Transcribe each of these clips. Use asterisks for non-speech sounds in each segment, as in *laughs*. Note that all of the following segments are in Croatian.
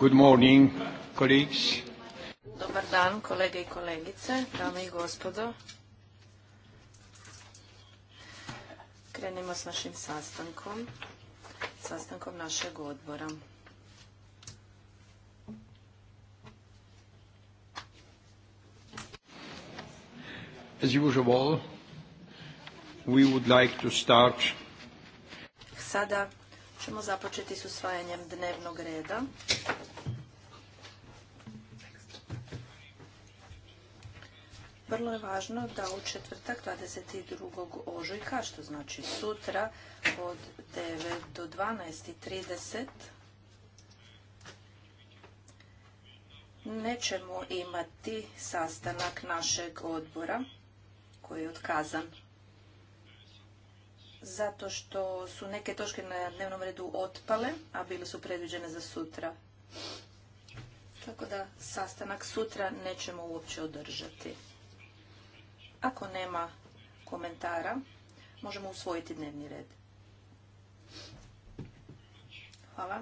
Good morning, colleagues. Dobar dan, kolege i kolegice, dame i gospodo. Krenimo s našim sastankom, sastankom našeg odbora. As usual, we would like to start. Sada ćemo započeti s usvajanjem dnevnog reda. Vrlo je važno da u četvrtak 22. ožujka, što znači sutra od 9 do 12.30 nećemo imati sastanak našeg odbora koji je otkazan zato što su neke točke na dnevnom redu otpale, a bile su predviđene za sutra. Tako da sastanak sutra nećemo uopće održati. Ako nema komentara, možemo usvojiti dnevni red. Hvala.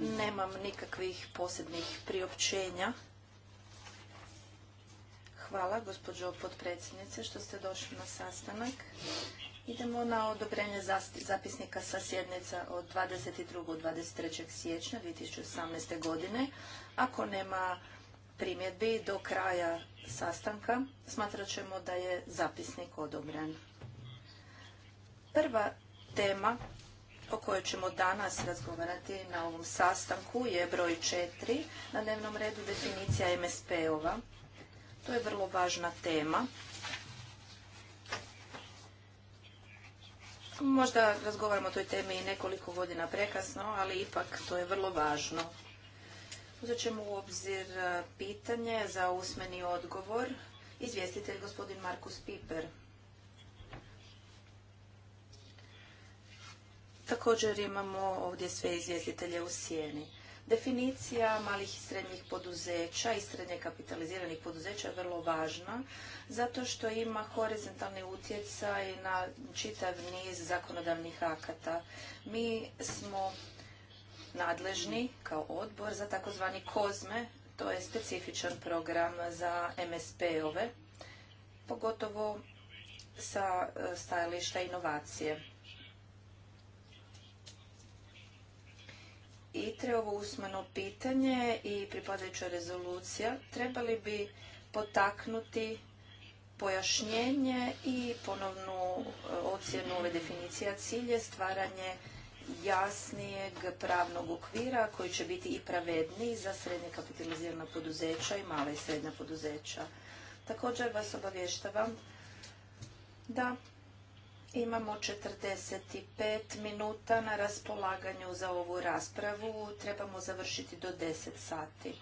Nemam nikakvih posebnih priopćenja. Hvala, gospođo potpredsjednice, što ste došli na sastanak. Idemo na odobrenje zapisnika sa sjednica od 22. 23. siječnja 2018. godine. Ako nema primjedbi do kraja sastanka smatrat ćemo da je zapisnik odobren. Prva tema o kojoj ćemo danas razgovarati na ovom sastanku je broj 4 na dnevnom redu definicija MSP-ova. To je vrlo važna tema. Možda razgovaramo o toj temi nekoliko godina prekasno, ali ipak to je vrlo važno. Uzet ćemo u obzir e, pitanje za usmeni odgovor. Izvjestitelj gospodin Markus Piper. Također imamo ovdje sve izvjestitelje u sjeni. Definicija malih i srednjih poduzeća i srednje kapitaliziranih poduzeća je vrlo važna zato što ima horizontalni utjecaj na čitav niz zakonodavnih akata. Mi smo nadležni kao odbor za takozvani kozme, to je specifičan program za MSP-ove, pogotovo sa e, stajališta inovacije. I ovo usmeno pitanje i pripadajuća rezolucija trebali bi potaknuti pojašnjenje i ponovnu e, ocjenu ove definicije, cilje stvaranje jasnijeg pravnog okvira koji će biti i pravedniji za srednje kapitalizirana poduzeća i mala i srednja poduzeća. Također vas obavještavam da imamo 45 minuta na raspolaganju za ovu raspravu. Trebamo završiti do 10 sati.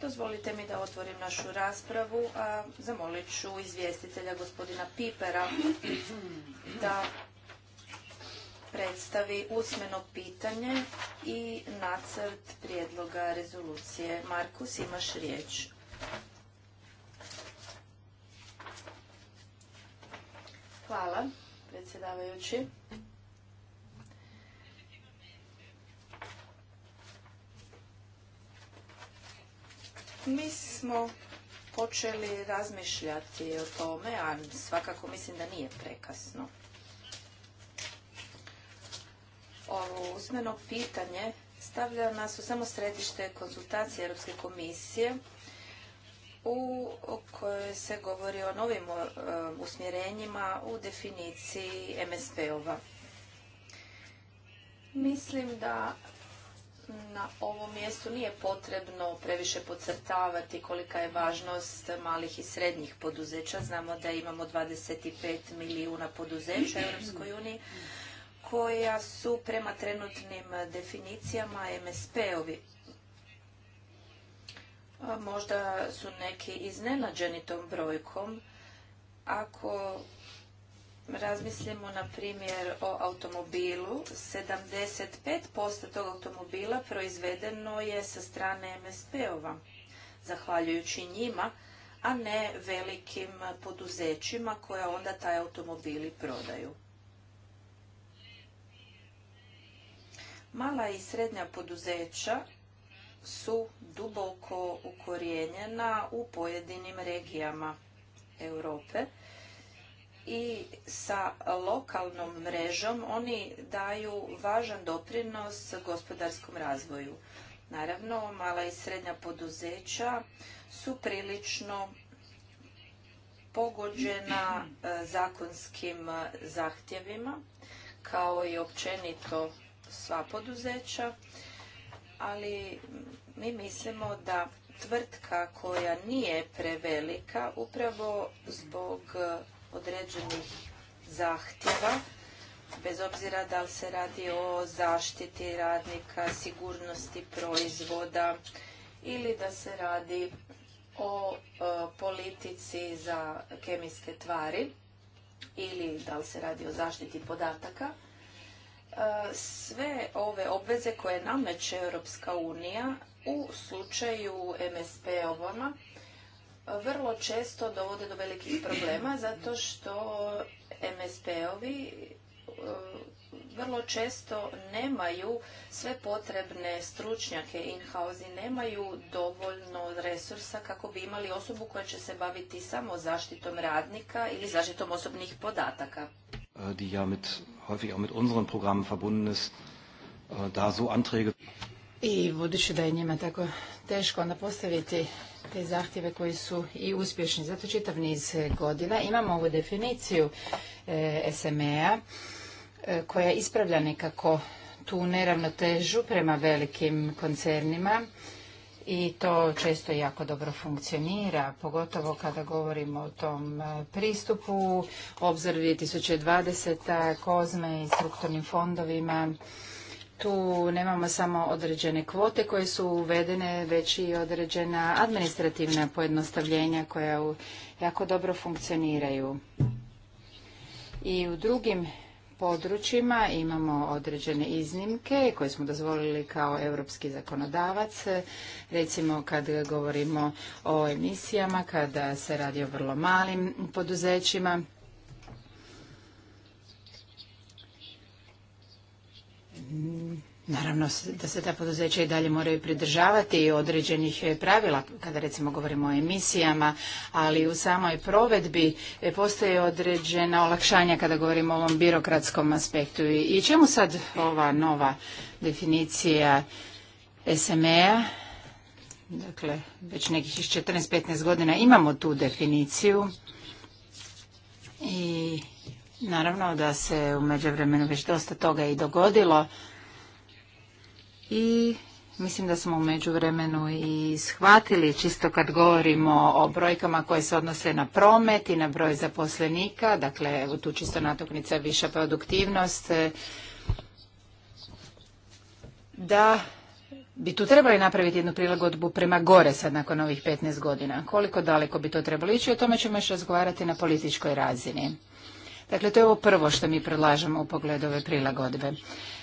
Dozvolite mi da otvorim našu raspravu, a zamolit ću izvjestitelja gospodina Pipera da predstavi usmeno pitanje i nacrt prijedloga rezolucije. Markus, imaš riječ. Hvala, predsjedavajući. Mi smo počeli razmišljati o tome, a svakako mislim da nije prekasno ovo usmeno pitanje stavlja nas u samo središte konsultacije Europske komisije u kojoj se govori o novim e, usmjerenjima u definiciji MSP-ova. Mislim da na ovom mjestu nije potrebno previše podcrtavati kolika je važnost malih i srednjih poduzeća. Znamo da imamo 25 milijuna poduzeća u Europskoj uniji, koja su prema trenutnim definicijama MSP-ovi. Možda su neki iznenađeni tom brojkom. Ako razmislimo na primjer o automobilu, 75% tog automobila proizvedeno je sa strane MSP-ova, zahvaljujući njima, a ne velikim poduzećima koja onda taj automobili prodaju. Mala i srednja poduzeća su duboko ukorijenjena u pojedinim regijama Europe i sa lokalnom mrežom oni daju važan doprinos gospodarskom razvoju. Naravno, mala i srednja poduzeća su prilično pogođena e, zakonskim zahtjevima kao i općenito sva poduzeća, ali mi mislimo da tvrtka koja nije prevelika upravo zbog određenih zahtjeva, bez obzira da li se radi o zaštiti radnika, sigurnosti proizvoda ili da se radi o e, politici za kemijske tvari ili da li se radi o zaštiti podataka, E, sve ove obveze koje nameće Europska unija u slučaju MSP-ovama vrlo često dovode do velikih problema zato što MSP-ovi e, vrlo često nemaju sve potrebne stručnjake in-house i nemaju dovoljno resursa kako bi imali osobu koja će se baviti samo zaštitom radnika ili zaštitom osobnih podataka. Äh, die ja mit, häufig auch mit unseren Programmen verbunden ist, äh, da so Anträge. I budući da je njima tako teško onda postaviti te zahtjeve koji su i uspješni, zato čitav niz godina imamo ovu definiciju e, eh, sme e, eh, koja ispravlja nekako tu neravnotežu prema velikim koncernima i to često jako dobro funkcionira, pogotovo kada govorimo o tom e, pristupu, obzor 2020. kozme i strukturnim fondovima. Tu nemamo samo određene kvote koje su uvedene, već i određena administrativna pojednostavljenja koja jako dobro funkcioniraju. I u drugim područjima imamo određene iznimke koje smo dozvolili kao europski zakonodavac. Recimo kad govorimo o emisijama, kada se radi o vrlo malim poduzećima. Naravno da se ta poduzeća i dalje moraju pridržavati određenih e, pravila kada recimo govorimo o emisijama, ali u samoj provedbi e, postoje određena olakšanja kada govorimo o ovom birokratskom aspektu. I čemu sad ova nova definicija SME-a? Dakle, već nekih 14-15 godina imamo tu definiciju i naravno da se u međuvremenu već dosta toga i dogodilo i Mislim da smo u međuvremenu i shvatili, čisto kad govorimo o brojkama koje se odnose na promet i na broj zaposlenika, dakle evo tu čisto natuknica viša produktivnost, da bi tu trebali napraviti jednu prilagodbu prema gore sad nakon ovih 15 godina. Koliko daleko bi to trebalo ići, o tome ćemo još razgovarati na političkoj razini. Dakle, to je ovo prvo što mi predlažemo u pogledu ove prilagodbe.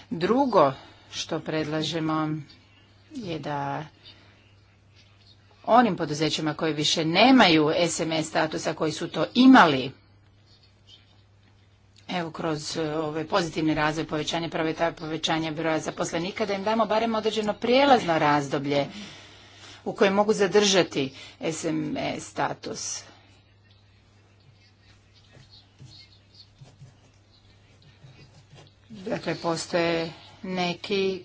Drugo što predlažemo je da onim poduzećima koji više nemaju SMS statusa koji su to imali evo kroz e, ove pozitivni razvoj povećanje ta povećanje broja zaposlenika, da im damo barem određeno prijelazno razdoblje u kojem mogu zadržati SMS status. Dakle, postoje neki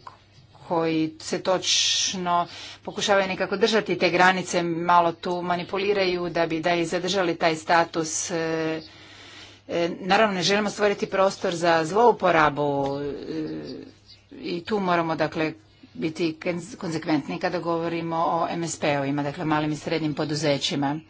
koji se točno pokušavaju nekako držati te granice, malo tu manipuliraju da bi i zadržali taj status. E, e, naravno, ne želimo stvoriti prostor za zlouporabu e, i tu moramo dakle biti konsekventni kada govorimo o MSP-ovima, dakle malim i srednjim poduzećima.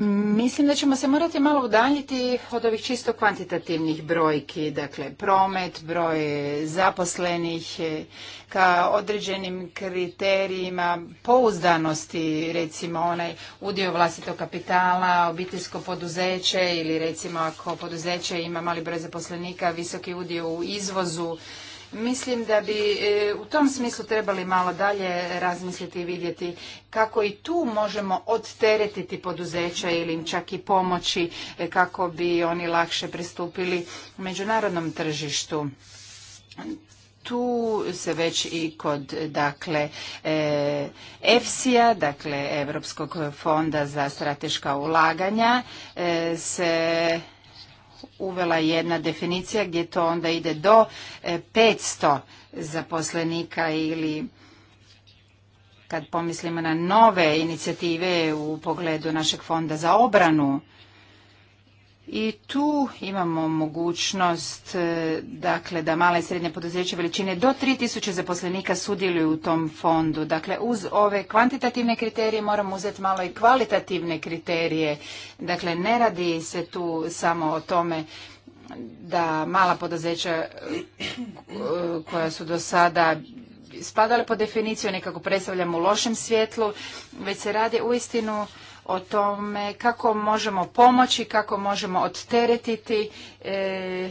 Mislim da ćemo se morati malo udaljiti od ovih čisto kvantitativnih brojki, dakle promet, broj zaposlenih, e, ka određenim kriterijima pouzdanosti, recimo onaj udio vlastitog kapitala, obiteljsko poduzeće ili recimo ako poduzeće ima mali broj zaposlenika, visoki udio u izvozu, Mislim da bi e, u tom smislu trebali malo dalje razmisliti i vidjeti kako i tu možemo odteretiti poduzeća ili im čak i pomoći e, kako bi oni lakše pristupili međunarodnom tržištu tu se već i kod dakle e, EFSI-a, dakle Europskog fonda za strateška ulaganja se uvela jedna definicija gdje to onda ide do 500 e, zaposlenika ili kad pomislimo na nove inicijative u pogledu našeg fonda za obranu i tu imamo mogućnost e, dakle, da male i srednje poduzeće veličine do 3000 zaposlenika sudjeluju u tom fondu. Dakle, uz ove kvantitativne kriterije moramo uzeti malo i kvalitativne kriterije. Dakle, ne radi se tu samo o tome da mala poduzeća e, koja su do sada spadale po definiciju nekako predstavljamo u lošem svjetlu, već se radi uistinu istinu o tome kako možemo pomoći, kako možemo odteretiti e,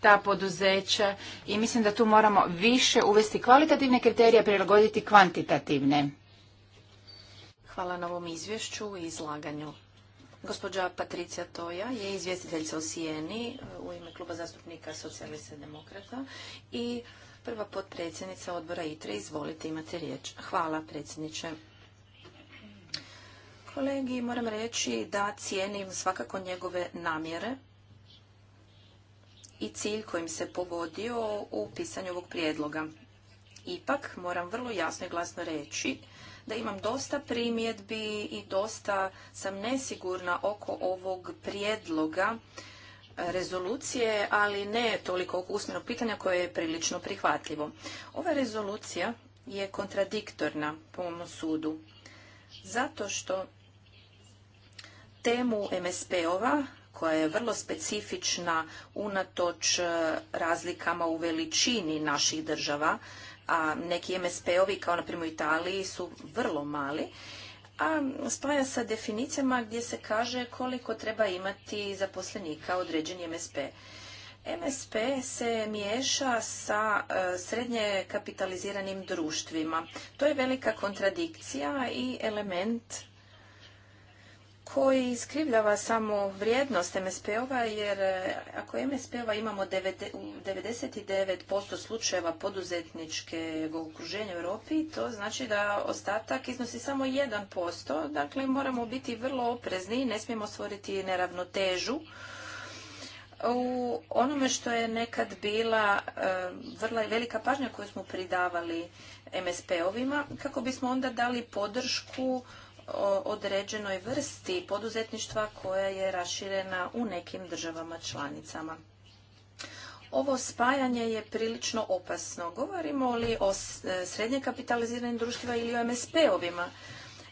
ta poduzeća i mislim da tu moramo više uvesti kvalitativne kriterije, prilagoditi kvantitativne. Hvala na ovom izvješću i izlaganju. Gospođa Patricija Toja je izvjestiteljica u Sijeni e, u ime Kluba zastupnika socijalista demokrata i prva potpredsjednica odbora ITRE. Izvolite, imate riječ. Hvala predsjedniče kolegi moram reći da cijenim svakako njegove namjere i cilj kojim se povodio u pisanju ovog prijedloga. Ipak moram vrlo jasno i glasno reći da imam dosta primjedbi i dosta sam nesigurna oko ovog prijedloga e, rezolucije, ali ne toliko oko usmenog pitanja koje je prilično prihvatljivo. Ova rezolucija je kontradiktorna po mom sudu, zato što temu MSP-ova koja je vrlo specifična unatoč e, razlikama u veličini naših država, a neki MSP-ovi kao na primjer u Italiji su vrlo mali, a spaja sa definicijama gdje se kaže koliko treba imati zaposlenika određeni MSP. MSP se miješa sa e, srednje kapitaliziranim društvima. To je velika kontradikcija i element koji iskrivljava samo vrijednost MSP-ova, jer e, ako MSP-ova imamo 99% slučajeva poduzetničke okruženja u Europi, to znači da ostatak iznosi samo 1%, dakle moramo biti vrlo oprezni, ne smijemo stvoriti neravnotežu u onome što je nekad bila e, vrla velika pažnja koju smo pridavali MSP-ovima, kako bismo onda dali podršku određenoj vrsti poduzetništva koja je raširena u nekim državama članicama. Ovo spajanje je prilično opasno. Govorimo li o e, srednje kapitaliziranim društvima ili o MSP-ovima?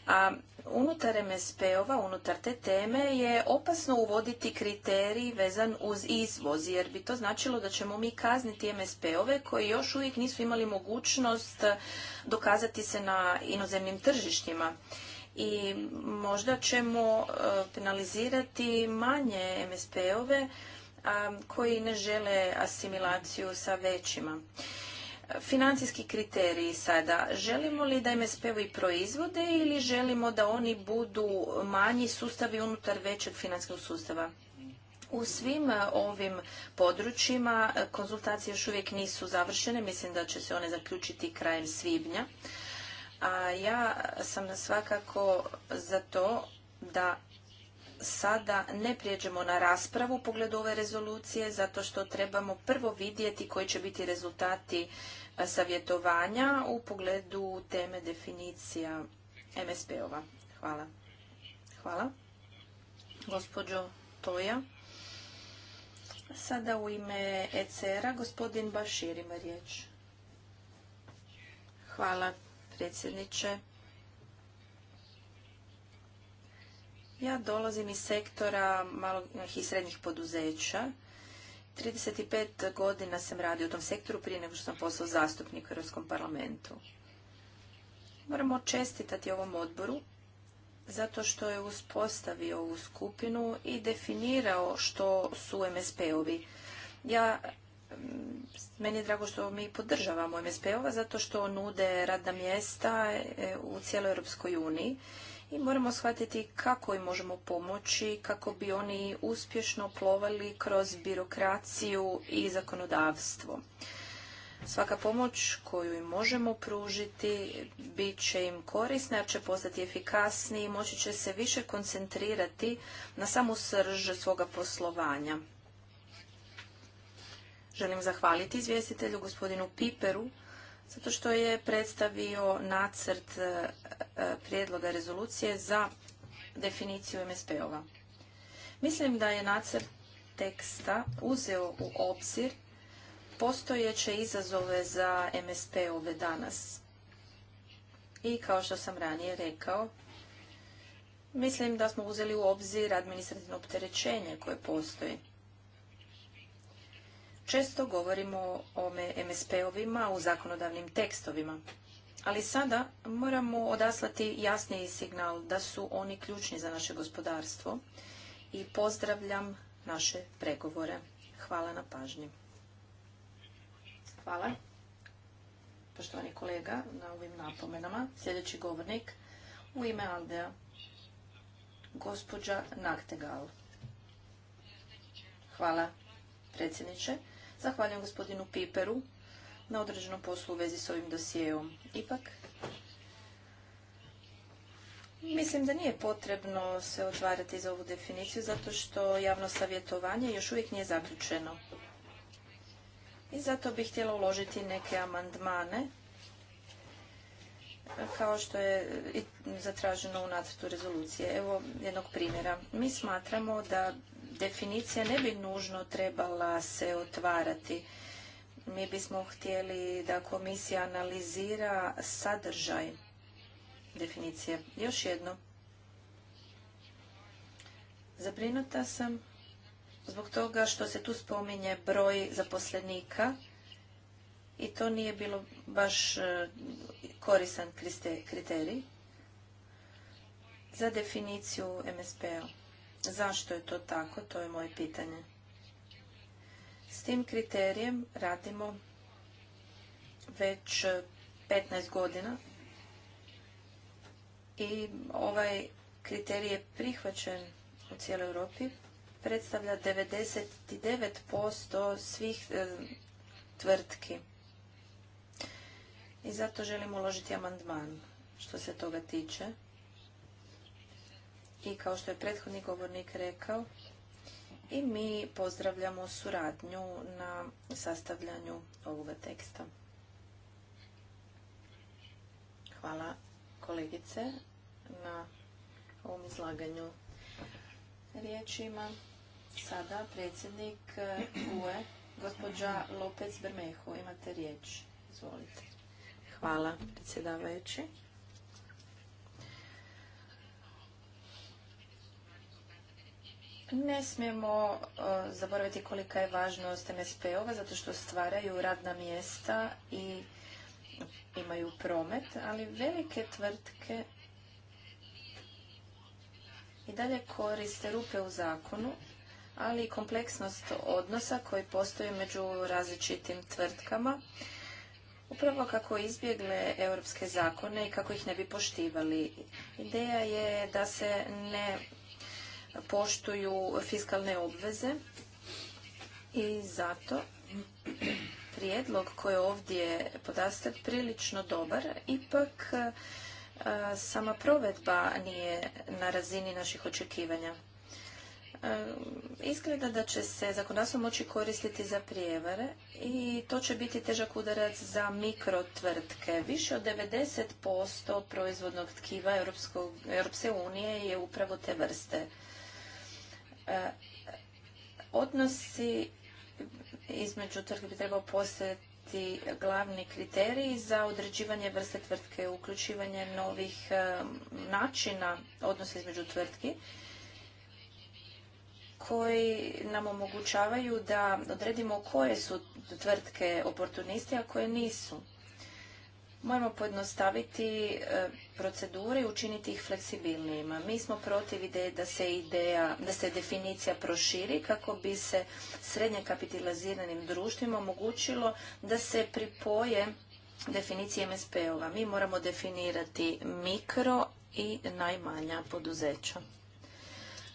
A unutar MSP-ova, unutar te teme je opasno uvoditi kriterij vezan uz izvoz, jer bi to značilo da ćemo mi kazniti MSP-ove koji još uvijek nisu imali mogućnost dokazati se na inozemnim tržištima i možda ćemo e, penalizirati manje MSP-ove koji ne žele asimilaciju sa većima. Financijski kriteriji sada. Želimo li da MSP-ovi proizvode ili želimo da oni budu manji sustavi unutar većeg financijskog sustava? U svim e, ovim područjima e, konzultacije još uvijek nisu završene, mislim da će se one zaključiti krajem svibnja a ja sam svakako za to da sada ne prijeđemo na raspravu u pogledu ove rezolucije, zato što trebamo prvo vidjeti koji će biti rezultati savjetovanja u pogledu teme definicija MSP-ova. Hvala. Hvala. Gospođo Toja. Sada u ime ECR-a gospodin Bašir ima riječ. Hvala predsjedniče. Ja dolazim iz sektora malih i srednjih poduzeća. 35 godina sam radio u tom sektoru prije nego što sam postao zastupnik u Europskom parlamentu. Moramo čestitati ovom odboru zato što je uspostavio ovu skupinu i definirao što su MSP-ovi. Ja meni je drago što mi podržavamo MSP-ova zato što nude radna mjesta e, u cijeloj Europskoj uniji i moramo shvatiti kako im možemo pomoći, kako bi oni uspješno plovali kroz birokraciju i zakonodavstvo. Svaka pomoć koju im možemo pružiti bit će im korisna, jer će postati efikasniji i moći će se više koncentrirati na samu srž svoga poslovanja. Želim zahvaliti izvjestitelju gospodinu Piperu zato što je predstavio nacrt e, e, prijedloga rezolucije za definiciju MSP-ova. Mislim da je nacrt teksta uzeo u obzir postojeće izazove za MSP-ove danas. I kao što sam ranije rekao, mislim da smo uzeli u obzir administrativno opterećenje koje postoji. Često govorimo o MSP-ovima u zakonodavnim tekstovima, ali sada moramo odaslati jasniji signal da su oni ključni za naše gospodarstvo i pozdravljam naše pregovore. Hvala na pažnji. Hvala. Poštovani kolega, na ovim napomenama sljedeći govornik u ime Aldea, gospođa Naktegal. Hvala predsjedniče. Zahvaljujem gospodinu Piperu na određenom poslu u vezi s ovim dosijeom. Ipak, Mislim da nije potrebno se otvarati za ovu definiciju zato što javno savjetovanje još uvijek nije zaključeno. I zato bih htjela uložiti neke amandmane kao što je zatraženo u nacrtu rezolucije. Evo jednog primjera. Mi smatramo da definicija ne bi nužno trebala se otvarati. Mi bismo htjeli da komisija analizira sadržaj definicije. Još jedno. Zabrinuta sam zbog toga što se tu spominje broj zaposlenika i to nije bilo baš e, korisan kriterij za definiciju MSP-a. Zašto je to tako? To je moje pitanje. S tim kriterijem radimo već 15 e, godina i ovaj kriterij je prihvaćen u cijeloj Europi. Predstavlja 99% svih e, tvrtki. I zato želim uložiti amandman što se toga tiče i kao što je prethodni govornik rekao, i mi pozdravljamo suradnju na sastavljanju ovoga teksta. Hvala kolegice na ovom izlaganju. Riječ ima sada predsjednik eh, UE, gospođa Lopez Bermejo. Imate riječ. Izvolite. Hvala predsjedavajući. Ne smijemo e, zaboraviti kolika je važnost MSP-ova, zato što stvaraju radna mjesta i imaju promet, ali velike tvrtke i dalje koriste rupe u zakonu, ali i kompleksnost odnosa koji postoji među različitim tvrtkama, upravo kako izbjegle europske zakone i kako ih ne bi poštivali. Ideja je da se ne poštuju fiskalne obveze i zato prijedlog koji je ovdje podastat prilično dobar, ipak e, sama provedba nije na razini naših očekivanja. E, izgleda da će se zakonodavstvo moći koristiti za prijevare i to će biti težak udarac za mikrotvrtke. Više od 90% proizvodnog tkiva Europske unije je upravo te vrste. E, odnosi između tvrtki bi trebao glavni kriteriji za određivanje vrste tvrtke, uključivanje novih e, načina odnosa između tvrtki koji nam omogućavaju da odredimo koje su tvrtke oportunisti, a koje nisu. Moramo pojednostaviti e, procedure i učiniti ih fleksibilnijima. Mi smo protiv ideje da se ideja, da se definicija proširi kako bi se srednje kapitaliziranim društvima omogućilo da se pripoje definicije MSP-ova. Mi moramo definirati mikro i najmanja poduzeća.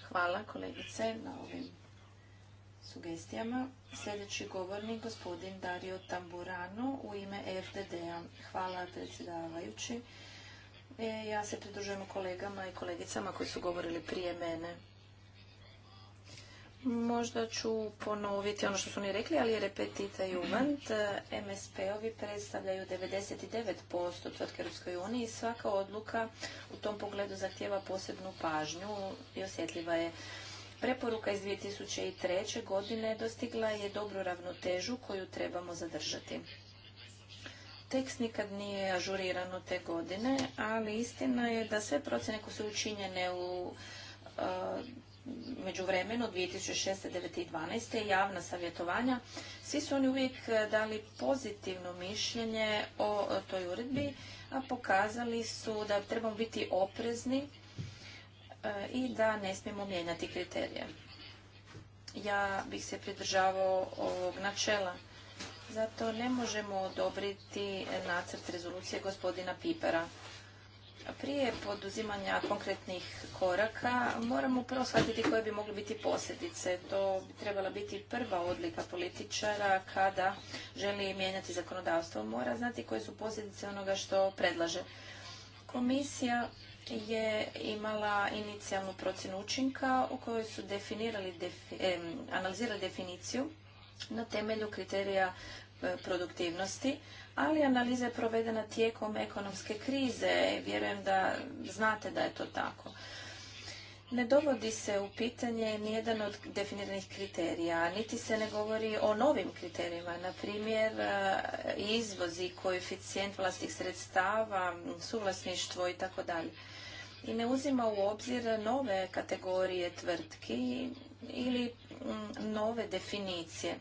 Hvala kolegice na ovim sugestijama. Sljedeći govornik, gospodin Dario Tamburano u ime FDD-a. Hvala predsjedavajući. E, ja se pridružujem kolegama i kolegicama koji su govorili prije mene. Možda ću ponoviti ono što su oni rekli, ali je repetita uvant. MSP-ovi predstavljaju 99% tvrtke Europskoj uniji i svaka odluka u tom pogledu zahtjeva posebnu pažnju i osjetljiva je Preporuka iz 2003. godine dostigla je dobru ravnotežu koju trebamo zadržati. Tekst nikad nije ažuriran te godine, ali istina je da sve procjene koje su učinjene u među međuvremenu 2006. do 2012. javna savjetovanja, svi su oni uvijek dali pozitivno mišljenje o toj uredbi, a pokazali su da trebamo biti oprezni E, i da ne smijemo mijenjati kriterije. Ja bih se pridržavao ovog načela. Zato ne možemo odobriti nacrt rezolucije gospodina Pipera. Prije poduzimanja konkretnih koraka moramo prvo shvatiti koje bi mogli biti posljedice. To bi trebala biti prva odlika političara kada želi mijenjati zakonodavstvo. Mora znati koje su posljedice onoga što predlaže. Komisija je imala inicijalnu procjenu učinka u kojoj su definirali, analizirali definiciju na temelju kriterija e, produktivnosti, ali analiza je provedena tijekom ekonomske krize. Vjerujem da znate da je to tako. Ne dovodi se u pitanje nijedan od definiranih kriterija, niti se ne govori o novim kriterijima. Na primjer, e, izvozi, koeficijent vlastnih sredstava, suvlasništvo i tako dalje i ne uzima u obzir nove kategorije tvrtki ili mm, nove definicije.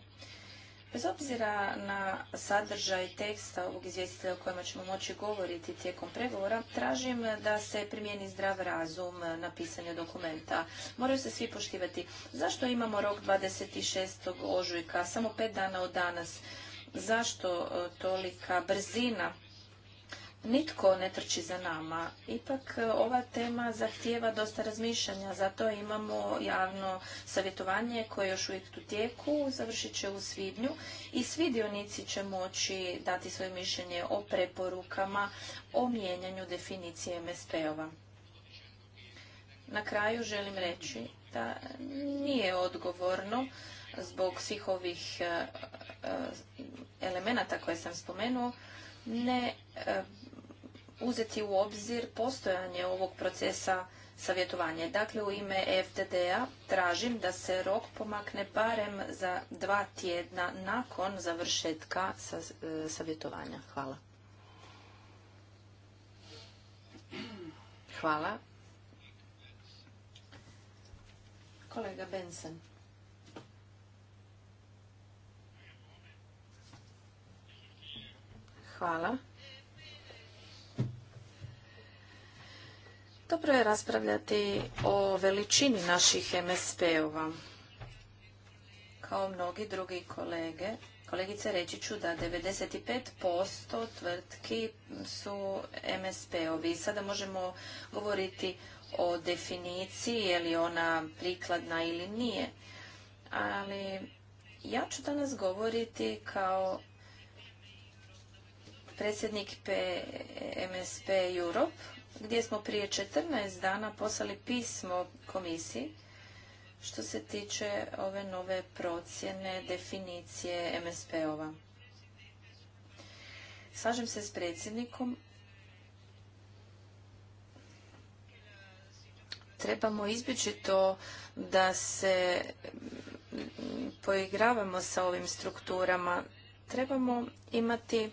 Bez obzira na sadržaj teksta ovog izvjestitelja o kojima ćemo moći govoriti tijekom pregovora, tražim da se primijeni zdrav razum na pisanje dokumenta. Moraju se svi poštivati. Zašto imamo rok 26. ožujka, samo pet dana od danas? Zašto e, tolika brzina? nitko ne trči za nama. Ipak e, ova tema zahtijeva dosta razmišljanja, zato imamo javno savjetovanje koje još uvijek tu tijeku, završit će u svibnju i svi dionici će moći dati svoje mišljenje o preporukama, o mijenjanju definicije MSP-ova. Na kraju želim reći da nije odgovorno zbog svih ovih e, e, elemenata koje sam spomenuo, ne uzeti u obzir postojanje ovog procesa savjetovanja. Dakle, u ime FDD-a tražim da se rok pomakne barem za dva tjedna nakon završetka e, savjetovanja. Hvala. Hvala. Kolega Benson. Hvala. Dobro je raspravljati o veličini naših MSP-ova. Kao mnogi drugi kolege, kolegice reći ću da 95% tvrtki su MSP-ovi. Sada možemo govoriti o definiciji, je li ona prikladna ili nije. Ali ja ću danas govoriti kao predsjednik MSP Europe gdje smo prije 14 dana poslali pismo komisiji što se tiče ove nove procjene definicije MSP-ova. Slažem se s predsjednikom. Trebamo izbjeći to da se poigravamo sa ovim strukturama. Trebamo imati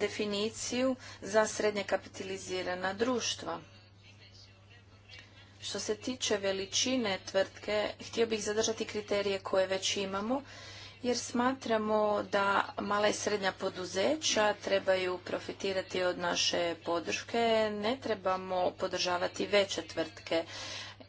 definiciju za srednje kapitalizirana društva. Što se tiče veličine tvrtke, htio bih zadržati kriterije koje već imamo, jer smatramo da mala i srednja poduzeća trebaju profitirati od naše podrške, ne trebamo podržavati veće tvrtke.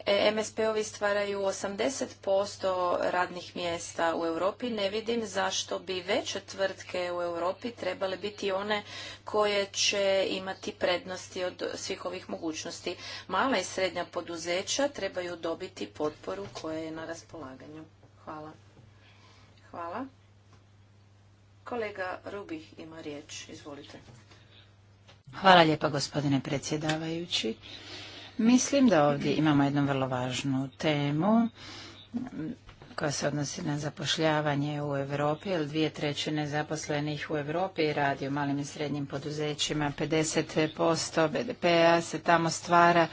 E, MSP-ovi stvaraju 80% radnih mjesta u Europi. Ne vidim zašto bi veće tvrtke u Europi trebale biti one koje će imati prednosti od svih ovih mogućnosti. Mala i srednja poduzeća trebaju dobiti potporu koja je na raspolaganju. Hvala. Hvala. Kolega Rubih ima riječ. Izvolite. Hvala lijepa gospodine predsjedavajući. Mislim da ovdje imamo jednu vrlo važnu temu koja se odnosi na zapošljavanje u Europi, jer dvije trećine zaposlenih u Europi radi u malim i srednjim poduzećima, 50% BDP-a se tamo stvara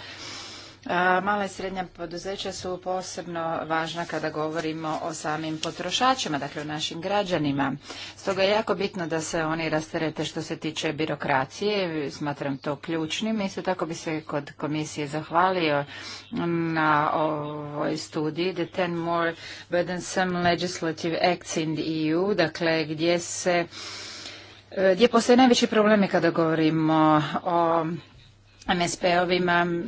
Mala i srednja poduzeća su posebno važna kada govorimo o samim potrošačima, dakle o našim građanima. Stoga je jako bitno da se oni rasterete što se tiče birokracije, smatram to ključnim. Isto tako bi se kod komisije zahvalio na ovoj studiji The Ten More Burdensome Legislative Acts in the EU, dakle gdje se e, gdje postoje najveći problemi kada govorimo o MSP-ovima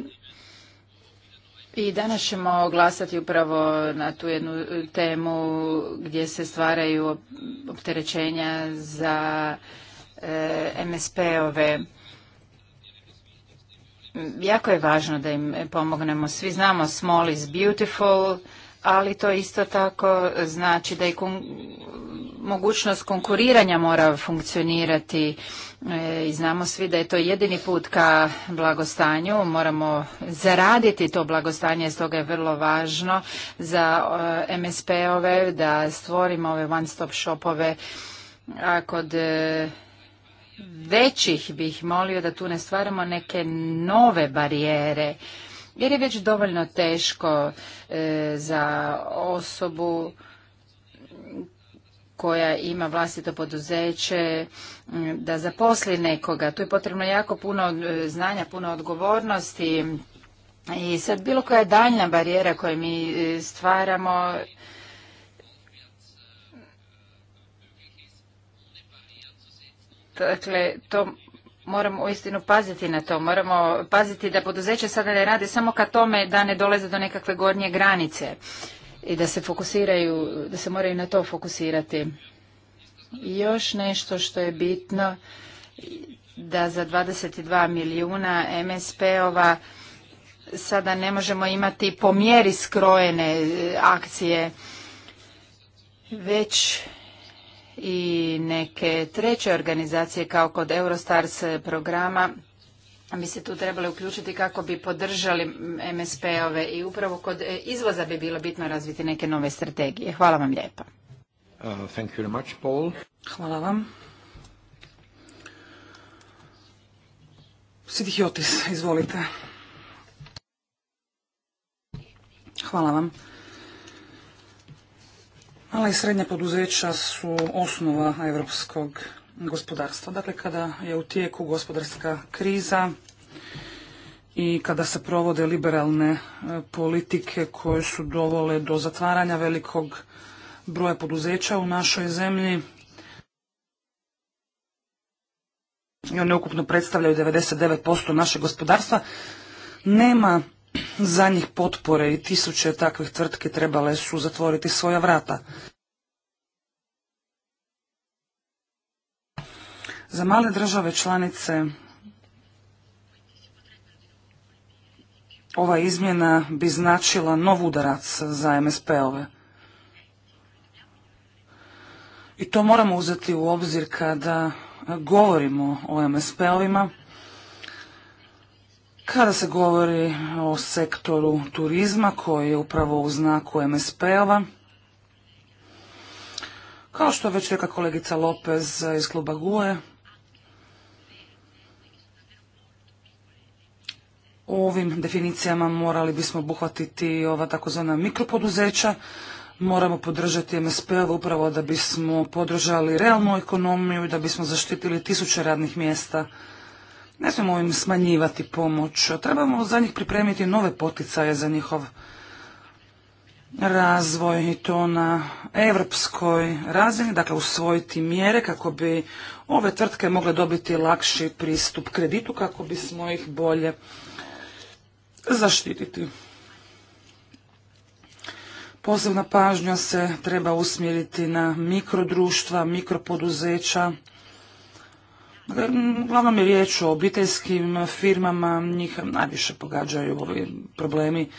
i danas ćemo glasati upravo na tu jednu temu gdje se stvaraju opterećenja za e, MSP-ove. Jako je važno da im pomognemo. Svi znamo small is beautiful, ali to isto tako znači da i mogućnost konkuriranja mora funkcionirati e, i znamo svi da je to jedini put ka blagostanju. Moramo zaraditi to blagostanje, stoga je vrlo važno za e, MSP-ove da stvorimo ove one-stop shopove, a kod e, većih bih molio da tu ne stvaramo neke nove barijere jer je već dovoljno teško e, za osobu koja ima vlastito poduzeće da zaposli nekoga. Tu je potrebno jako puno e, znanja, puno odgovornosti i sad bilo koja daljna barijera koju mi e, stvaramo dakle to moramo uistinu paziti na to. Moramo paziti da poduzeće sada ne rade samo ka tome da ne dolaze do nekakve gornje granice i da se fokusiraju, da se moraju na to fokusirati. Još nešto što je bitno da za 22 milijuna MSP-ova sada ne možemo imati po mjeri skrojene eh, akcije, već i neke treće organizacije kao kod Eurostars programa bi se tu trebali uključiti kako bi podržali MSP-ove i upravo kod e, izvoza bi bilo bitno razviti neke nove strategije. Hvala vam lijepa. Uh, thank you very much, Paul. Hvala vam. izvolite. Hvala vam. Mala i srednja poduzeća su osnova europskog gospodarstva. Dakle, kada je u tijeku gospodarska kriza i kada se provode liberalne e, politike koje su dovole do zatvaranja velikog broja poduzeća u našoj zemlji, i one ukupno predstavljaju 99% našeg gospodarstva, nema za njih potpore i tisuće takvih tvrtki trebale su zatvoriti svoja vrata. Za male države članice ova izmjena bi značila nov udarac za MSP-ove. I to moramo uzeti u obzir kada govorimo o MSP-ovima kada se govori o sektoru turizma koji je upravo u znaku MSP-ova, kao što već rekla kolegica Lopez iz kluba GUE, ovim definicijama morali bismo obuhvatiti ova takozvana mikropoduzeća, moramo podržati msp upravo da bismo podržali realnu ekonomiju i da bismo zaštitili tisuće radnih mjesta ne smijemo im smanjivati pomoć, trebamo za njih pripremiti nove poticaje za njihov razvoj i to na evropskoj razini, dakle usvojiti mjere kako bi ove tvrtke mogle dobiti lakši pristup kreditu kako bismo ih bolje zaštititi. Posebna pažnja se treba usmjeriti na mikrodruštva, mikropoduzeća, Uglavnom je riječ o obiteljskim firmama, njih najviše pogađaju ovi problemi,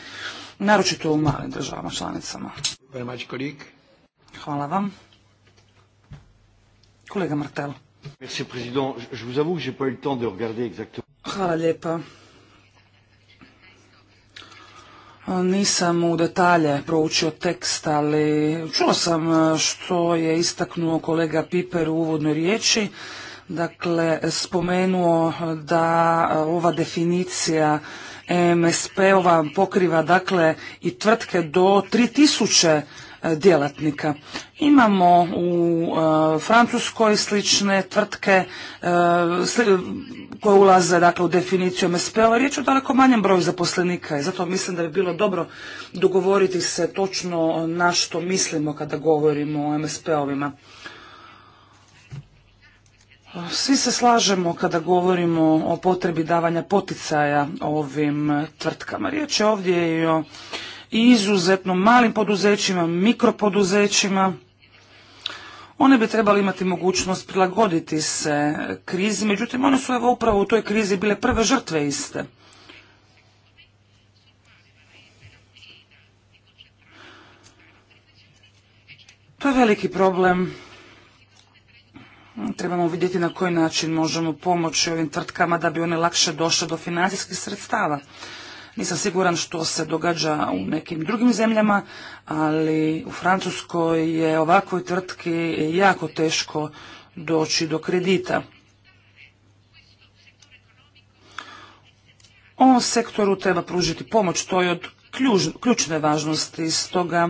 naročito u malim državama članicama. Hvala vam. Kolega Martel. Hvala lijepa. Nisam u detalje proučio tekst, ali čuo sam što je istaknuo kolega Piper u uvodnoj riječi dakle, spomenuo da ova definicija MSP-ova pokriva dakle i tvrtke do 3000 e, djelatnika. Imamo u e, Francuskoj slične tvrtke e, koje ulaze dakle, u definiciju MSP-ova. Riječ o daleko manjem broju zaposlenika i zato mislim da bi bilo dobro dogovoriti se točno na što mislimo kada govorimo o MSP-ovima. Svi se slažemo kada govorimo o potrebi davanja poticaja ovim tvrtkama. Riječ je ovdje i o izuzetno malim poduzećima, mikropoduzećima. One bi trebali imati mogućnost prilagoditi se krizi, međutim one su evo upravo u toj krizi bile prve žrtve iste. To je veliki problem Trebamo vidjeti na koji način možemo pomoći ovim tvrtkama da bi one lakše došle do financijskih sredstava. Nisam siguran što se događa u nekim drugim zemljama, ali u Francuskoj je ovakvoj tvrtki jako teško doći do kredita. Ovom sektoru treba pružiti pomoć, to je od ključne važnosti, stoga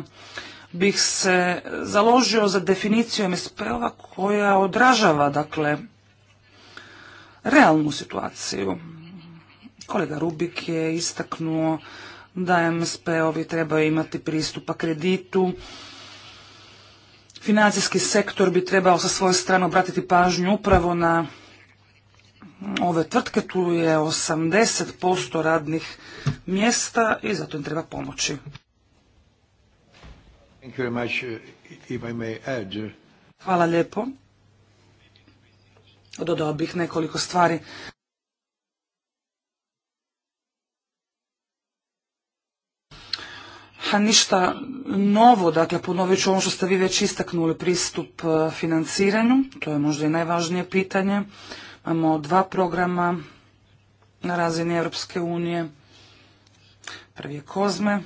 bih se založio za definiciju MSP-ova koja odražava, dakle, realnu situaciju. Kolega Rubik je istaknuo da MSP-ovi trebaju imati pristupa kreditu, financijski sektor bi trebao sa svoje strane obratiti pažnju upravo na ove tvrtke, tu je 80% radnih mjesta i zato im treba pomoći. Uh, Hvala lijepo. Dodao bih nekoliko stvari. Ha ništa novo, dakle ponovit ću ono što ste vi već istaknuli, pristup uh, financiranju, to je možda i najvažnije pitanje. Imamo dva programa na razini Europske unije. Prvi je Kozme,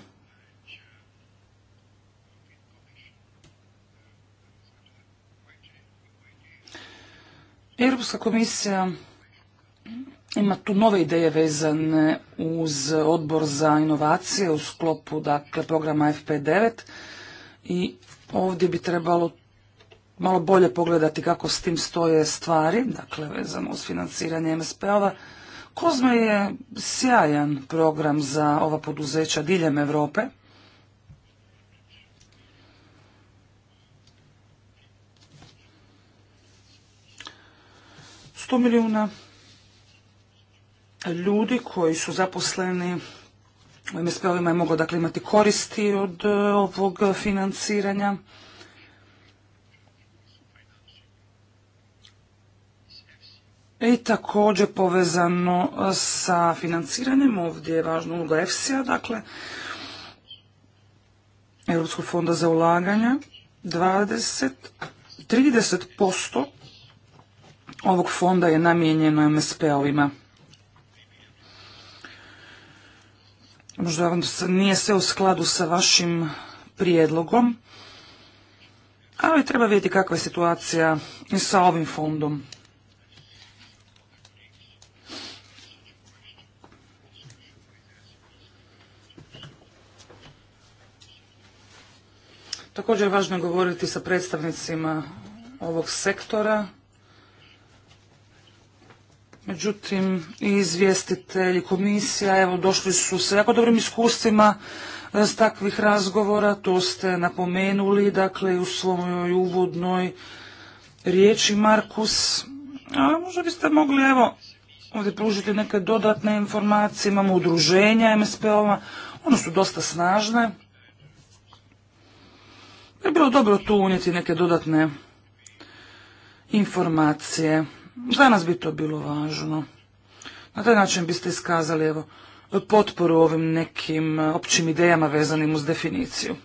Europska komisija ima tu nove ideje vezane uz odbor za inovacije u sklopu dakle, programa FP9 i ovdje bi trebalo malo bolje pogledati kako s tim stoje stvari, dakle vezano uz financiranje MSP-ova. Kozme je sjajan program za ova poduzeća diljem Europe 100 milijuna ljudi koji su zaposleni u MSP-ovima je mogao dakle, imati koristi od e, ovog financiranja. I također povezano sa financiranjem, ovdje je važna uloga EFSI-a, dakle, Europskog fonda za ulaganja, 20, 30% ovog fonda je namijenjeno MSP-ovima. Možda vam nije sve u skladu sa vašim prijedlogom, ali treba vidjeti kakva je situacija i sa ovim fondom. Također važno govoriti sa predstavnicima ovog sektora Međutim, i izvjestitelji komisija, evo, došli su sa jako dobrim iskustvima e, s takvih razgovora, to ste napomenuli, dakle, u svojoj uvodnoj riječi, Markus. A možda biste mogli, evo, ovdje pružiti neke dodatne informacije, imamo udruženja MSP-ova, one su dosta snažne. Bi bilo dobro tu unijeti neke dodatne informacije. Za nas bi to bilo važno. Na taj način biste iskazali evo, potporu ovim nekim e, općim idejama vezanim uz definiciju.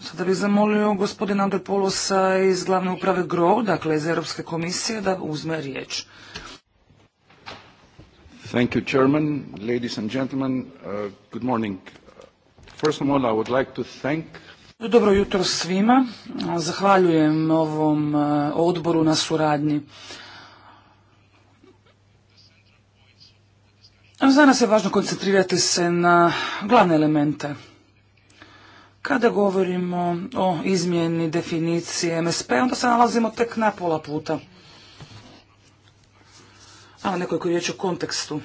Sada bih zamolio gospodina Polosa iz glavne uprave GRO, dakle iz Europske komisije, da uzme riječ. Thank you, Chairman, ladies and gentlemen. Uh, good morning. First of all, I would like to thank dobro jutro svima. Zahvaljujem ovom e, odboru na suradnji. Za nas je važno koncentrirati se na glavne elemente. Kada govorimo o izmjeni definicije MSP, onda se nalazimo tek na pola puta. A nekoliko riječi o kontekstu.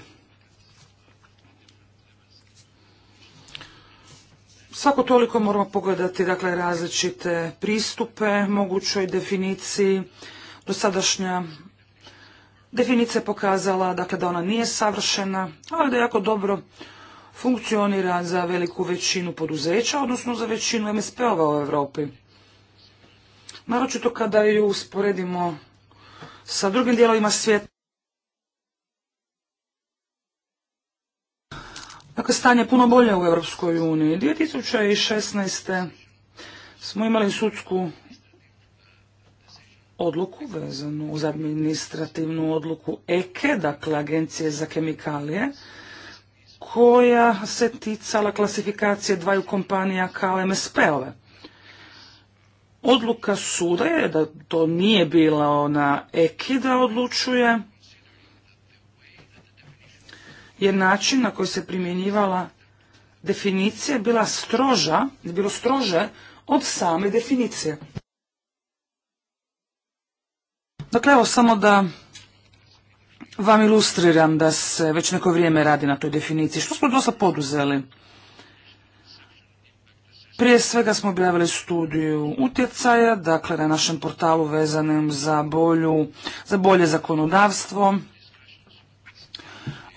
Svako toliko moramo pogledati dakle, različite pristupe mogućoj definiciji. Dosadašnja definicija pokazala dakle, da ona nije savršena, ali da jako dobro funkcionira za veliku većinu poduzeća, odnosno za većinu MSP-ova u Europi. Naročito kada ju usporedimo sa drugim dijelovima svijeta, Dakle, stanje je puno bolje u Europskoj uniji. 2016. smo imali sudsku odluku vezanu uz administrativnu odluku EKE, e, dakle Agencije za kemikalije, koja se ticala klasifikacije dvaju kompanija kao MSP-ove. Odluka suda je da to nije bila ona EKI e da odlučuje, je način na koji se primjenjivala definicija bila stroža, je bilo strože od same definicije. Dakle, evo samo da vam ilustriram da se već neko vrijeme radi na toj definiciji. Što smo dosta poduzeli? Prije svega smo objavili studiju utjecaja, dakle na našem portalu vezanim za, bolju, za bolje zakonodavstvo,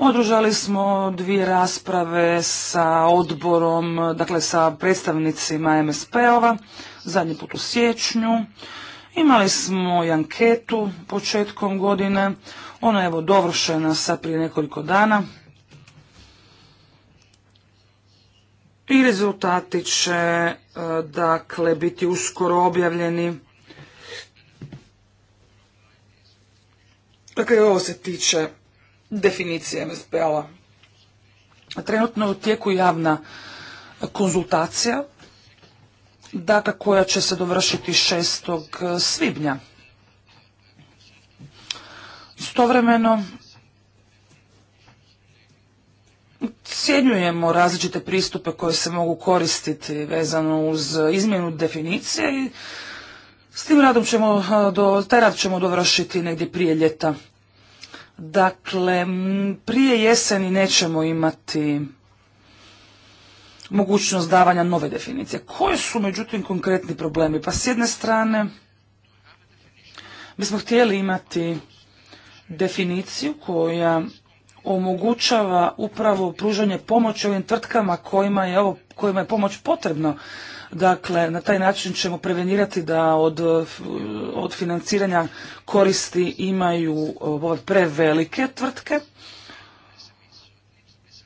Održali smo dvije rasprave sa odborom, dakle sa predstavnicima MSP-ova, zadnji put u siječnju. Imali smo i anketu početkom godine, ona je evo dovršena sa prije nekoliko dana. I rezultati će e, dakle biti uskoro objavljeni. Dakle, ovo se tiče definicije MSP-ova. Trenutno je u tijeku javna konzultacija, dakle koja će se dovršiti 6. E, svibnja. Stovremeno cjenjujemo različite pristupe koje se mogu koristiti vezano uz izmjenu definicije i s tim radom ćemo, e, do, taj rad ćemo dovršiti negdje prije ljeta. Dakle, prije jeseni nećemo imati mogućnost davanja nove definicije. Koji su, međutim, konkretni problemi? Pa s jedne strane, mi smo htjeli imati definiciju koja omogućava upravo pružanje pomoći ovim tvrtkama kojima je, kojima je pomoć potrebno. Dakle, na taj način ćemo prevenirati da od, od financiranja koristi imaju prevelike tvrtke.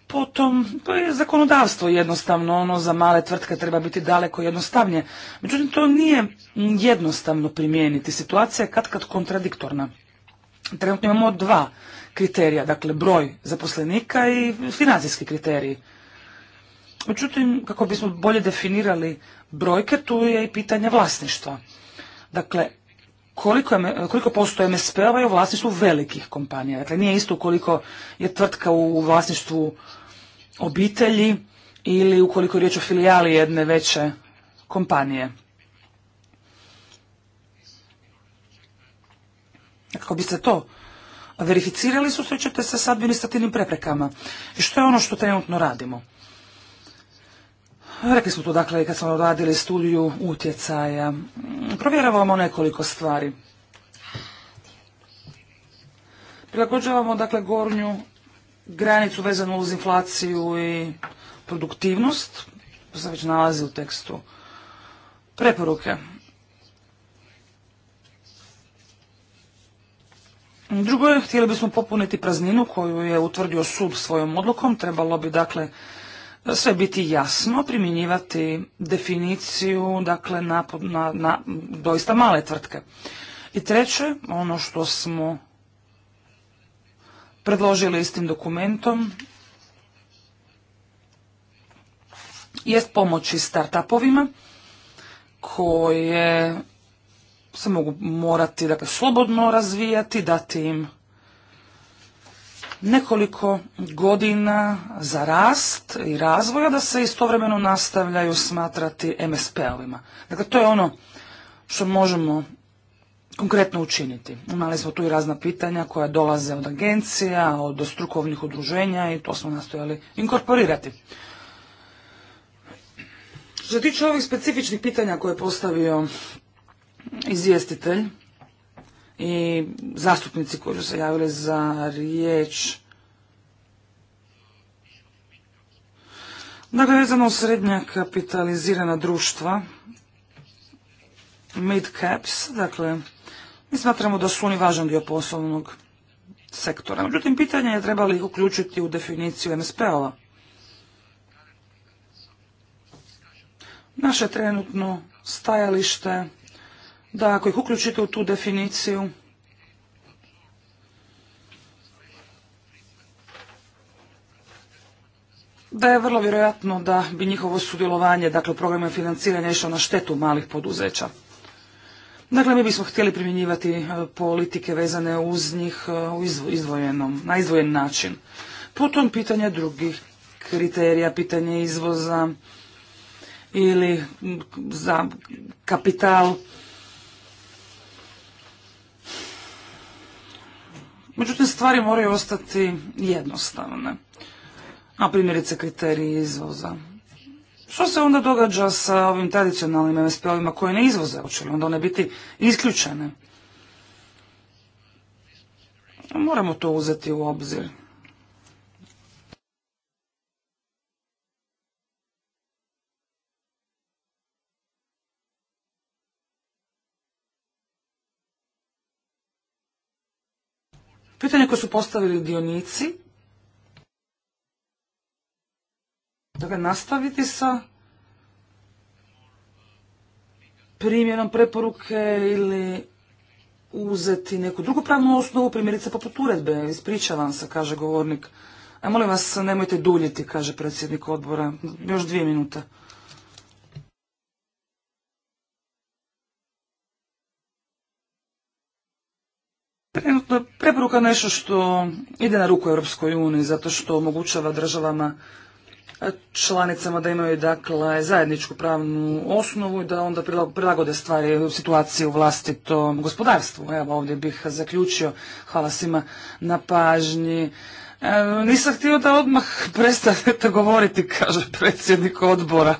Potom, to pa je zakonodavstvo jednostavno, ono za male tvrtke treba biti daleko jednostavnije. Međutim, to nije jednostavno primijeniti. Situacija je kad kad kontradiktorna. Trenutno imamo dva kriterija, dakle broj zaposlenika i financijski kriteriji. Međutim, kako bismo bolje definirali brojke, tu je i pitanje vlasništva. Dakle, koliko, je, koliko postoje MSP-ova je u vlasništvu velikih kompanija. Dakle, nije isto koliko je tvrtka u vlasništvu obitelji ili ukoliko je riječ o filijali jedne veće kompanije. Kako biste to verificirali, susrećete se s administrativnim preprekama. I što je ono što trenutno radimo? Rekli smo to dakle kad smo radili studiju utjecaja. Provjeravamo nekoliko stvari. Prilagođavamo dakle gornju granicu vezanu uz inflaciju i produktivnost. To se već nalazi u tekstu. Preporuke. Drugo je, htjeli bismo popuniti prazninu koju je utvrdio sud svojom odlukom. Trebalo bi dakle sve biti jasno, primjenjivati definiciju dakle, na, na, na doista male tvrtke. I treće, ono što smo predložili istim dokumentom, jest pomoći startupovima koje se mogu morati dakle, slobodno razvijati, dati im nekoliko godina za rast i razvoja da se istovremeno nastavljaju smatrati MSP-ovima. Dakle, to je ono što možemo konkretno učiniti. Imali smo tu i razna pitanja koja dolaze od agencija, od strukovnih udruženja i to smo nastojali inkorporirati. Što se tiče ovih specifičnih pitanja koje je postavio izvjestitelj, i zastupnici koji su se javili za riječ. Dakle, vezano srednja kapitalizirana društva, mid caps, dakle, mi smatramo da su oni važan dio poslovnog sektora. Međutim, pitanje je trebali ih uključiti u definiciju MSP-ova. Naše trenutno stajalište da ako ih uključite u tu definiciju, da je vrlo vjerojatno da bi njihovo sudjelovanje, dakle programe financiranja išlo na štetu malih poduzeća. Dakle, mi bismo htjeli primjenjivati e, politike vezane uz njih e, u izvojenom na izvojen način. Potom pitanje drugih kriterija, pitanje izvoza ili za kapital Međutim, stvari moraju ostati jednostavne. Na primjerice kriteriji izvoza. Što se onda događa sa ovim tradicionalnim MSP-ovima koje ne izvoze? Hoće li onda one biti isključene? Moramo to uzeti u obzir. Pitanje koje su postavili dionici. Dakle, nastaviti sa primjenom preporuke ili uzeti neku drugu pravnu osnovu, primjerice poput uredbe. Ispričavam se, kaže govornik. A e, molim vas, nemojte duljiti, kaže predsjednik odbora. Još dvije minute. Trenutno je preporuka nešto što ide na ruku Europskoj uniji zato što omogućava državama članicama da imaju dakle zajedničku pravnu osnovu i da onda prilagode stvari u situaciji u vlastitom gospodarstvu. Evo ovdje bih zaključio. Hvala svima na pažnji. E, nisam htio da odmah *laughs* prestanete govoriti, kaže predsjednik odbora.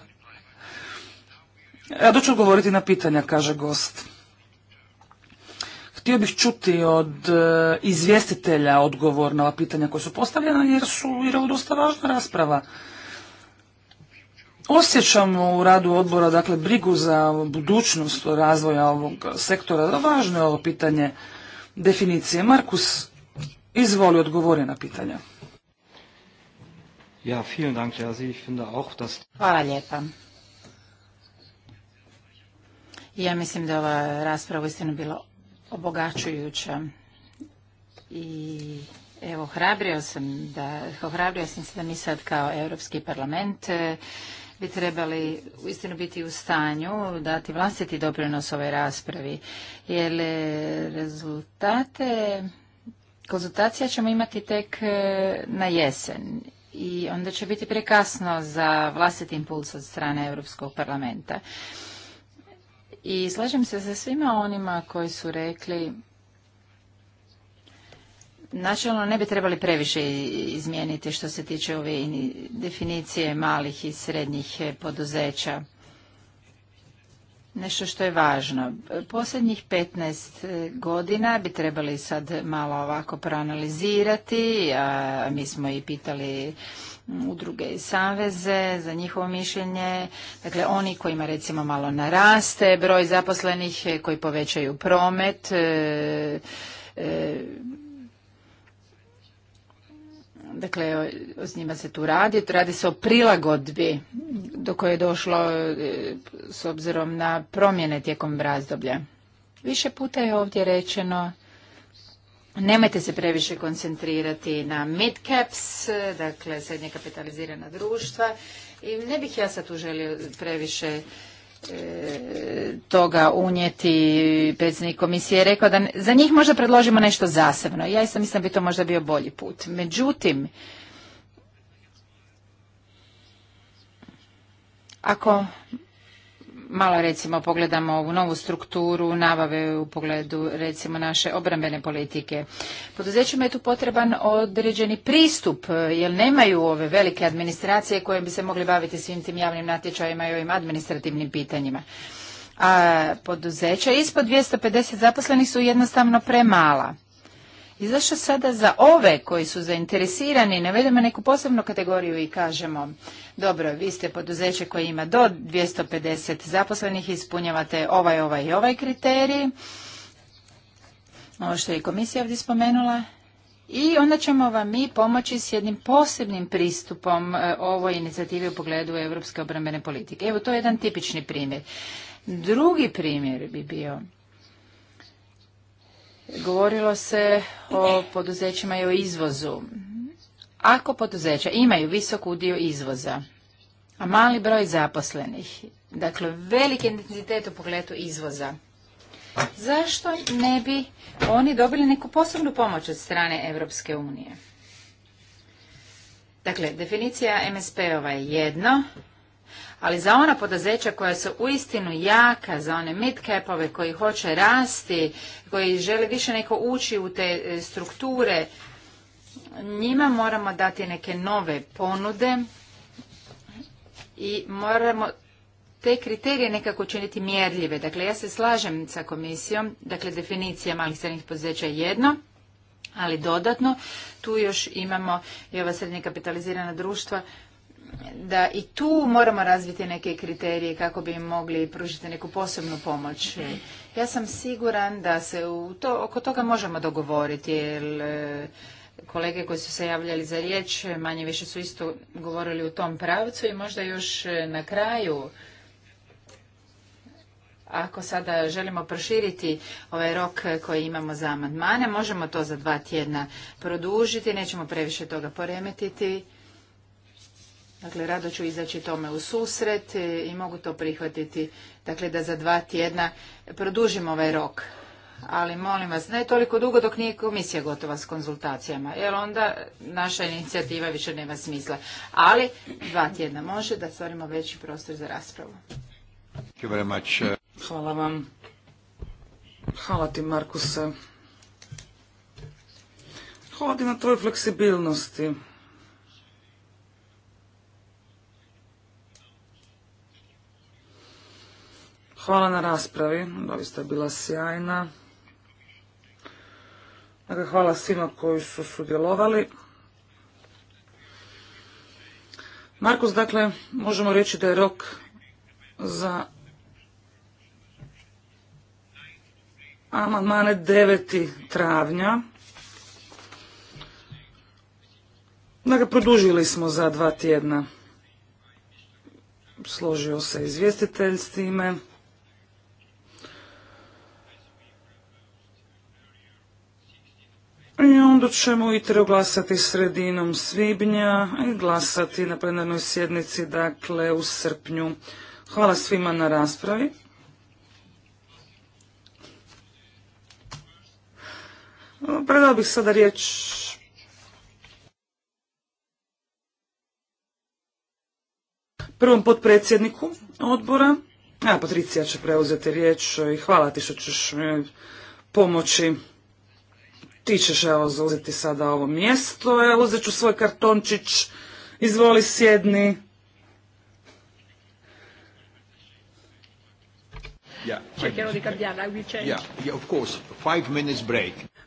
Ja doću odgovoriti na pitanja, kaže gost. Htio bih čuti od e, izvjestitelja odgovor na ova pitanja koja su postavljena jer su i je ovo dosta važna rasprava. Osjećamo u radu odbora dakle brigu za budućnost razvoja ovog sektora. važno je ovo pitanje definicije. Markus, izvoli odgovore na pitanja. Ja, vielen Dank, ich finde auch, Hvala lijepa. Ja mislim da ova rasprava uistinu bila obogačujuća i evo hrabrio sam da ohrabrio sam se da mi sad kao Europski parlament eh, bi trebali uistinu biti u stanju dati vlastiti doprinos ovoj raspravi jer eh, rezultate konzultacija ćemo imati tek eh, na jesen i onda će biti prekasno za vlastiti impuls od strane Europskog parlamenta. I slažem se sa svima onima koji su rekli načelno ne bi trebali previše izmijeniti što se tiče ove definicije malih i srednjih eh, poduzeća. Nešto što je važno. Posljednjih 15 eh, godina bi trebali sad malo ovako proanalizirati. A mi smo i pitali udruge i saveze, za njihovo mišljenje. Dakle, oni kojima recimo malo naraste broj zaposlenih, e, koji povećaju promet, e, e, dakle s njima se tu radi, radi se o prilagodbi do koje je došlo s obzirom na promjene tijekom razdoblja. Više puta je ovdje rečeno Nemojte se previše koncentrirati na mid-caps, dakle srednje kapitalizirana društva. I ne bih ja sad tu želio previše e, toga unijeti. Predsjednik komisije je rekao da za njih možda predložimo nešto zasebno. Ja sam mislim da bi to možda bio bolji put. Međutim, ako malo recimo pogledamo ovu novu strukturu nabave u pogledu recimo naše obrambene politike. Poduzećima je tu potreban određeni pristup jer nemaju ove velike administracije koje bi se mogli baviti svim tim javnim natječajima i ovim administrativnim pitanjima. A poduzeća ispod 250 zaposlenih su jednostavno premala. I zašto sada za ove koji su zainteresirani ne vedemo neku posebnu kategoriju i kažemo dobro, vi ste poduzeće koje ima do 250 zaposlenih, ispunjavate ovaj, ovaj i ovaj kriterij, ovo što je komisija ovdje spomenula, i onda ćemo vam mi pomoći s jednim posebnim pristupom e, ovoj inicijativi u pogledu europske obrambene politike. Evo, to je jedan tipični primjer. Drugi primjer bi bio Govorilo se o poduzećima i o izvozu. Ako poduzeća imaju visok udio izvoza, a mali broj zaposlenih, dakle veliki intenzitet u pogledu izvoza, zašto ne bi oni dobili neku posebnu pomoć od strane Europske unije? Dakle, definicija MSP-ova je jedno, ali za ona poduzeća koja su uistinu jaka, za one mid-capove koji hoće rasti, koji želi više neko ući u te e, strukture, njima moramo dati neke nove ponude i moramo te kriterije nekako činiti mjerljive. Dakle, ja se slažem sa komisijom, dakle, definicija malih srednjih poduzeća je jedno, ali dodatno tu još imamo i ova srednje kapitalizirana društva da i tu moramo razviti neke kriterije kako bi im mogli pružiti neku posebnu pomoć. Ja sam siguran da se u to, oko toga možemo dogovoriti, jer e, kolege koji su se javljali za riječ manje više su isto govorili u tom pravcu i možda još e, na kraju ako sada želimo proširiti ovaj rok koji imamo za amandmane, možemo to za dva tjedna produžiti, nećemo previše toga poremetiti Dakle, rado ću izaći tome u susret i mogu to prihvatiti, dakle, da za dva tjedna produžim ovaj rok. Ali molim vas, ne toliko dugo dok nije komisija gotova s konzultacijama, jer onda naša inicijativa više nema smisla. Ali dva tjedna može da stvorimo veći prostor za raspravu. Hvala vam. Hvala ti, Markuse. Hvala ti na tvojoj fleksibilnosti. Hvala na raspravi, doista je bila sjajna. Dakle, hvala svima koji su sudjelovali. Markus, dakle, možemo reći da je rok za amandmane 9. travnja. Dakle, produžili smo za dva tjedna. Složio se izvjestitelj s time. I onda ćemo i glasati sredinom svibnja i glasati na plenarnoj sjednici, dakle u srpnju. Hvala svima na raspravi. Predao bih sada riječ prvom potpredsjedniku odbora. A, Patricija će preuzeti riječ i hvala ti što ćeš pomoći ti ćeš evo zauzeti sada ovo mjesto, Evo, uzet ću svoj kartončić, izvoli sjedni.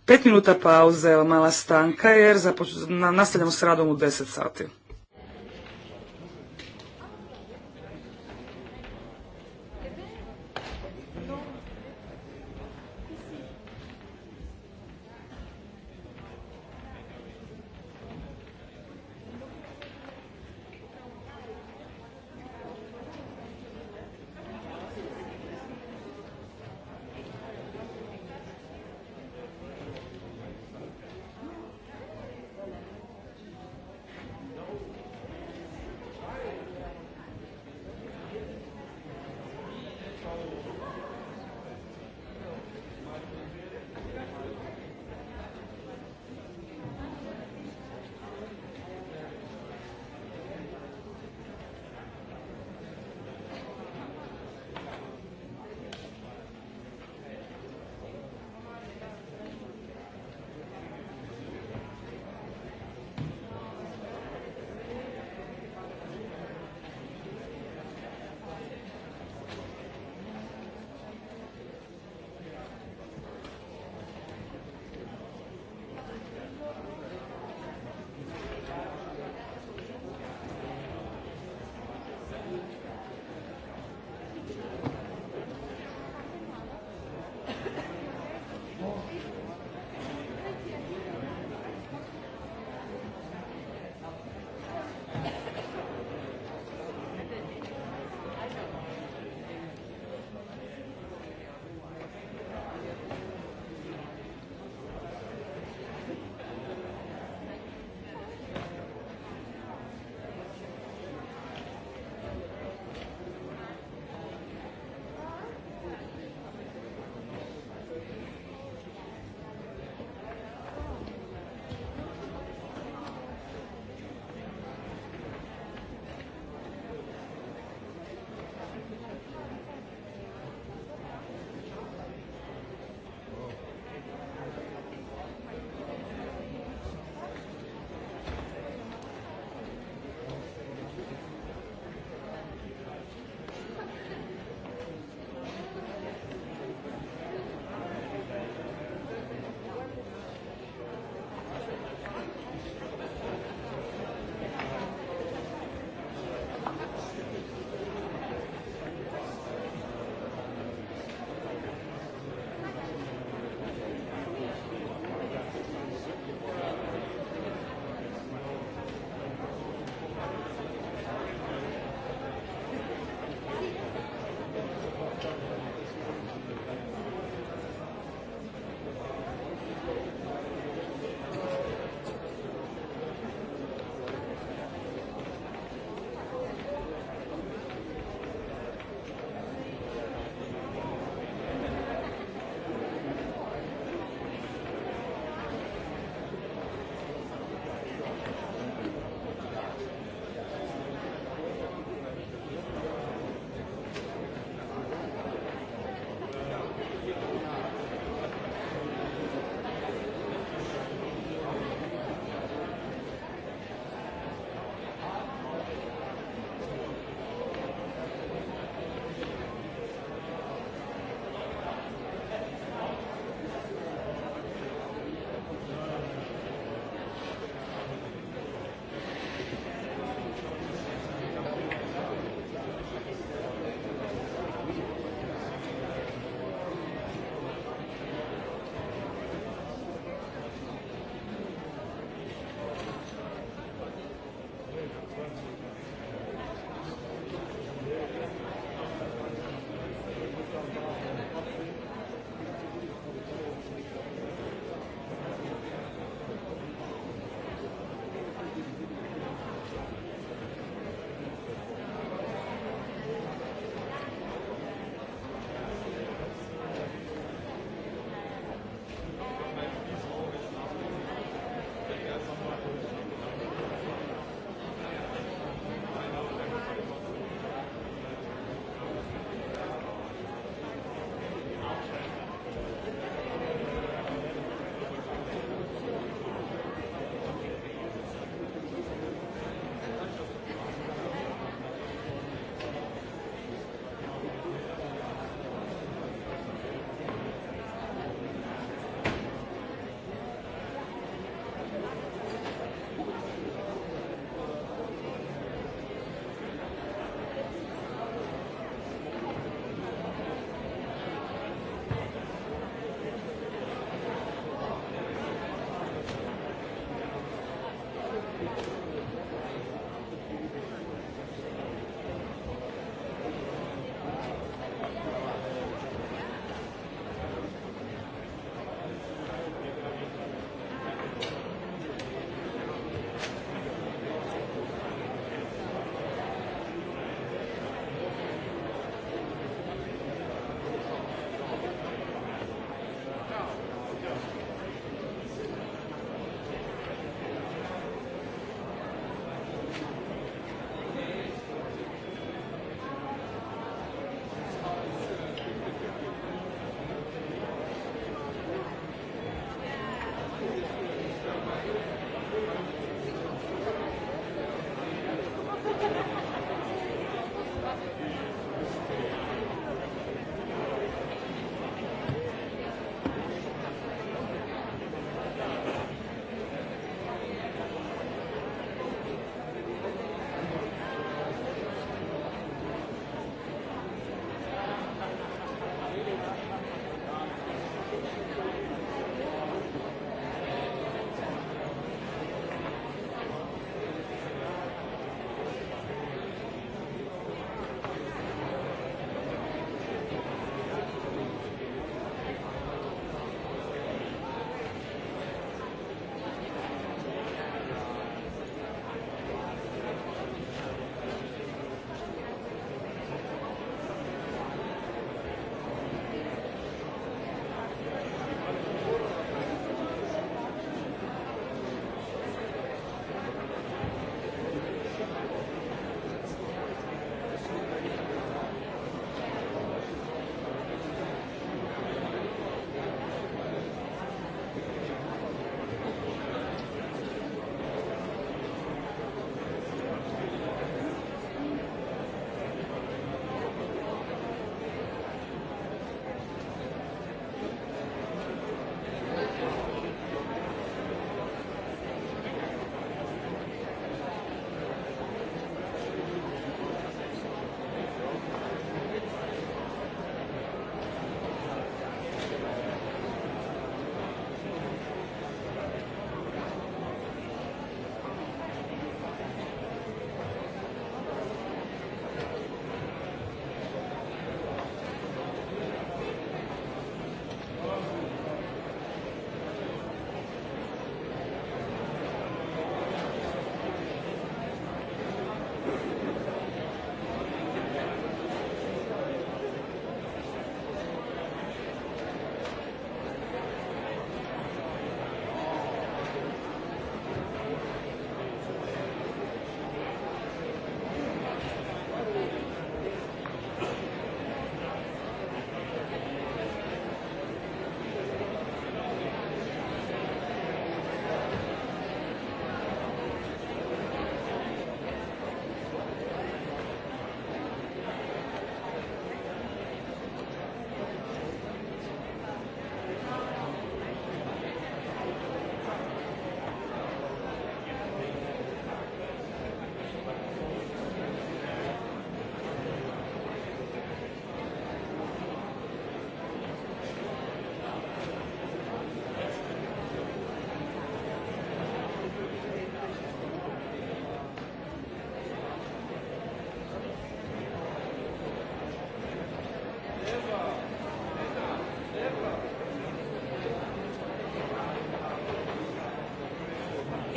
Pet minuta pauze, evo mala stanka jer nastavljamo s radom u deset sati.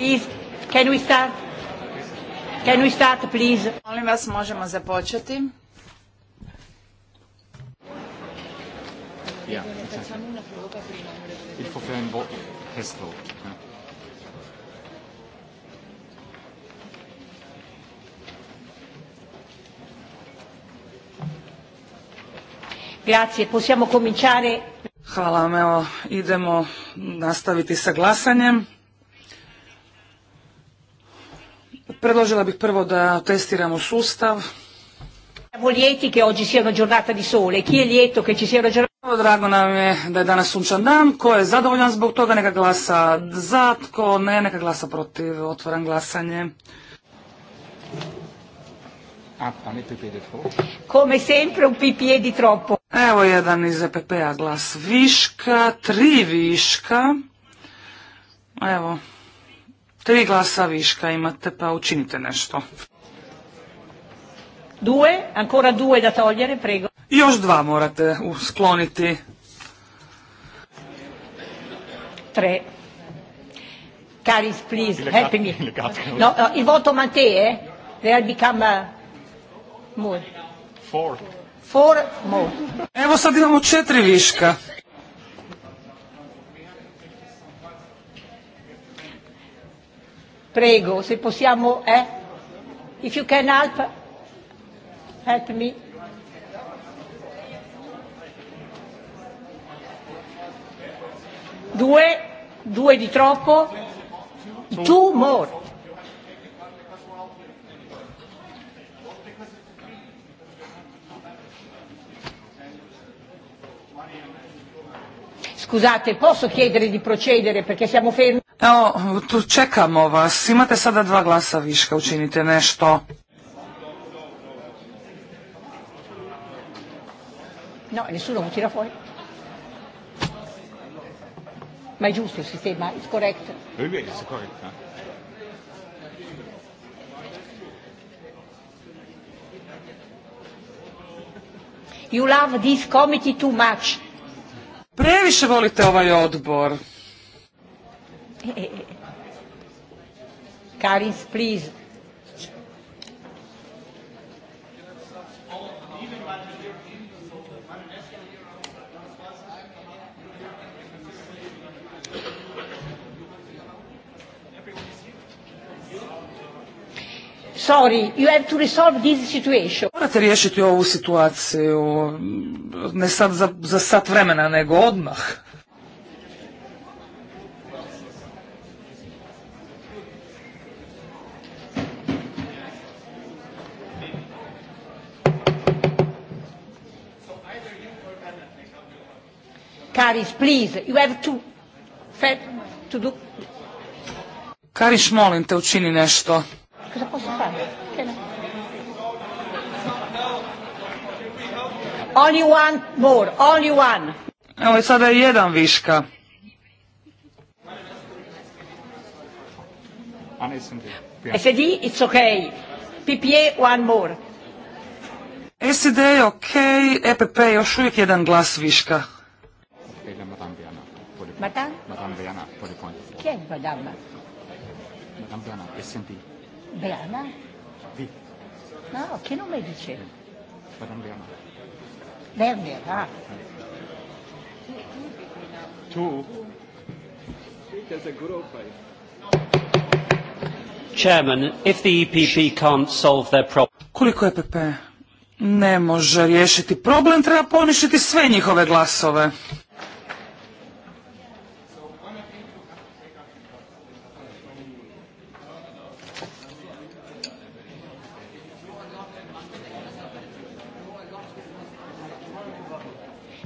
Please, can we start? Can we start, please? Molim vas, možemo započeti. Ja. Il faut faire un vote, test Grazie, possiamo cominciare. Hvala vam, evo, idemo nastaviti sa glasanjem. Predložila bih prvo da testiramo sustav. che di sole. Chi è lieto che ci sia Drago nam je da je danas sunčan dan. Ko je zadovoljan zbog toga neka glasa za, tko ne neka glasa protiv. Otvaram glasanje. sempre un e di Evo jedan iz EPP-a glas viška, tri viška. Evo, Tri glasa viška imate, pa učinite nešto. Due, ancora due da togliere, prego. Još dva morate skloniti. Tre. Caris, please, help me. No, no, il voto Mattei, eh? They have become uh, more. Four. Four more. Evo sad imamo četiri viška. Prego, se possiamo... Eh? If you can help, help me. Due, due di troppo. Two more. Scusate, posso chiedere di procedere perché siamo fermi? Evo, tu čekamo vas. Imate sada dva glasa viška, učinite nešto. No, nessuno mi tira fuori. Ma è giusto il sistema, è corretto. It's correct, huh? Eh? You love this committee too much. Previše volite ovaj odbor. Karin, please. Sorry, you have to resolve this situation. Morate riješiti ovu situaciju ne sad za, za sat vremena, nego odmah. Karis, please, you have to, to do... Karis, molim te, učini nešto. Only one more, only one. Evo je sada jedan viška. SD, it's okay. PPA, one more. SED je ok, EPP još uvijek jedan glas viška. Madame Madame Beana, pour le point. Qui est Madame Madame Beana, S&P. Beana Sì. No, che dit? Oui. Madame Beana. Werner, ah. Tu? C'est un a group, Chairman, if the EPP can't solve their problem... Koliko EPP ne može riješiti problem, treba poništiti sve njihove glasove.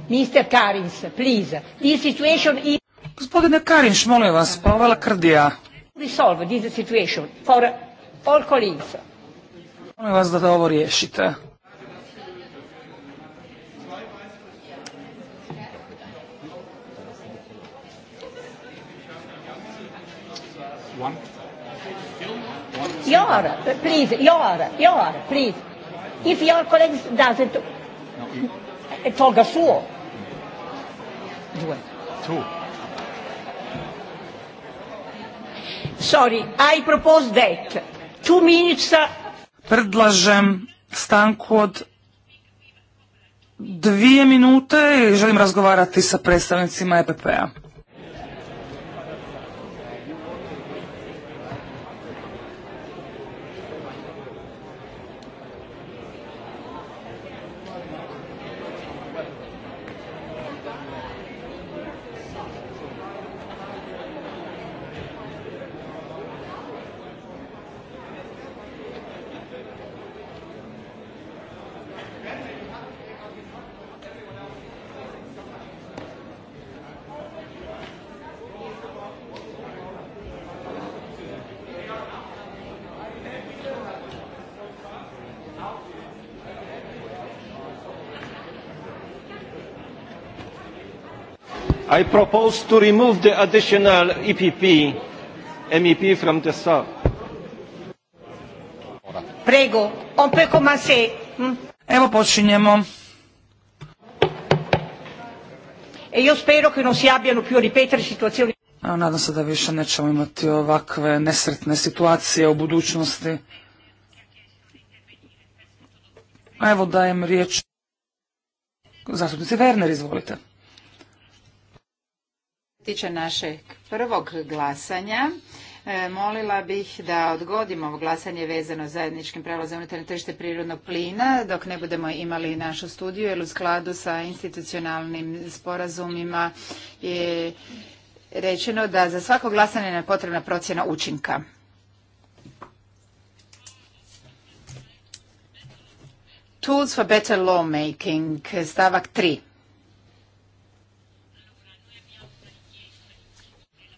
Mr. Karins, please. This situation is... Gospodine Karinš, molim vas, pa ova lakrdija. Resolve this situation for all colleagues. Molim vas da, ovo riješite. Your, please, your, your, please. If your colleagues doesn't... No, Tolga suo due. Two. Sorry, I propose uh, Predlažem stanku od dvije minute i želim razgovarati sa predstavnicima EPP-a. I propose to remove the additional EPP MEP from the sub. Prego, on peut commencer. Hmm. Evo počinjemo. E io spero che non si abbiano più a ripetere situazioni. A nadam se da više nećemo imati ovakve nesretne situacije u budućnosti. Evo dajem riječ zastupnici Werner, izvolite tiče našeg prvog glasanja, e, molila bih da odgodimo ovo glasanje vezano zajedničkim pravila za unutarnje tržište prirodnog plina dok ne budemo imali našu studiju, jer u skladu sa institucionalnim sporazumima je rečeno da za svako glasanje je potrebna procjena učinka. Tools for better lawmaking, stavak 3.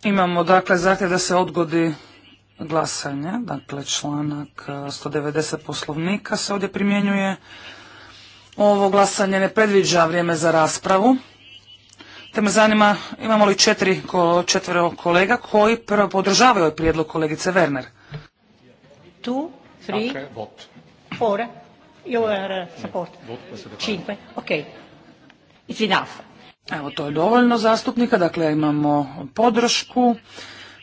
Imamo dakle zahtjev da se odgodi glasanje, dakle članak 190 e, poslovnika se ovdje primjenjuje. Ovo glasanje ne predviđa vrijeme za raspravu. Te me zanima imamo li četiri, četvero kolega koji prvo podržavaju ovaj prijedlog kolegice Werner. Tu, tri, i ovo uh, support. Pa ok. It's enough. Evo, to je dovoljno zastupnika, dakle imamo podršku.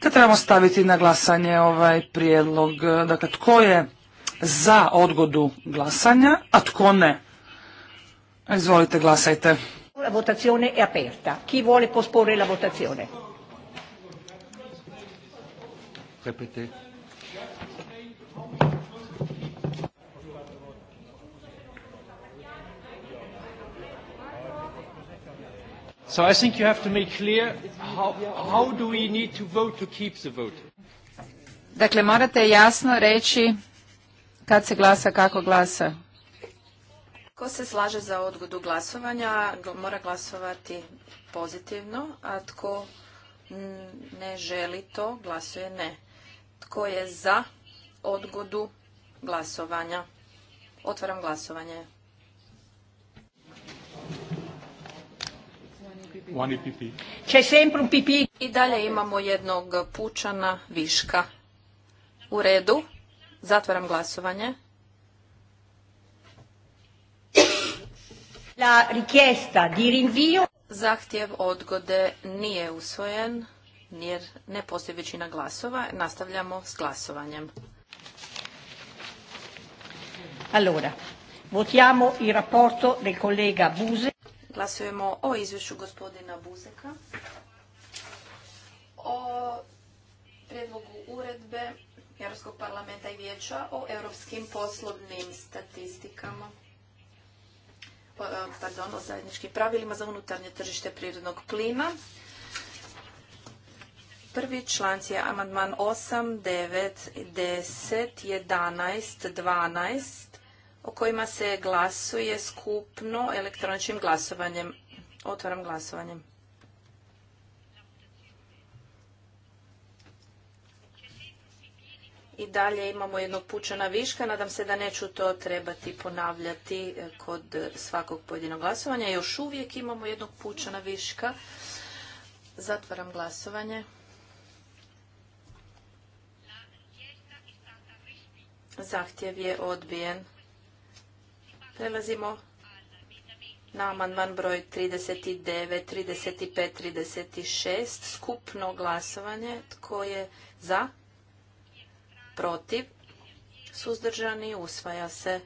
Te trebamo staviti na glasanje ovaj prijedlog. Dakle, tko je za odgodu glasanja, a tko ne? Izvolite, glasajte. La votazione è aperta. Chi vuole posporre la votazione? Repete. So I think you have to make clear how, do we need to vote to keep the vote. Dakle, morate jasno reći kad se glasa, kako glasa. Ko se slaže za odgodu glasovanja, mora glasovati pozitivno, a tko ne želi to, glasuje ne. Tko je za odgodu glasovanja? Otvaram glasovanje. One C'è sempre un I dalje imamo jednog pučana viška. U redu. Zatvaram glasovanje. La richiesta di rinvio. Zahtjev odgode nije usvojen jer ne postoji većina glasova. Nastavljamo s glasovanjem. Allora, votiamo il rapporto del collega Buse. Glasujemo o izvješću gospodina Buzeka o predlogu uredbe Europskog parlamenta i vijeća o europskim poslovnim statistikama e, pardon, o zajedničkim pravilima za unutarnje tržište prirodnog plina. Prvi članci je amandman 8, 9, 10, 11, 12, o kojima se glasuje skupno elektroničnim glasovanjem. Otvaram glasovanje. I dalje imamo jednog pučana viška. Nadam se da neću to trebati ponavljati eh, kod svakog pojedinog glasovanja. Još uvijek imamo jednog pučana viška. Zatvaram glasovanje. Zahtjev je odbijen. Prelazimo na amandman broj 39, 35, 36. Skupno glasovanje. Tko je za? Protiv? Suzdržani? Usvaja se.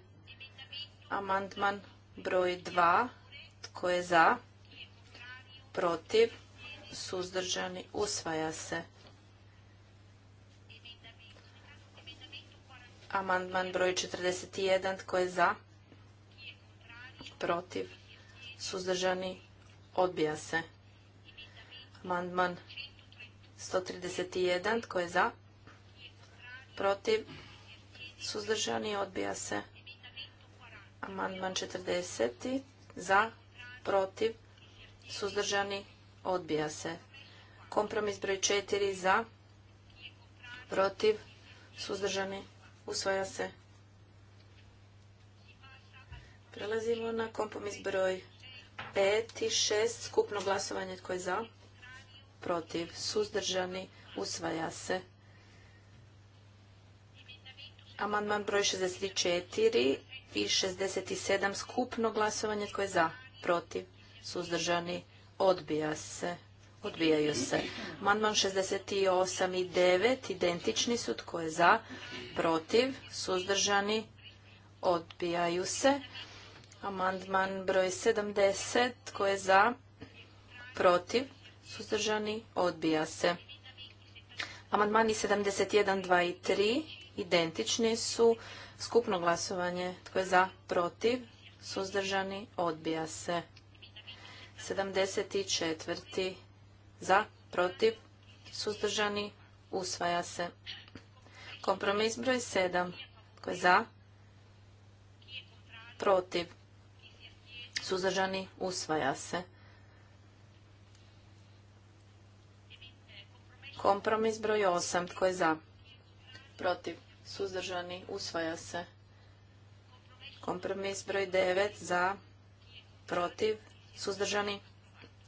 Amandman broj 2. Tko je za? Protiv? Suzdržani? Usvaja se. Amandman broj 41. Tko je za? protiv, suzdržani, odbija se. Amandman 131, tko je za, protiv, suzdržani, odbija se. Amandman 40, za, protiv, suzdržani, odbija se. Kompromis broj 4, za, protiv, suzdržani, usvaja se. Prelazimo na kompromis broj 5 i 6. Skupno glasovanje tko je za? Protiv. Suzdržani. Usvaja se. Amandman broj 64 i 67. Skupno glasovanje tko je za? Protiv. Suzdržani. Odbija se. Odbijaju se. Amandman 68 i 9 identični su. Tko je za? Protiv. Suzdržani. Odbijaju se. Amandman broj 70. Tko je za? Protiv? Suzdržani? Odbija se. Amandmani 71, 2 i 3 identični su. Skupno glasovanje. Tko je za? Protiv? Suzdržani? Odbija se. 74. Za? Protiv? Suzdržani? Usvaja se. Kompromis broj 7. Tko je za? Protiv? suzdržani, usvaja se. Kompromis broj 8. Tko je za? Protiv. Suzdržani. Usvaja se. Kompromis broj 9. Za. Protiv. Suzdržani.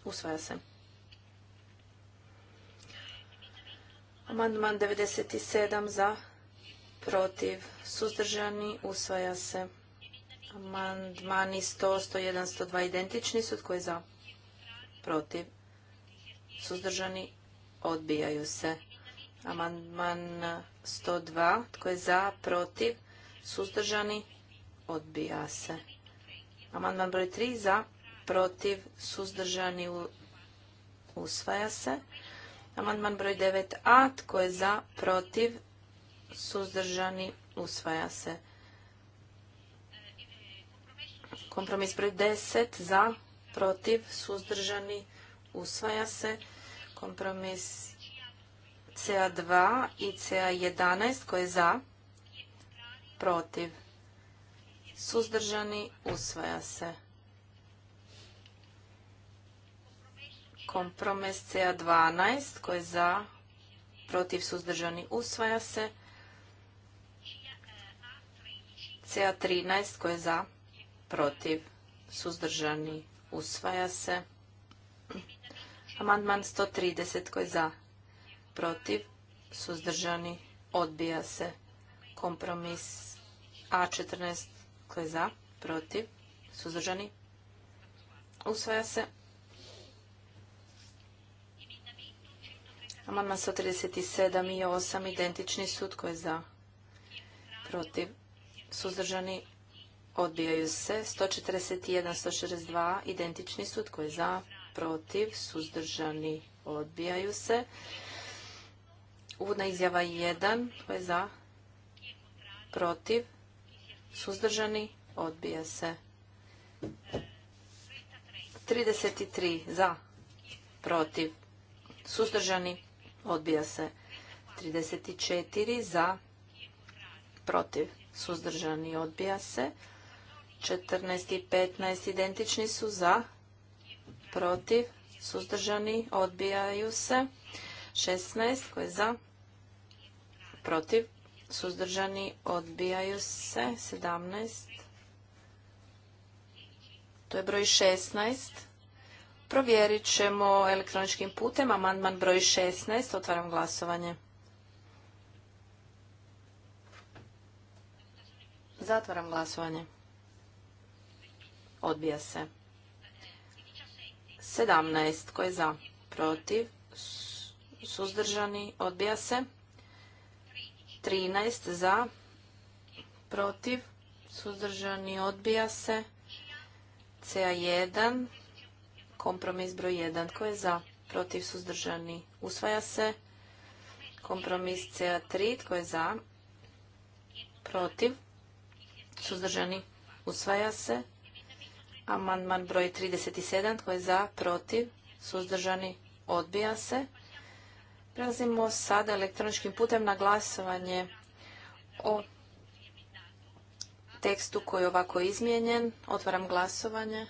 Usvaja se. Amandman 97. Za. Protiv. Suzdržani. Usvaja se. Amandmani 100, 101, 102 identični su. Tko je za? Protiv. Suzdržani odbijaju se. Amandman 102. Tko je za? Protiv. Suzdržani odbija se. Amandman broj 3. Za? Protiv. Suzdržani usvaja se. Amandman broj 9a. Tko je za? Protiv. Suzdržani usvaja se. Kompromis broj 10 za, protiv, suzdržani, usvaja se. Kompromis CA2 i CA11 koji je za, protiv, suzdržani, usvaja se. Kompromis CA12 koji je za, protiv, suzdržani, usvaja se. CA13 koji je za, protiv, suzdržani, usvaja se. Amandman 130 koji je za, protiv, suzdržani, odbija se. Kompromis A14 koji je za, protiv, suzdržani, usvaja se. Amandman 137 i 8 identični sud koji je za, protiv, suzdržani, Odbijaju se 141, 162, identični su, tko je za, protiv, suzdržani, odbijaju se. Uvodna izjava 1, tko je za, protiv, suzdržani, odbija se. 33 za, protiv, suzdržani, odbija se. 34 za, protiv, suzdržani, odbija se. 14 i 15 identični su za, protiv, suzdržani, odbijaju se. 16 koje je za, protiv, suzdržani, odbijaju se. 17, to je broj 16. Provjerit ćemo elektroničkim putem amandman broj 16. Otvaram glasovanje. Zatvaram glasovanje. Odbija se. 17. Ko je za? Protiv. Suzdržani. Odbija se. 13. Za. Protiv. Suzdržani. Odbija se. CA1. Kompromis broj 1. Ko je za? Protiv. Suzdržani. Usvaja se. Kompromis CA3. Ko je za? Protiv. Suzdržani. Usvaja se. Amandman broj 37. Tko je za? Protiv? Suzdržani? Odbija se. Prelazimo sada elektroničkim putem na glasovanje o tekstu koji je ovako izmijenjen. Otvaram glasovanje.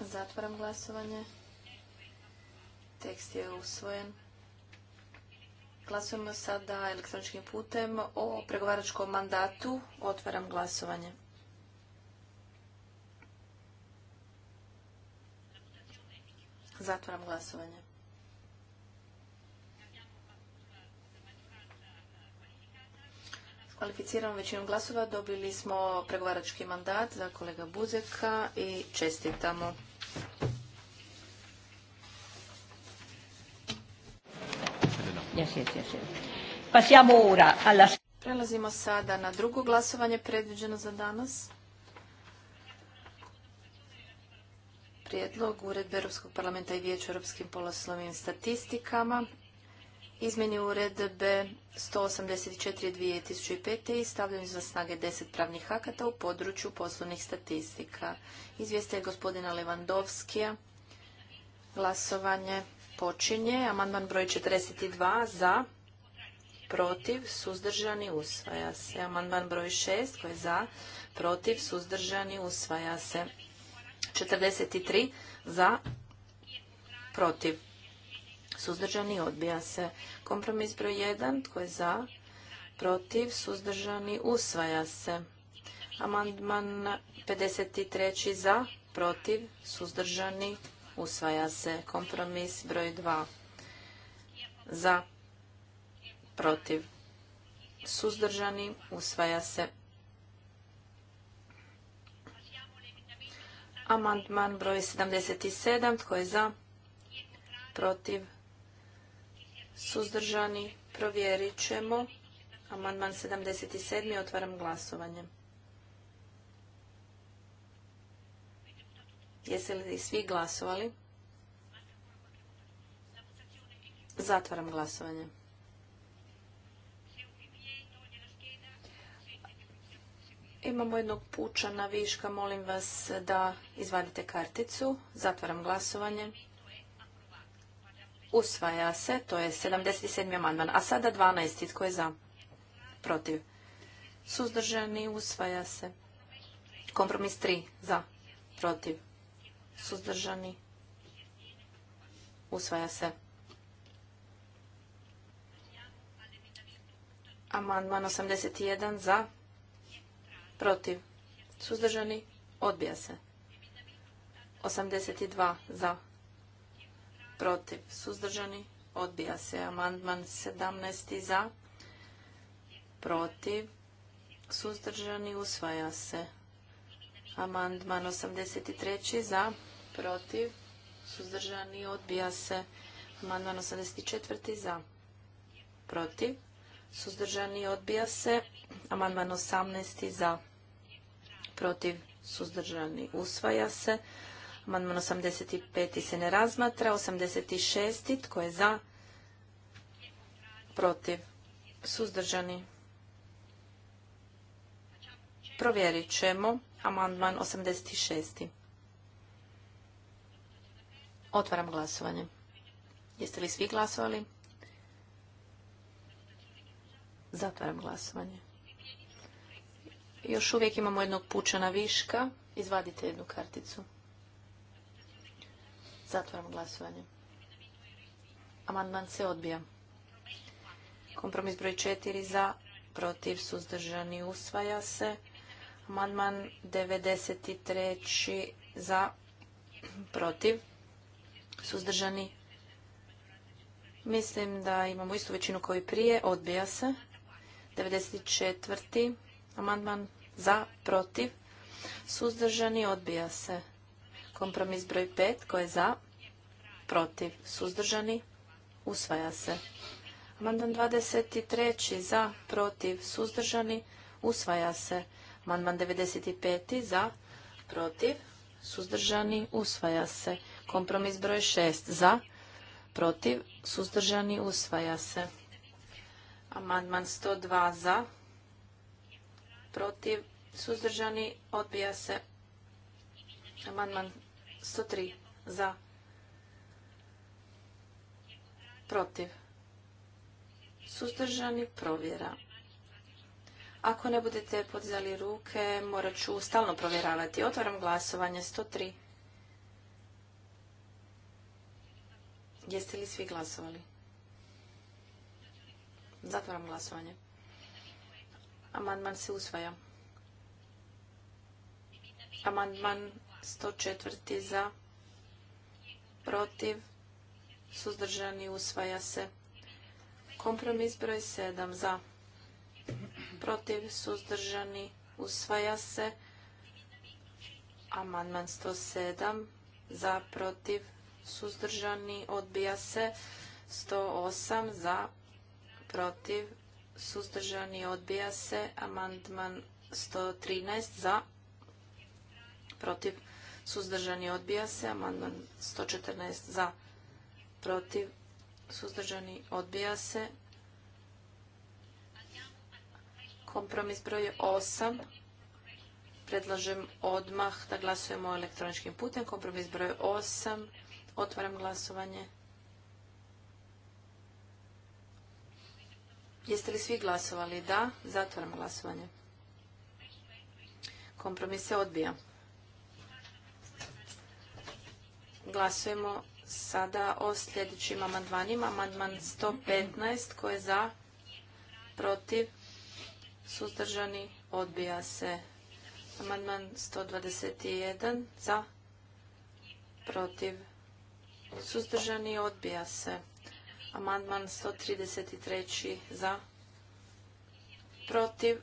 Zatvaram glasovanje. Tekst je usvojen. Glasujemo sada elektroničkim putem o pregovaračkom mandatu. Otvaram glasovanje. Zatvaram glasovanje. S kvalificiranom većinom glasova dobili smo pregovarački mandat za kolega Buzeka i čestitamo. Yes, yes, yes. Passiamo ora alla... Prelazimo sada na drugo glasovanje predviđeno za danas. Prijedlog Uredbe Europskog parlamenta i Vijeća europskim poloslovnim statistikama izmjeni uredbe 184 2005. i stavljanju za snage 10 pravnih akata u području poslovnih statistika. Izvijeste je gospodina Levandovskija. Glasovanje počinje. Amandman broj 42 za, protiv, suzdržani, usvaja se. Amandman broj 6 koji je za, protiv, suzdržani, usvaja se. 43 za, protiv, suzdržani, odbija se. Kompromis broj 1 tko je za, protiv, suzdržani, usvaja se. Amandman 53 za, protiv, suzdržani, Usvaja se kompromis broj 2. Za. Protiv. Suzdržani. Usvaja se. Amandman broj 77. Tko je za? Protiv. Suzdržani. Provjerit ćemo. Amandman 77. Otvaram glasovanje. Jesi li svi glasovali? Zatvaram glasovanje. Imamo jednog na viška, molim vas da izvadite karticu. Zatvaram glasovanje. Usvaja se, to je 77. amandman. A sada 12. Tko je za? Protiv. Suzdržani, usvaja se. Kompromis 3. Za. Protiv suzdržani, usvaja se. Amandman 81 za, protiv, suzdržani, odbija se. 82 za, protiv, suzdržani, odbija se. Amandman 17 za, protiv, suzdržani, usvaja se. Amandman 83 za, protiv, suzdržani, odbija se. Amandman 84. za, protiv, suzdržani, odbija se. Amandman 18. za, protiv, suzdržani, usvaja se. Amandman 85. se ne razmatra. 86. tko je za, protiv, suzdržani, provjerit ćemo. Amandman 86. Otvaram glasovanje. Jeste li svi glasovali? Zatvaram glasovanje. Još uvijek imamo jednog pučana viška. Izvadite jednu karticu. Zatvaram glasovanje. Amandman se odbija. Kompromis broj 4 za, protiv, suzdržani, usvaja se. Amandman 93 za, protiv, Suzdržani? Mislim da imamo istu većinu koji prije. Odbija se. 94. amandman za, protiv. Suzdržani? Odbija se. Kompromis broj 5. koji je za? Protiv. Suzdržani? Usvaja se. Amandman 23. za, protiv, suzdržani, usvaja se. Amandman 95. za, protiv, suzdržani, usvaja se. Kompromis broj šest, za, protiv, suzdržani, usvaja se. Amandman 102 za, protiv, suzdržani, odbija se. Amandman 103 za, protiv, suzdržani, provjera. Ako ne budete podzali ruke, morat ću stalno provjeravati. Otvaram glasovanje 103. Jeste li svi glasovali? Zatvaram glasovanje. Amandman se usvaja. Amandman 104. za, protiv, suzdržani, usvaja se. Kompromis broj 7 za, protiv, suzdržani, usvaja se. Amandman 107 za, protiv, suzdržani, odbija se. 108 za, protiv, suzdržani, odbija se. Amandman 113 za, protiv, suzdržani, odbija se. Amandman 114 za, protiv, suzdržani, odbija se. Kompromis broj 8 predlažem odmah da glasujemo elektroničkim putem. Kompromis broj 8. Otvaram glasovanje. Jeste li svi glasovali? Da. Zatvaram glasovanje. Kompromis se odbija. Glasujemo sada o sljedećim amandmanima. Amandman 115 koji je za, protiv, suzdržani, odbija se. Amandman 121 za, protiv, Suzdržani odbija se. Amandman 133. za. Protiv.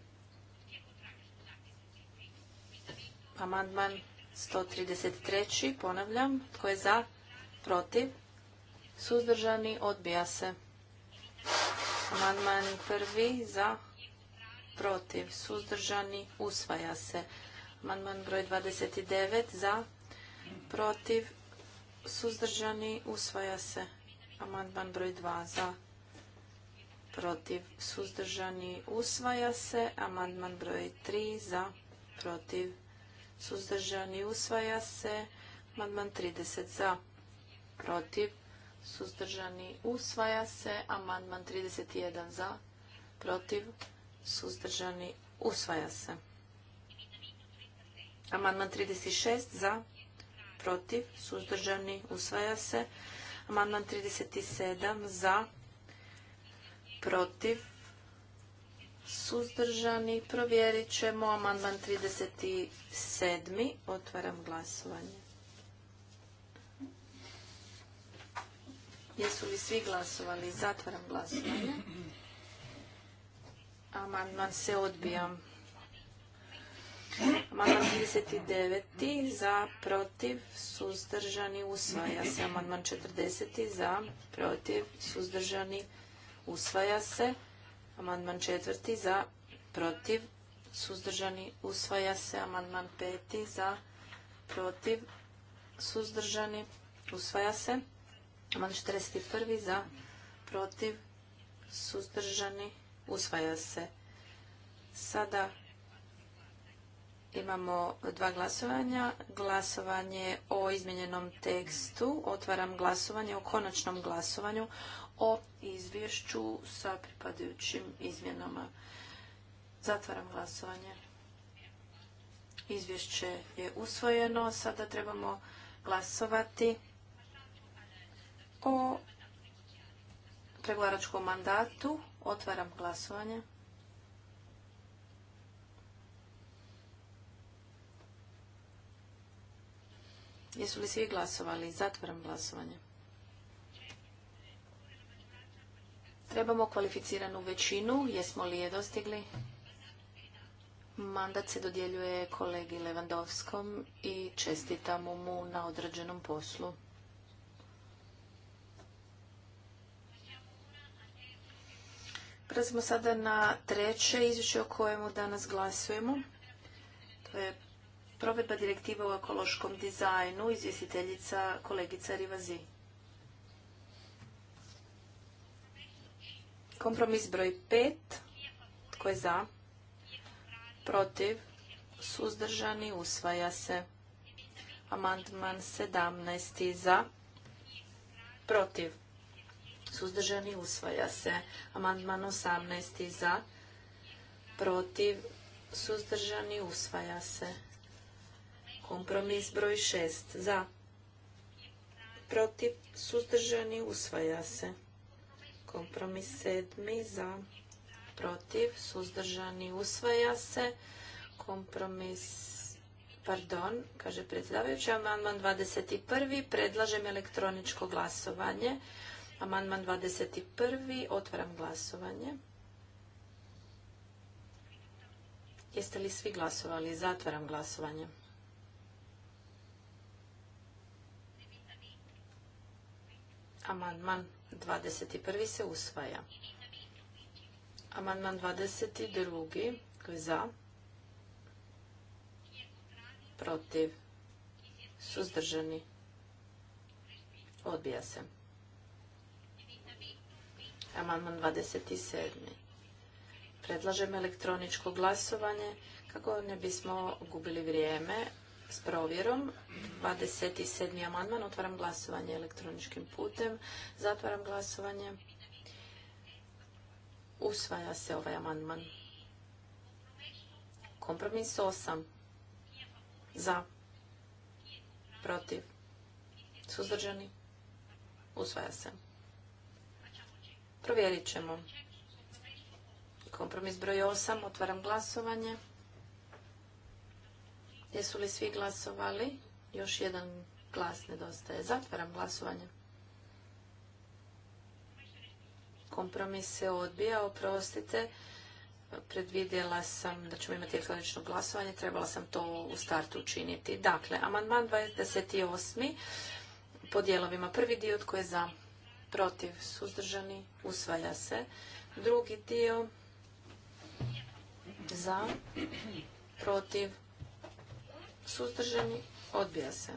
Amandman 133. Ponavljam. Tko je za? Protiv. Suzdržani odbija se. Amandman prvi za. Protiv. Suzdržani usvaja se. Amandman broj 29 za. Protiv suzdržani, usvaja se. Amandman broj 2 za, protiv, suzdržani, usvaja se. Amandman broj 3 za, protiv, suzdržani, usvaja se. Amandman 30 za, protiv, suzdržani, usvaja se. Amandman 31 za, protiv, suzdržani, usvaja se. Amandman 36 za, protiv, suzdržani, usvaja se. Amandman 37 za, protiv, suzdržani, provjerit ćemo. Amandman 37. Otvaram glasovanje. Jesu li svi glasovali? Zatvaram glasovanje. Amandman se odbijam. Amandman 39. za, protiv, suzdržani, usvaja se. Amandman 40. za, protiv, suzdržani, usvaja se. Amandman 4. za, protiv, suzdržani, usvaja se. Amandman 5. za, protiv, suzdržani, usvaja se. Amandman 41. za, protiv, suzdržani, usvaja se. Sada Imamo dva glasovanja. Glasovanje o izmijenjenom tekstu. Otvaram glasovanje o konačnom glasovanju o izvješću sa pripadajućim izmjenama. Zatvaram glasovanje. Izvješće je usvojeno. Sada trebamo glasovati o pregovaračkom mandatu. Otvaram glasovanje. Jesu li svi glasovali? Zatvaram glasovanje. Trebamo kvalificiranu većinu. Jesmo li je dostigli? Mandat se dodjeljuje kolegi Levandovskom i čestitamo mu na određenom poslu. Prelazimo sada na treće izvješće o kojemu danas glasujemo. To je Provedba direktive u ekološkom dizajnu, izvjestiteljica kolegica Rivazi. Kompromis broj 5. Tko je za? Protiv? Suzdržani? Usvaja se. Amandman 17. Za? Protiv? Suzdržani? Usvaja se. Amandman 18. Za? Protiv? Suzdržani? Usvaja se. Kompromis broj šest za. Protiv suzdržani usvaja se. Kompromis sedmi za. Protiv suzdržani usvaja se. Kompromis Pardon, kaže predsjedavajući, amandman 21. Predlažem elektroničko glasovanje. Amandman 21. Otvaram glasovanje. Jeste li svi glasovali? Zatvaram glasovanje. Amandman 21. se usvaja. Amandman 22. koji je za, protiv, suzdržani, odbija se. Amandman 27. Predlažem elektroničko glasovanje kako ne bismo gubili vrijeme s provjerom. 27. amandman. Otvaram glasovanje elektroničkim putem. Zatvaram glasovanje. Usvaja se ovaj amandman. Kompromis 8. Za. Protiv. Suzdržani. Usvaja se. Provjerit ćemo. Kompromis broj 8. Otvaram glasovanje. Jesu li svi glasovali? Još jedan glas nedostaje. Zatvaram glasovanje. Kompromis se odbija, oprostite. Predvidjela sam da ćemo imati elektronično glasovanje, trebala sam to u startu učiniti. Dakle, amandman 28. po dijelovima. Prvi dio tko je za, protiv, suzdržani, usvaja se. Drugi dio za, protiv, suzdržani, odbija se.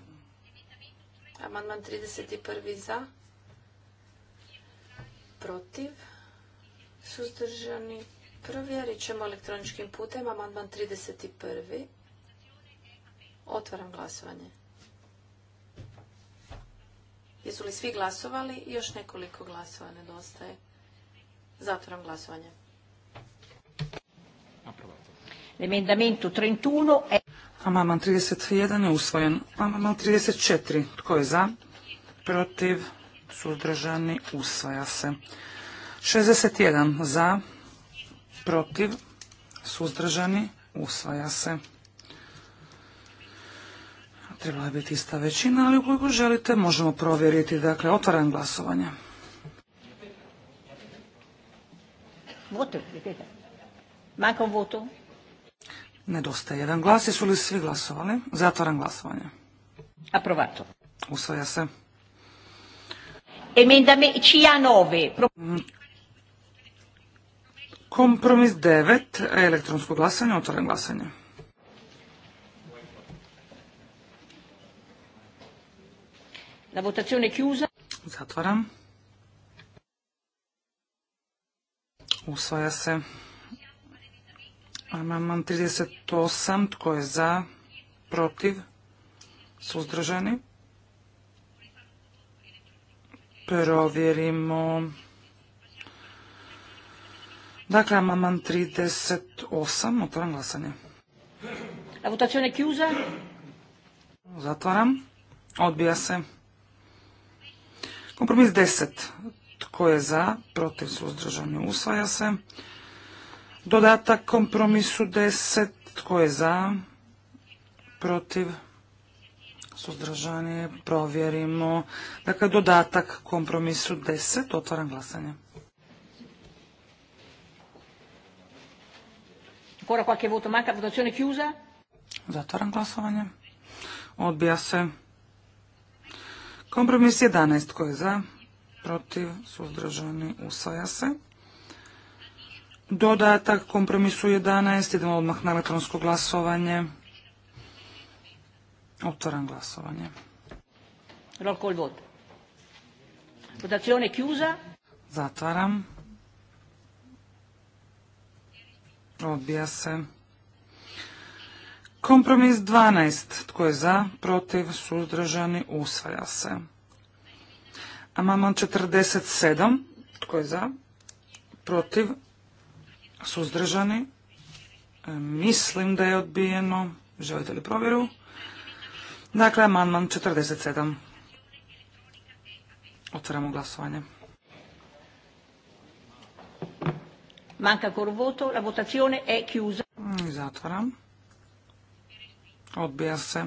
Amandman 31. za, protiv, suzdržani, provjerit ćemo elektroničkim putem. Amandman 31. Otvaram glasovanje. Jesu li svi glasovali? Još nekoliko glasova nedostaje. Zatvaram glasovanje. Emendamento 31 è Amandman 31 je usvojen. Amandman 34. Tko je za? Protiv? Suzdržani? Usvaja se. 61. Za? Protiv? Suzdržani? Usvaja se. Trebala je biti ista većina, ali ukoliko želite možemo provjeriti. Dakle, otvaram glasovanje. votu. Nedostaje jedan glas. Jesu li svi glasovali? Zatvaram glasovanje. Aprovato. Usvaja se. Emendame čija Kompromis devet, Elektronsko glasanje. Otvoren glasanje. La votazione chiusa. Zatvaram. Usvaja se. Amandman 38. Tko je za? Protiv? Suzdržani? Provjerimo. Dakle, amandman 38. Otvaram glasanje. La votazione chiusa. Zatvaram. Odbija se. Kompromis 10. Tko je za? Protiv? Suzdržani? Usvaja se. Dodatak kompromisu 10. Tko je za? Protiv? Suzdržani? Provjerimo. Dakle, dodatak kompromisu 10. Otvaram glasanje. Ancora qualche voto manca, votazione chiusa. Zatvaram glasovanje. Odbija se. Kompromis 11. Tko je za? Protiv? Suzdržani? Usvaja se dodatak kompromisu 11. Idemo odmah na elektronsko glasovanje. Otvaram glasovanje. Roll call vote. Votazione chiusa. Zatvaram. Odbija se. Kompromis 12. Tko je za, protiv, suzdržani, usvaja se. Amandman 47. Tko je za, protiv, Suzdržani? E, mislim da je odbijeno. Želite li provjeru? Dakle, amandman 47. Otvaramo glasovanje. Manca ancora voto, la votazione è chiusa. Zatvaram. Odbija se.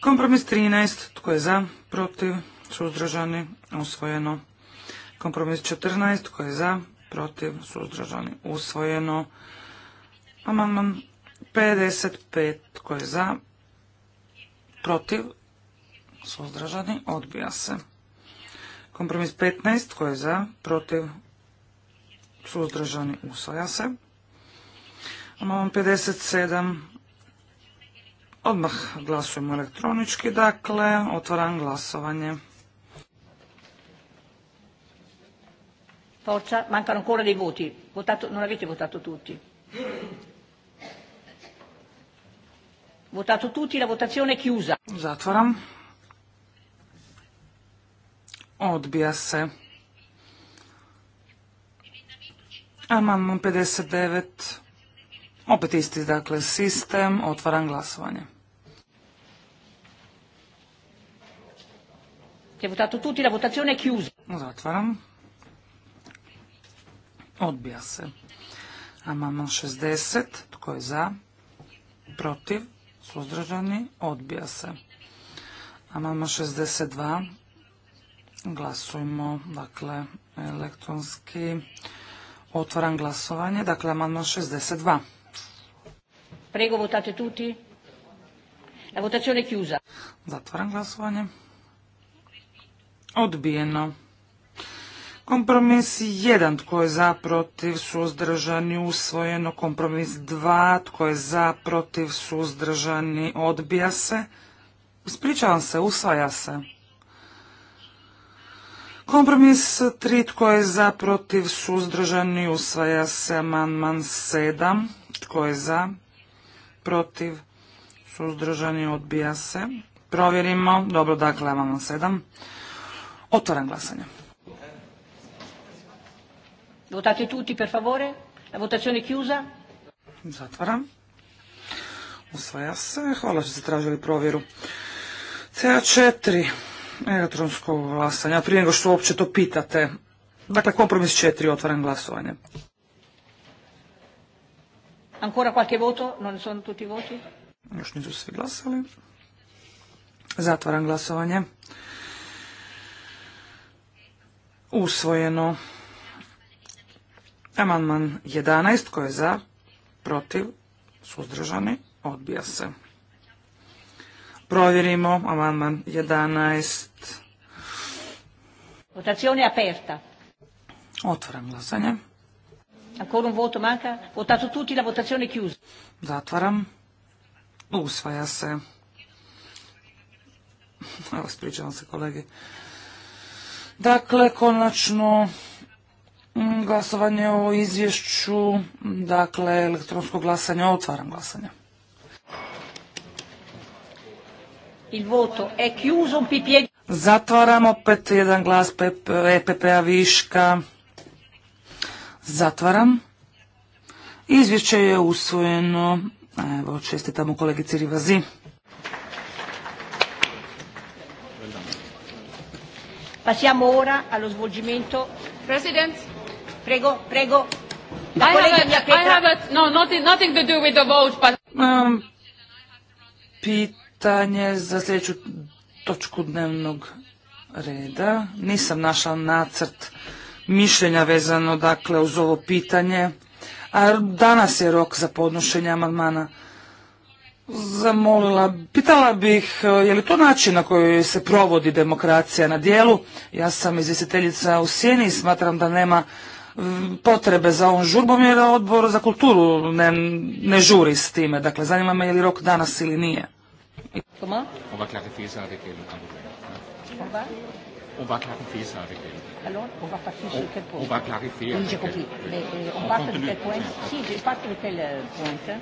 Kompromis 13. Tko je za? Protiv? Suzdržani? Usvojeno. Kompromis 14. Tko je za? protiv, suzdržani, usvojeno. Amandman 55 tko je za, protiv, suzdržani, odbija se. Kompromis 15 tko je za, protiv, suzdržani, usvaja se. Amandman 57 odmah glasujemo elektronički, dakle otvaram glasovanje. Forza, mancano ancora dei voti. Votato, non avete votato tutti. Votato tutti, la votazione è chiusa. Zatvaram. Odbija se. Amandman 59. Opet isti, dakle, sistem. Otvaram glasovanje. Che votato tutti, la votazione è chiusa. Zatvaram. Odbija se. Amandman 60. Tko je za? Protiv? Suzdržani? Odbija se. Amandman 62. Glasujmo, dakle, elektronski. Otvaram glasovanje, dakle, amandman 62. Prego, votate tuti La votazione chiusa. Zatvaram glasovanje. Odbijeno. Kompromis 1, tko je za, protiv, suzdržani, usvojeno. Kompromis 2, tko je za, protiv, suzdržani, odbija se. Ispričavam se, usvaja se. Kompromis 3, tko je za, protiv, suzdržani, usvaja se. Amandman 7, tko je za, protiv, suzdržani, odbija se. Provjerimo. Dobro, dakle, amandman 7. Otvaram glasanje. Votate tutti per favore. La votazione chiusa. Zatvaram. Usvaja se. Hvala što ste tražili provjeru. CA4 elektronsko glasanja. Prije nego što uopće to pitate. Dakle, kompromis 4, otvaram glasovanje. Ancora qualche voto? Non sono tutti voti? Još nisu svi glasali. Zatvaram glasovanje. Usvojeno. Amandman 11. Tko je za? Protiv? Suzdržani? Odbija se. Provjerimo. Amandman 11. Votazione aperta. Otvaram glasanje. Ancora un voto manca. Votato tutti, la votazione chiusa. Zatvaram. Usvaja se. Evo, spričavam se kolegi. Dakle, konačno Mm, glasovanje o izvješću, dakle elektronsko glasanje, otvaram glasanje. Il voto è chiuso, Zatvaram opet jedan glas EPP-a viška. Zatvaram. Izvješće je usvojeno. Evo, čestitamo kolegici Rivazi. Passiamo ora allo svolgimento. President, prego, prego. I have, a, I have a, no, nothing, to do with the vote, but... pitanje za sljedeću točku dnevnog reda. Nisam našla nacrt mišljenja vezano dakle uz ovo pitanje. A danas je rok za podnošenje amandmana. Zamolila, pitala bih e, je li to način na koji se provodi demokracija na dijelu. Ja sam izvjestiteljica u sjeni i smatram da nema potrebe za ovom žurbom jer odbor za kulturu ne, ne žuri s time. Dakle, zanima me je li rok danas ili nije. On va clarifier ça avec elle. On va On va clarifier ça on va partir sur quel point On va clarifier. Oui, j'ai compris. Mais on part de quel point Si, je parte de quel point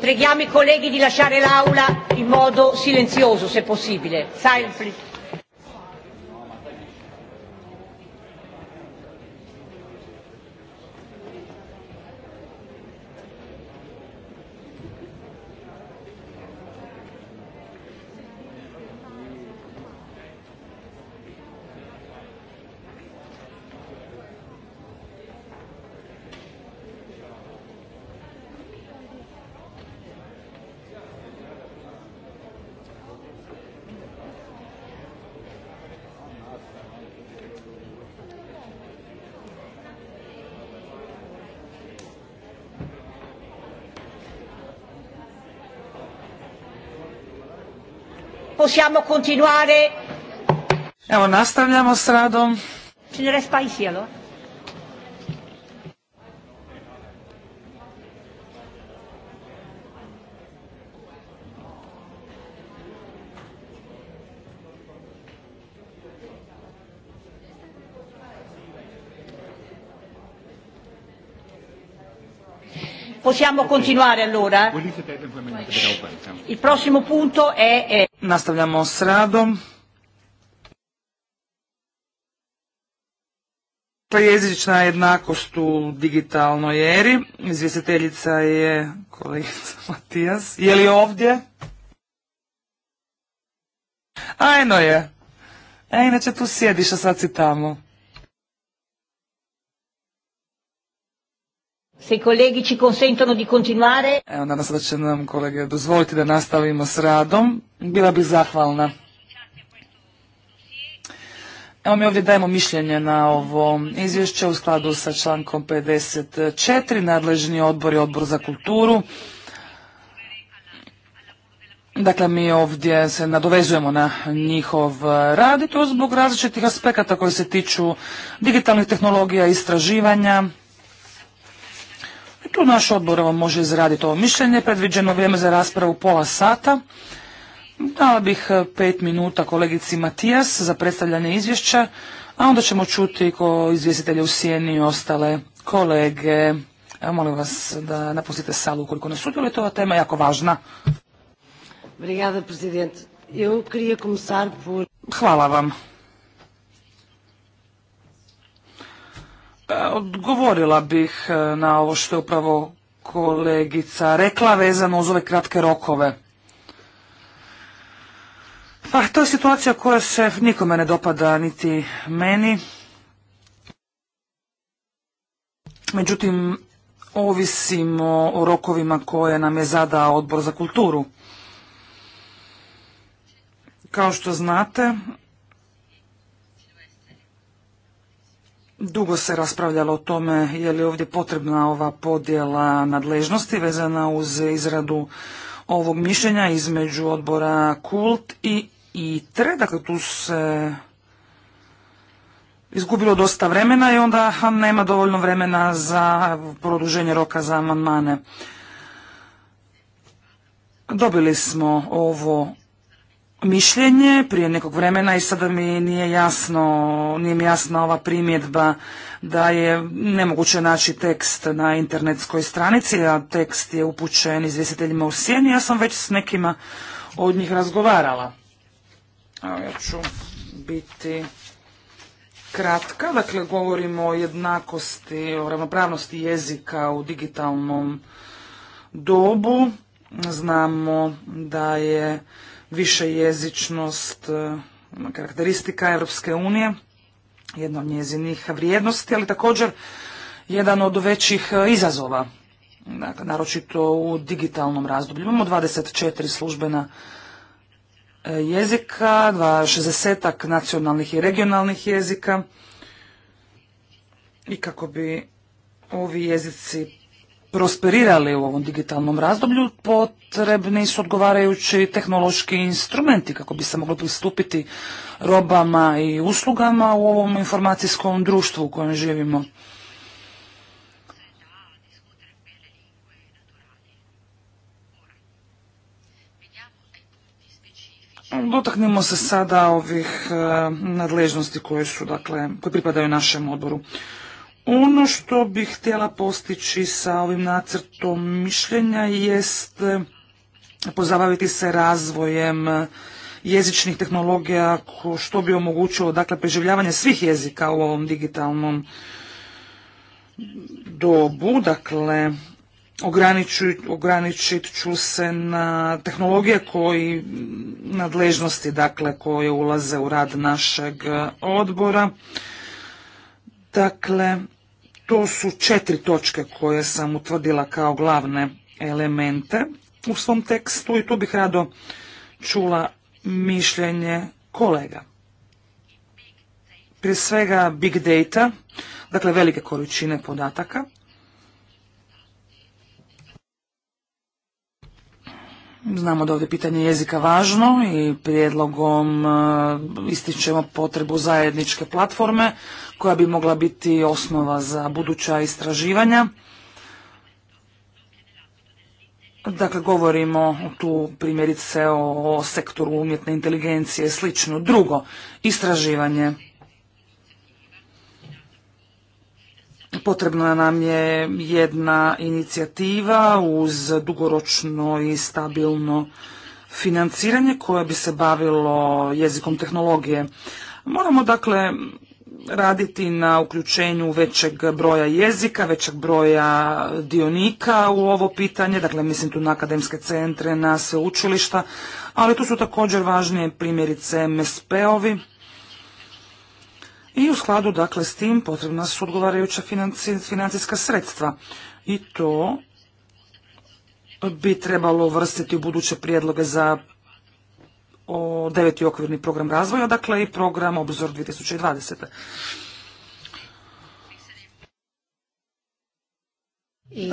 Preghiamo i colleghi di lasciare l'aula in modo silenzioso, se possibile. Silent, please. possiamo continuare. Evo nastavljamo s radom. Ci ne i Possiamo continuare allora? Il prossimo punto è... Nastavljamo s radom. Jezična jednakost u digitalnoj eri. Izvjestiteljica je kolegica *laughs* Matijas. Je li ovdje? Ajno je. E, inače tu sjediš, a sad si tamo. Se i kolegi ci consentono di continuare. Evo, nadam se da će nam kolege dozvoliti da nastavimo s radom. Bila bi zahvalna. Evo mi ovdje dajemo mišljenje na ovo izvješće u skladu sa člankom 54. Nadležni odbor je odbor za kulturu. Dakle, mi ovdje se nadovezujemo na njihov rad i to zbog različitih aspekata koji se tiču digitalnih tehnologija, istraživanja, tu naš odbor vam može izraditi ovo mišljenje, predviđeno vrijeme za raspravu pola sata. Dala bih e, pet minuta kolegici Matijas za predstavljanje izvješća, a onda ćemo čuti ko izvjestitelje u sjeni i ostale kolege. Evo molim vas da napustite salu ukoliko ne to ova tema jako važna. Hvala vam. Odgovorila bih e, na ovo što je upravo kolegica rekla vezano uz ove kratke rokove. Pa to je situacija koja se nikome ne dopada niti meni. Međutim, ovisimo o rokovima koje nam je zadao odbor za kulturu. Kao što znate, Dugo se raspravljalo o tome je li ovdje potrebna ova podjela nadležnosti vezana uz izradu ovog mišljenja između odbora Kult i ITRE. Dakle, tu se izgubilo dosta vremena i onda nema dovoljno vremena za produženje roka za amandmane. Dobili smo ovo mišljenje prije nekog vremena i sada mi nije jasno, nije mi jasna ova primjedba da je nemoguće naći tekst na internetskoj stranici, a tekst je upućen izvjestiteljima u sjeni. Ja sam već s nekima od njih razgovarala. Evo ja ću biti kratka. Dakle, govorimo o jednakosti, o ravnopravnosti jezika u digitalnom dobu. Znamo da je višejezičnost e, karakteristika Europske unije, jedna od njezinih vrijednosti, ali također jedan od većih e, izazova, dakle, naročito u digitalnom razdoblju. Imamo 24 službena e, jezika, 60-ak nacionalnih i regionalnih jezika i kako bi ovi jezici prosperirali u ovom digitalnom razdoblju, potrebni su odgovarajući tehnološki instrumenti kako bi se moglo pristupiti robama i uslugama u ovom informacijskom društvu u kojem živimo. Dotaknimo se sada ovih eh, nadležnosti koje su, dakle, koje pripadaju našem odboru. Ono što bih htjela postići sa ovim nacrtom mišljenja jest pozabaviti se razvojem jezičnih tehnologija što bi omogućilo dakle preživljavanje svih jezika u ovom digitalnom dobu, dakle ograničit, ću se na tehnologije koji nadležnosti dakle koje ulaze u rad našeg odbora. Dakle, to su četiri točke koje sam utvrdila kao glavne elemente u svom tekstu i tu bih rado čula mišljenje kolega. Prije svega big data, dakle velike količine podataka, Znamo da ovdje pitanje jezika važno i prijedlogom e, ističemo potrebu zajedničke platforme koja bi mogla biti osnova za buduća istraživanja. Dakle, govorimo tu primjerice o, sektoru umjetne inteligencije i slično. Drugo, istraživanje. Potrebna nam je jedna inicijativa uz dugoročno i stabilno financiranje koje bi se bavilo jezikom tehnologije. Moramo dakle raditi na uključenju većeg broja jezika, većeg broja dionika u ovo pitanje, dakle mislim tu na akademske centre, na sveučilišta, ali tu su također važnije primjerice MSP-ovi, i u skladu dakle s tim potrebna su odgovarajuća financijska sredstva i to bi trebalo vrstiti u buduće prijedloge za o deveti okvirni program razvoja, dakle i program Obzor 2020. I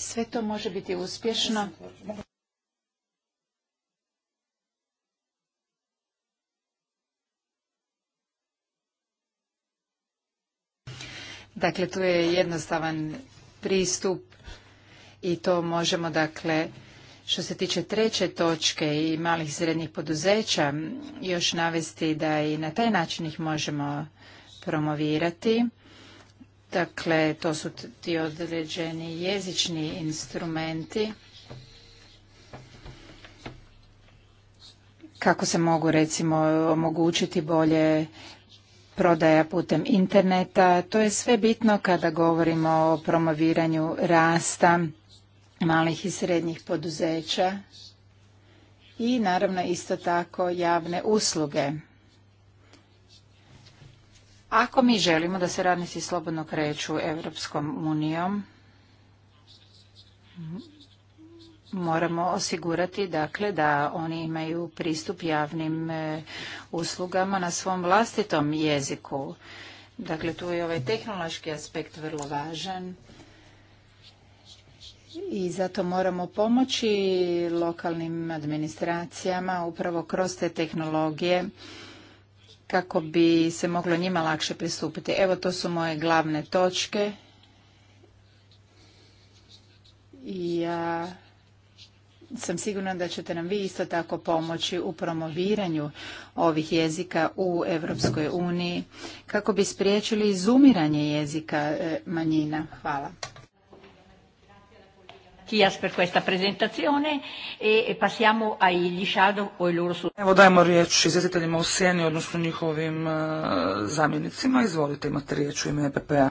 sve to može biti uspješno Dakle, tu je jednostavan pristup i to možemo, dakle, što se tiče treće točke i malih i srednjih poduzeća, još navesti da i na taj način ih možemo promovirati. Dakle, to su ti određeni jezični instrumenti. Kako se mogu recimo omogućiti bolje prodaja putem interneta. To je sve bitno kada govorimo o promoviranju rasta malih i srednjih poduzeća i naravno isto tako javne usluge. Ako mi želimo da se radnici slobodno kreću Europskom unijom, moramo osigurati dakle da oni imaju pristup javnim eh, uslugama na svom vlastitom jeziku. Dakle, tu je ovaj tehnološki aspekt vrlo važan i zato moramo pomoći lokalnim administracijama upravo kroz te tehnologije kako bi se moglo njima lakše pristupiti. Evo to su moje glavne točke. I ja sam sigurna da ćete nam vi isto tako pomoći u promoviranju ovih jezika u Europskoj uniji kako bi spriječili izumiranje jezika e, manjina. Hvala. Evo dajemo riječ izvjetiteljima u sjeni, odnosno njihovim e, zamjenicima. Izvolite, imate riječ u ime EPP-a.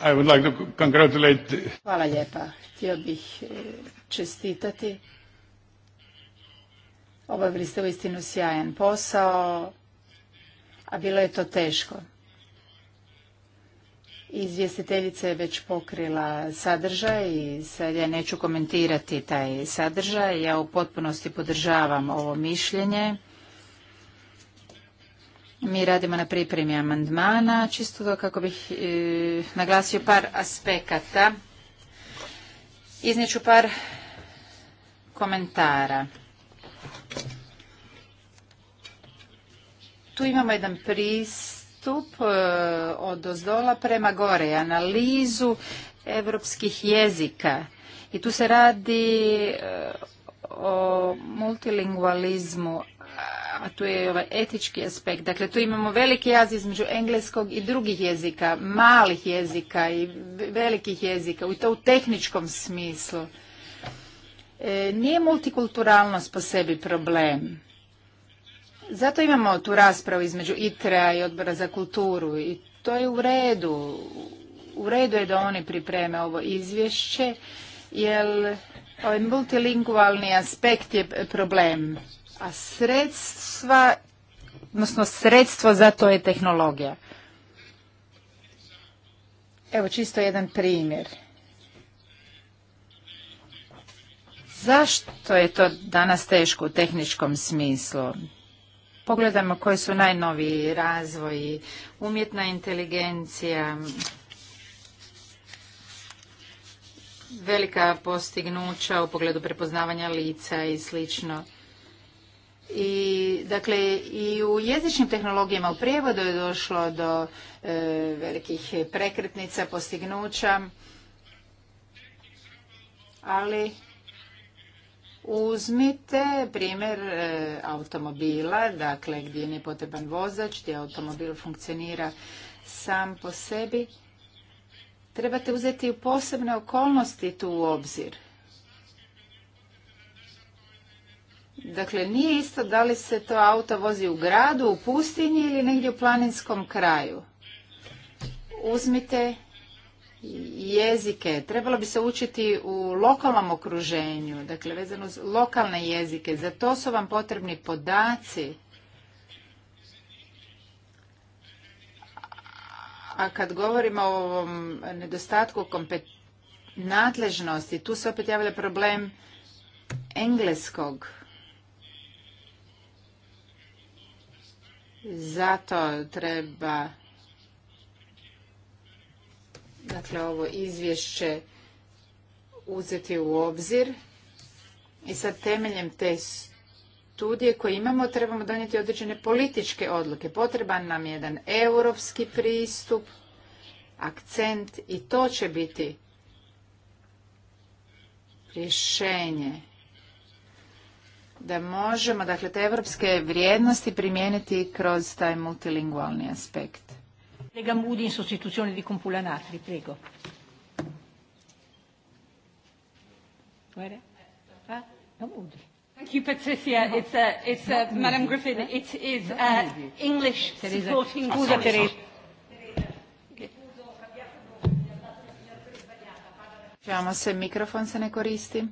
I would like to congratulate... Hvala lijepa. Htio bih e, čestitati. Obavili ste uistinu sjajan posao, a bilo je to teško. Izvjestiteljica je već pokrila sadržaj i sad ja neću komentirati taj sadržaj. Ja u potpunosti podržavam ovo mišljenje mi radimo na pripremi amandmana, čisto kako bih e, naglasio par aspekata. ću par komentara. Tu imamo jedan pristup e, od ozdola prema gore, analizu evropskih jezika. I tu se radi e, o multilingualizmu, a tu je ovaj etički aspekt. Dakle, tu imamo veliki jaz između engleskog i drugih jezika, malih jezika i velikih jezika, i to u tehničkom smislu. E, nije multikulturalnost po sebi problem. Zato imamo tu raspravu između ITRA i odbora za kulturu i to je u redu. U redu je da oni pripreme ovo izvješće, jer Ovaj multilingualni aspekt je problem, a sredstva, odnosno sredstvo za to je tehnologija. Evo čisto jedan primjer. Zašto je to danas teško u tehničkom smislu? Pogledajmo koji su najnoviji razvoji, umjetna inteligencija, velika postignuća u pogledu prepoznavanja lica i slično. I, dakle, i u jezičnim tehnologijama u prijevodu je došlo do e, velikih prekretnica, postignuća, ali uzmite primjer e, automobila, dakle gdje je potreban vozač, gdje automobil funkcionira sam po sebi trebate uzeti u posebne okolnosti tu u obzir. Dakle, nije isto da li se to auto vozi u gradu, u pustinji ili negdje u planinskom kraju. Uzmite jezike. Trebalo bi se učiti u lokalnom okruženju, dakle vezano uz lokalne jezike. Za to su vam potrebni podaci. a kad govorimo o ovom nedostatku nadležnosti, tu se opet javlja problem engleskog. Zato treba dakle ovo izvješće uzeti u obzir i sad temeljem te studije koje imamo trebamo donijeti određene političke odluke. Potreban nam je jedan europski pristup, akcent i to će biti rješenje da možemo dakle te evropske vrijednosti primijeniti kroz taj multilingualni aspekt. Lega Mudi di prego. Thank you, Patricia. It's, a, it's a, Madam Griffin, it is uh, English supporting Scusa, se, mikrofon se ne koristi.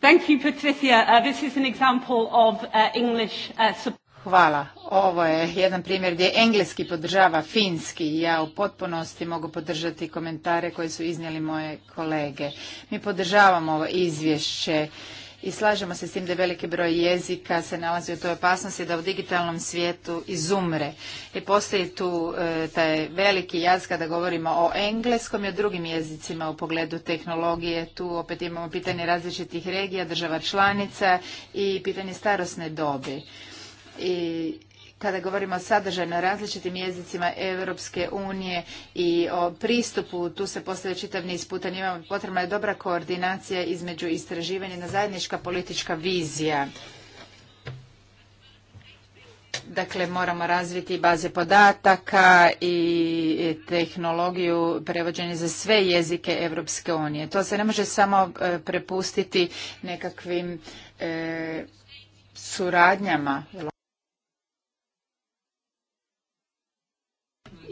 Thank you, Patricia. Uh, this is an example of uh, English uh, support. Hvala. Ovo je jedan primjer gdje engleski podržava finski. Ja u potpunosti mogu podržati komentare koje su iznijeli moje kolege. Mi podržavamo ovo izvješće. Uh, i slažemo se s tim da veliki broj jezika se nalazi u toj opasnosti da u digitalnom svijetu izumre. I postoji tu e, taj veliki jaz kada govorimo o engleskom i o drugim jezicima u pogledu tehnologije. Tu opet imamo pitanje različitih regija, država članica i pitanje starosne dobi. I kada govorimo o sadržaju na različitim jezicima Europske unije i o pristupu, tu se postavlja čitav niz puta, potrebna je dobra koordinacija između istraživanja na zajednička politička vizija. Dakle, moramo razviti baze podataka i tehnologiju prevođenja za sve jezike Europske unije. To se ne može samo e, prepustiti nekakvim e, suradnjama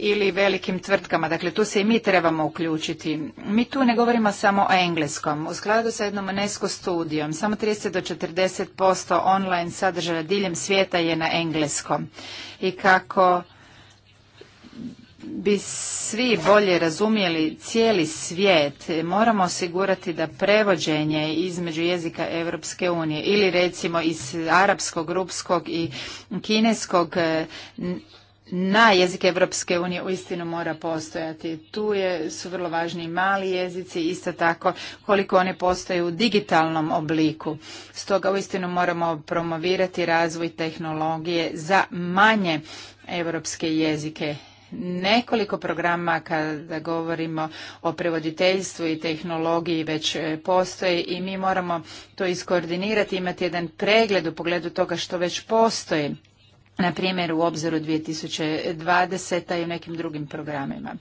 ili velikim tvrtkama. Dakle, tu se i mi trebamo uključiti. Mi tu ne govorimo samo o engleskom. U skladu sa jednom UNESCO studijom, samo 30 do 40% online sadržaja diljem svijeta je na engleskom. I kako bi svi bolje razumjeli cijeli svijet, moramo osigurati da prevođenje između jezika Europske unije ili recimo iz arapskog, rupskog i kineskog na jezike Evropske unije uistinu mora postojati. Tu je, su vrlo važni mali jezici, isto tako koliko one postoje u digitalnom obliku. Stoga uistinu moramo promovirati razvoj tehnologije za manje europske jezike nekoliko programa kada govorimo o prevoditeljstvu i tehnologiji već e, postoji i mi moramo to iskoordinirati, imati jedan pregled u pogledu toga što već postoji na primjer u obzoru 2020. i u nekim drugim programima.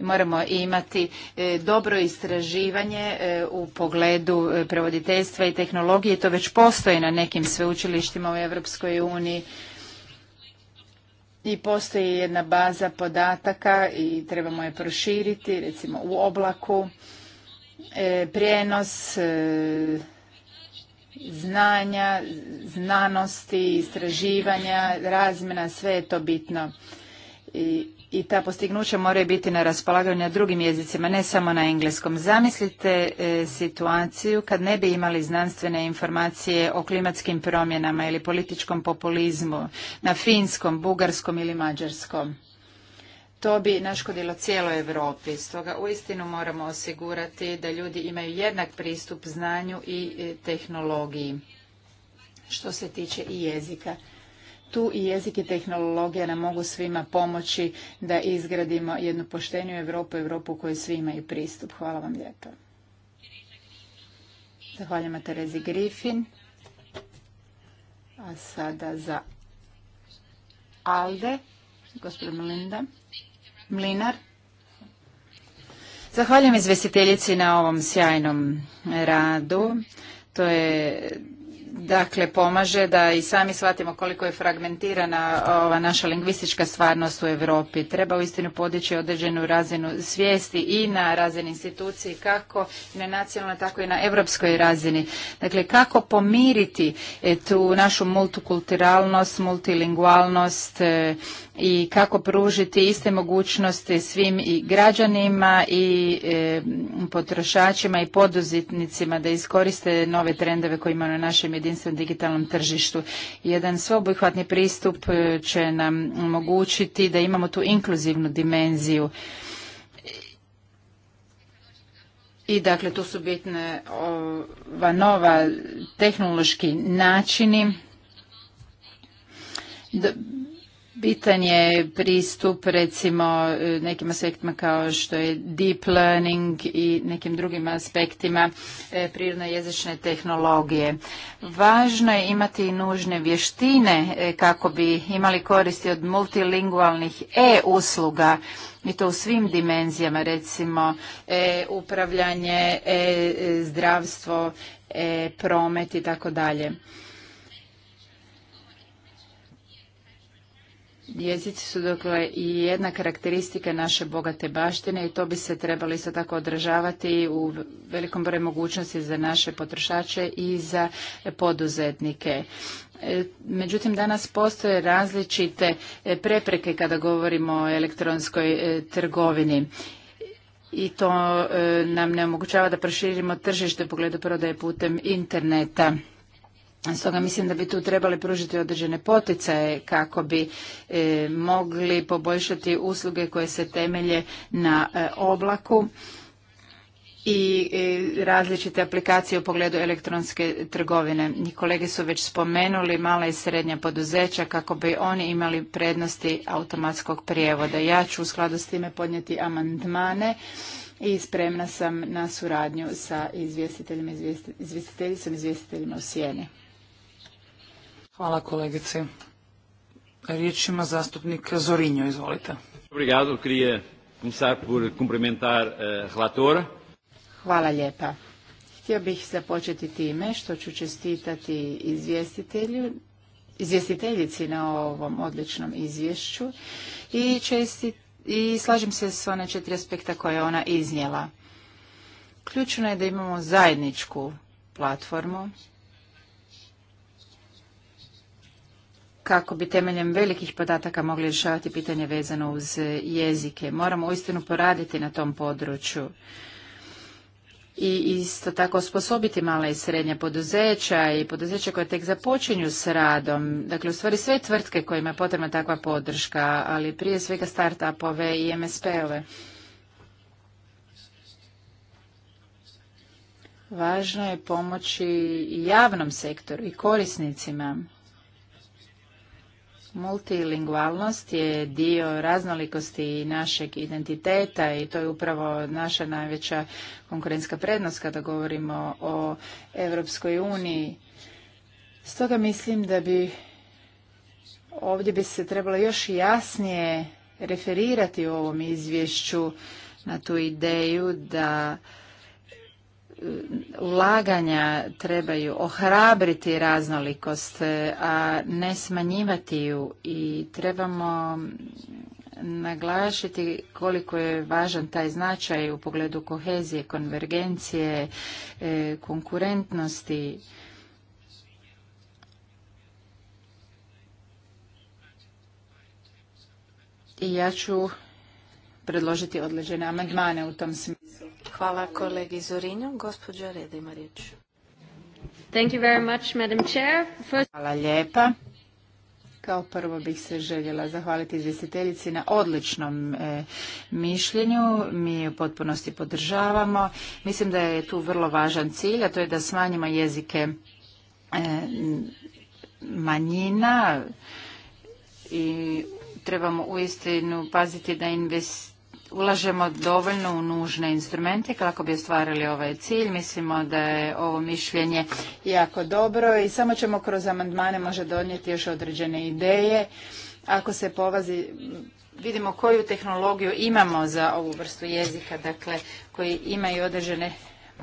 Moramo imati e, dobro istraživanje e, u pogledu e, prevoditeljstva i tehnologije. To već postoji na nekim sveučilištima u Europskoj uniji i postoji jedna baza podataka i trebamo je proširiti, recimo u oblaku, prijenos, znanja, znanosti, istraživanja, razmjena, sve je to bitno. I, i ta postignuća moraju biti na raspolaganju na drugim jezicima, ne samo na engleskom. Zamislite e, situaciju kad ne bi imali znanstvene informacije o klimatskim promjenama ili političkom populizmu na finskom, bugarskom ili mađarskom to bi naškodilo cijeloj Europi. Stoga uistinu moramo osigurati da ljudi imaju jednak pristup znanju i e, tehnologiji što se tiče i jezika. Tu i jezik i tehnologija nam mogu svima pomoći da izgradimo jednu pošteniju Europu, Europu u kojoj svi imaju pristup. Hvala vam lijepo. Zahvaljujemo Terezi Griffin. A sada za Alde, gospodin Linda. Mlinar. Zahvaljujem izvestiteljici na ovom sjajnom radu. To je dakle pomaže da i sami shvatimo koliko je fragmentirana ova naša lingvistička stvarnost u Europi. Treba istinu podići određenu razinu svijesti i na razini instituciji kako na nacionalnoj tako i na europskoj razini. Dakle kako pomiriti e, tu našu multikulturalnost, multilingualnost e, i kako pružiti iste mogućnosti svim i građanima i e, potrošačima i poduzetnicima da iskoriste nove trendove koje imamo na našem jedinstvenom digitalnom tržištu. Jedan sveobuhvatni pristup e, će nam omogućiti da imamo tu inkluzivnu dimenziju. I dakle tu su bitne ova nova tehnološki načini Pitanje je pristup recimo e, nekim aspektima kao što je deep learning i nekim drugim aspektima e, prirodno jezične tehnologije. Važno je imati i nužne vještine e, kako bi imali koristi od multilingualnih e-usluga i to u svim dimenzijama, recimo e, upravljanje, e, zdravstvo, promet i tako dalje. Jezici su dakle i jedna karakteristika naše bogate baštine i to bi se trebalo isto tako održavati u velikom broju mogućnosti za naše potrošače i za poduzetnike. E, međutim, danas postoje različite e, prepreke kada govorimo o elektronskoj e, trgovini i to nam ne omogućava da proširimo tržište u pogledu prodaje putem interneta. Stoga mislim da bi tu trebali pružiti određene poticaje kako bi e, mogli poboljšati usluge koje se temelje na e, oblaku i e, različite aplikacije u pogledu elektronske trgovine. Kolege su već spomenuli mala i srednja poduzeća kako bi oni imali prednosti automatskog prijevoda. Ja ću u skladu s time podnijeti amandmane i spremna sam na suradnju sa izvjestiteljima, izvjestiteljicom, izvjestiteljima u sjeni. Hvala kolegice. Riječ ima zastupnik Zorinjo, izvolite. Obrigado, krije por eh, Hvala lijepa. Htio bih započeti time što ću čestitati izvjestitelju izvjestiteljici na ovom odličnom izvješću i, i slažem se s one četiri aspekta koje je ona iznijela. Ključno je da imamo zajedničku platformu kako bi temeljem velikih podataka mogli rješavati pitanje vezano uz jezike. Moramo uistinu poraditi na tom području i isto tako osposobiti mala i srednja poduzeća i poduzeća koje tek započinju s radom. Dakle, u stvari sve tvrtke kojima je potrebna takva podrška, ali prije svega start-upove i MSP-ove. Važno je pomoći i javnom sektoru i korisnicima. Multilingualnost je dio raznolikosti našeg identiteta i to je upravo naša najveća konkurentska prednost kada govorimo o Europskoj uniji. Stoga mislim da bi ovdje bi se trebalo još jasnije referirati u ovom izvješću na tu ideju da ulaganja trebaju ohrabriti raznolikost, e, a ne smanjivati ju i trebamo naglašiti koliko je važan taj značaj u pogledu kohezije, konvergencije, e, konkurentnosti. I ja ću predložiti određene amandmane u tom smislu. Hvala kolegi Zorinju. Gospođa Reda ima riječ. Hvala lijepa. Kao prvo bih se željela zahvaliti izvjestiteljici na odličnom e, mišljenju. Mi u potpunosti podržavamo. Mislim da je tu vrlo važan cilj, a to je da smanjimo jezike e, manjina i trebamo uistinu paziti da invest ulažemo dovoljno u nužne instrumente kako bi ostvarili ovaj cilj. Mislimo da je ovo mišljenje jako dobro i samo ćemo kroz amandmane možda donijeti još određene ideje. Ako se povazi, vidimo koju tehnologiju imamo za ovu vrstu jezika, dakle koji imaju određene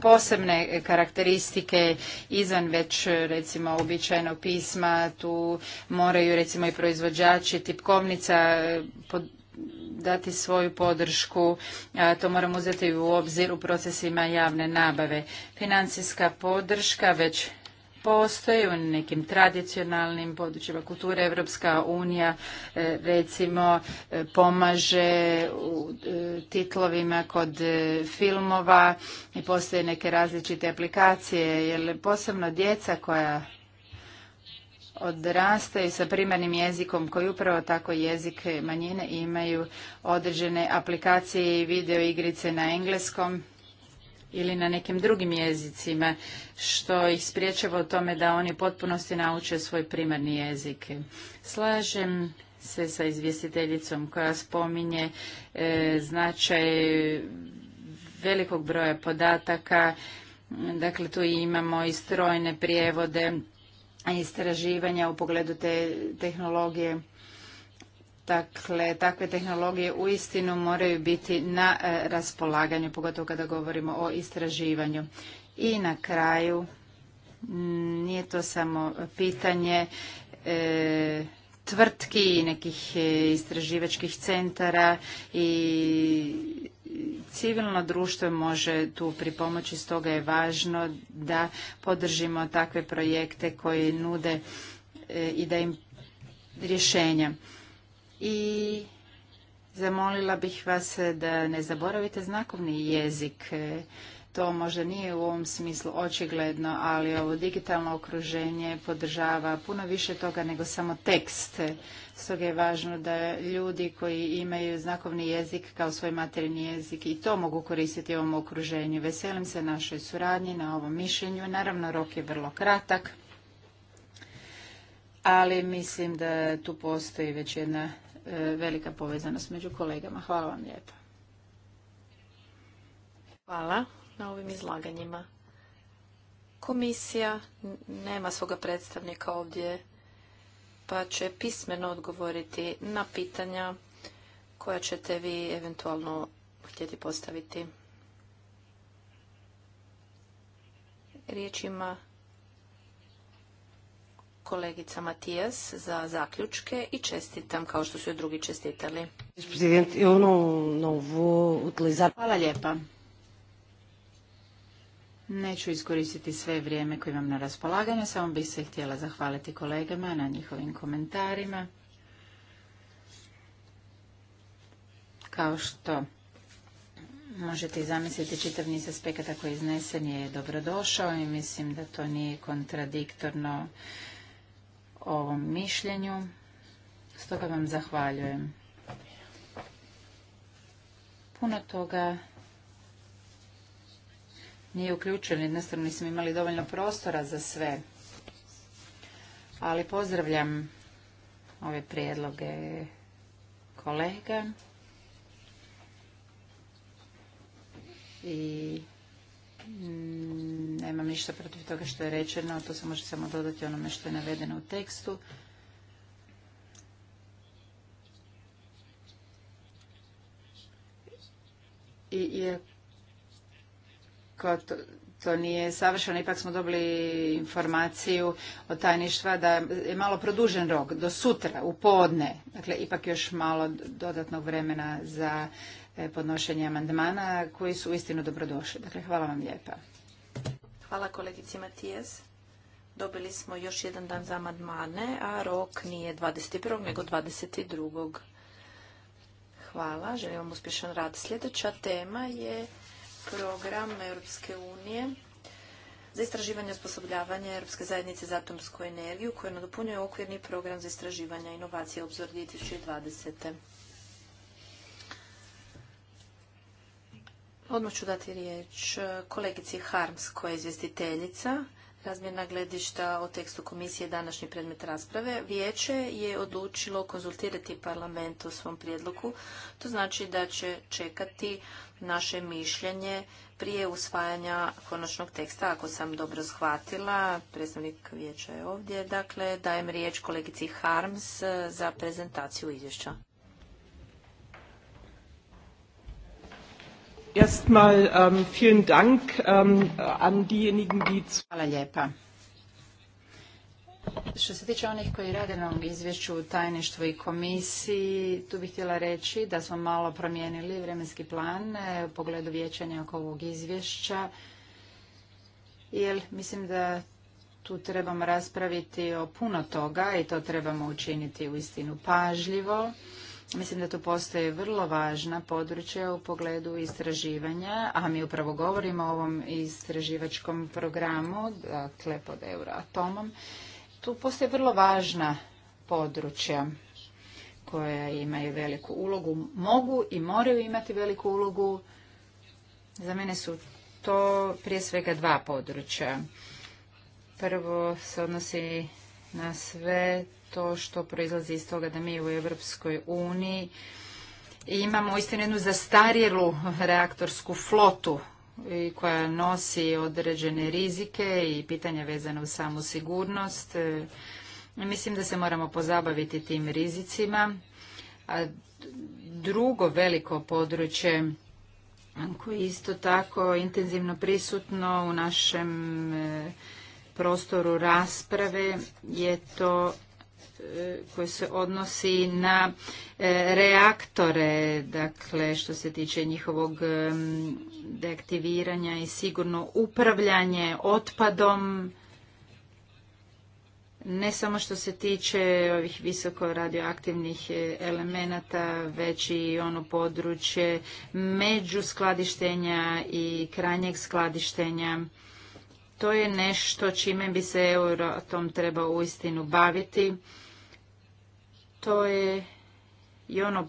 posebne karakteristike izvan već recimo običajnog pisma, tu moraju recimo i proizvođači tipkovnica pod, dati svoju podršku, to moramo uzeti u obzir u procesima javne nabave. Financijska podrška već postoji u nekim tradicionalnim područjima kulture. Evropska unija e, recimo e, pomaže u e, titlovima kod filmova i postoje neke različite aplikacije, jer posebno djeca koja odrastaju sa primarnim jezikom koji upravo tako jezik manjine imaju određene aplikacije i video igrice na engleskom ili na nekim drugim jezicima što ih spriječava u tome da oni potpunosti nauče svoj primarni jezik. Slažem se sa izvjestiteljicom koja spominje e, značaj velikog broja podataka, dakle tu imamo i strojne prijevode istraživanja u pogledu te tehnologije. Dakle, takve tehnologije uistinu moraju biti na e, raspolaganju, pogotovo kada govorimo o istraživanju. I na kraju, nije to samo pitanje e, tvrtki i nekih e, istraživačkih centara i civilno društvo može tu pripomoći, stoga je važno da podržimo takve projekte koji nude e, i da im rješenja. I zamolila bih vas da ne zaboravite znakovni jezik to možda nije u ovom smislu očigledno, ali ovo digitalno okruženje podržava puno više toga nego samo tekst. Stoga je važno da ljudi koji imaju znakovni jezik kao svoj materijni jezik i to mogu koristiti u ovom okruženju. Veselim se našoj suradnji na ovom mišljenju. Naravno, rok je vrlo kratak, ali mislim da tu postoji već jedna e, velika povezanost među kolegama. Hvala vam lijepa. Hvala na ovim izlaganjima. Komisija nema svoga predstavnika ovdje, pa će pismeno odgovoriti na pitanja koja ćete vi eventualno htjeti postaviti. Riječ ima kolegica Matijas za zaključke i čestitam kao što su i drugi čestitali. Ono Hvala lijepa. Neću iskoristiti sve vrijeme koje imam na raspolaganju, samo bih se htjela zahvaliti kolegama na njihovim komentarima. Kao što možete i zamisliti čitav niz aspekata koji iznesen je dobrodošao i mislim da to nije kontradiktorno ovom mišljenju. Stoga vam zahvaljujem. Puno toga nije uključen, jednostavno nismo imali dovoljno prostora za sve. Ali pozdravljam ove prijedloge kolega i nemam ništa protiv toga što je rečeno, to se može samo dodati onome što je navedeno u tekstu. I iako iako to, nije savršeno, ipak smo dobili informaciju od tajništva da je malo produžen rok do sutra, u podne. Dakle, ipak još malo dodatnog vremena za e, podnošenje amandmana koji su uistinu dobrodošli. Dakle, hvala vam lijepa. Hvala kolegici Matijez. Dobili smo još jedan dan za amandmane, a rok nije 21. nego 22. Hvala, želim vam uspješan rad. Sljedeća tema je program Europske unije za istraživanje i osposobljavanje Europske zajednice za atomsku energiju koja nadopunjuje okvirni program za istraživanje inovacije Obzor 2020. Odmah ću dati riječ kolegici Harms koja je izvjestiteljica Razmjena gledišta o tekstu komisije današnji predmet rasprave. Vijeće je odlučilo konzultirati parlament u svom prijedlogu. To znači da će čekati naše mišljenje prije usvajanja konačnog teksta, ako sam dobro shvatila. Predstavnik vijeća je ovdje. Dakle, dajem riječ kolegici Harms za prezentaciju izvješća. Erst ähm, vielen Dank ähm, an diejenigen, die... Hvala lijepa. Što se tiče onih koji rade na ovom izvješću u tajništvu i komisiji, tu bih htjela reći da smo malo promijenili vremenski plan e, u pogledu vijećanja oko ovog izvješća, jer mislim da tu trebamo raspraviti o puno toga i to trebamo učiniti u istinu pažljivo. Mislim da tu postoje vrlo važna područja u pogledu istraživanja, a mi upravo govorimo o ovom istraživačkom programu, dakle pod Euroatomom. Tu postoje vrlo važna područja koja imaju veliku ulogu, mogu i moraju imati veliku ulogu. Za mene su to prije svega dva područja. Prvo se odnosi na sve to što proizlazi iz toga da mi u Europskoj uniji imamo istinu jednu zastarjelu reaktorsku flotu koja nosi određene rizike i pitanja vezane uz samu sigurnost. E, mislim da se moramo pozabaviti tim rizicima. A drugo veliko područje koje je isto tako intenzivno prisutno u našem e, prostoru rasprave je to E, koji se odnosi na e, reaktore, dakle što se tiče njihovog e, deaktiviranja i sigurno upravljanje otpadom, ne samo što se tiče ovih visoko radioaktivnih elemenata, već i ono područje među skladištenja i krajnjeg skladištenja. To je nešto čime bi se tom trebao uistinu baviti to je i ono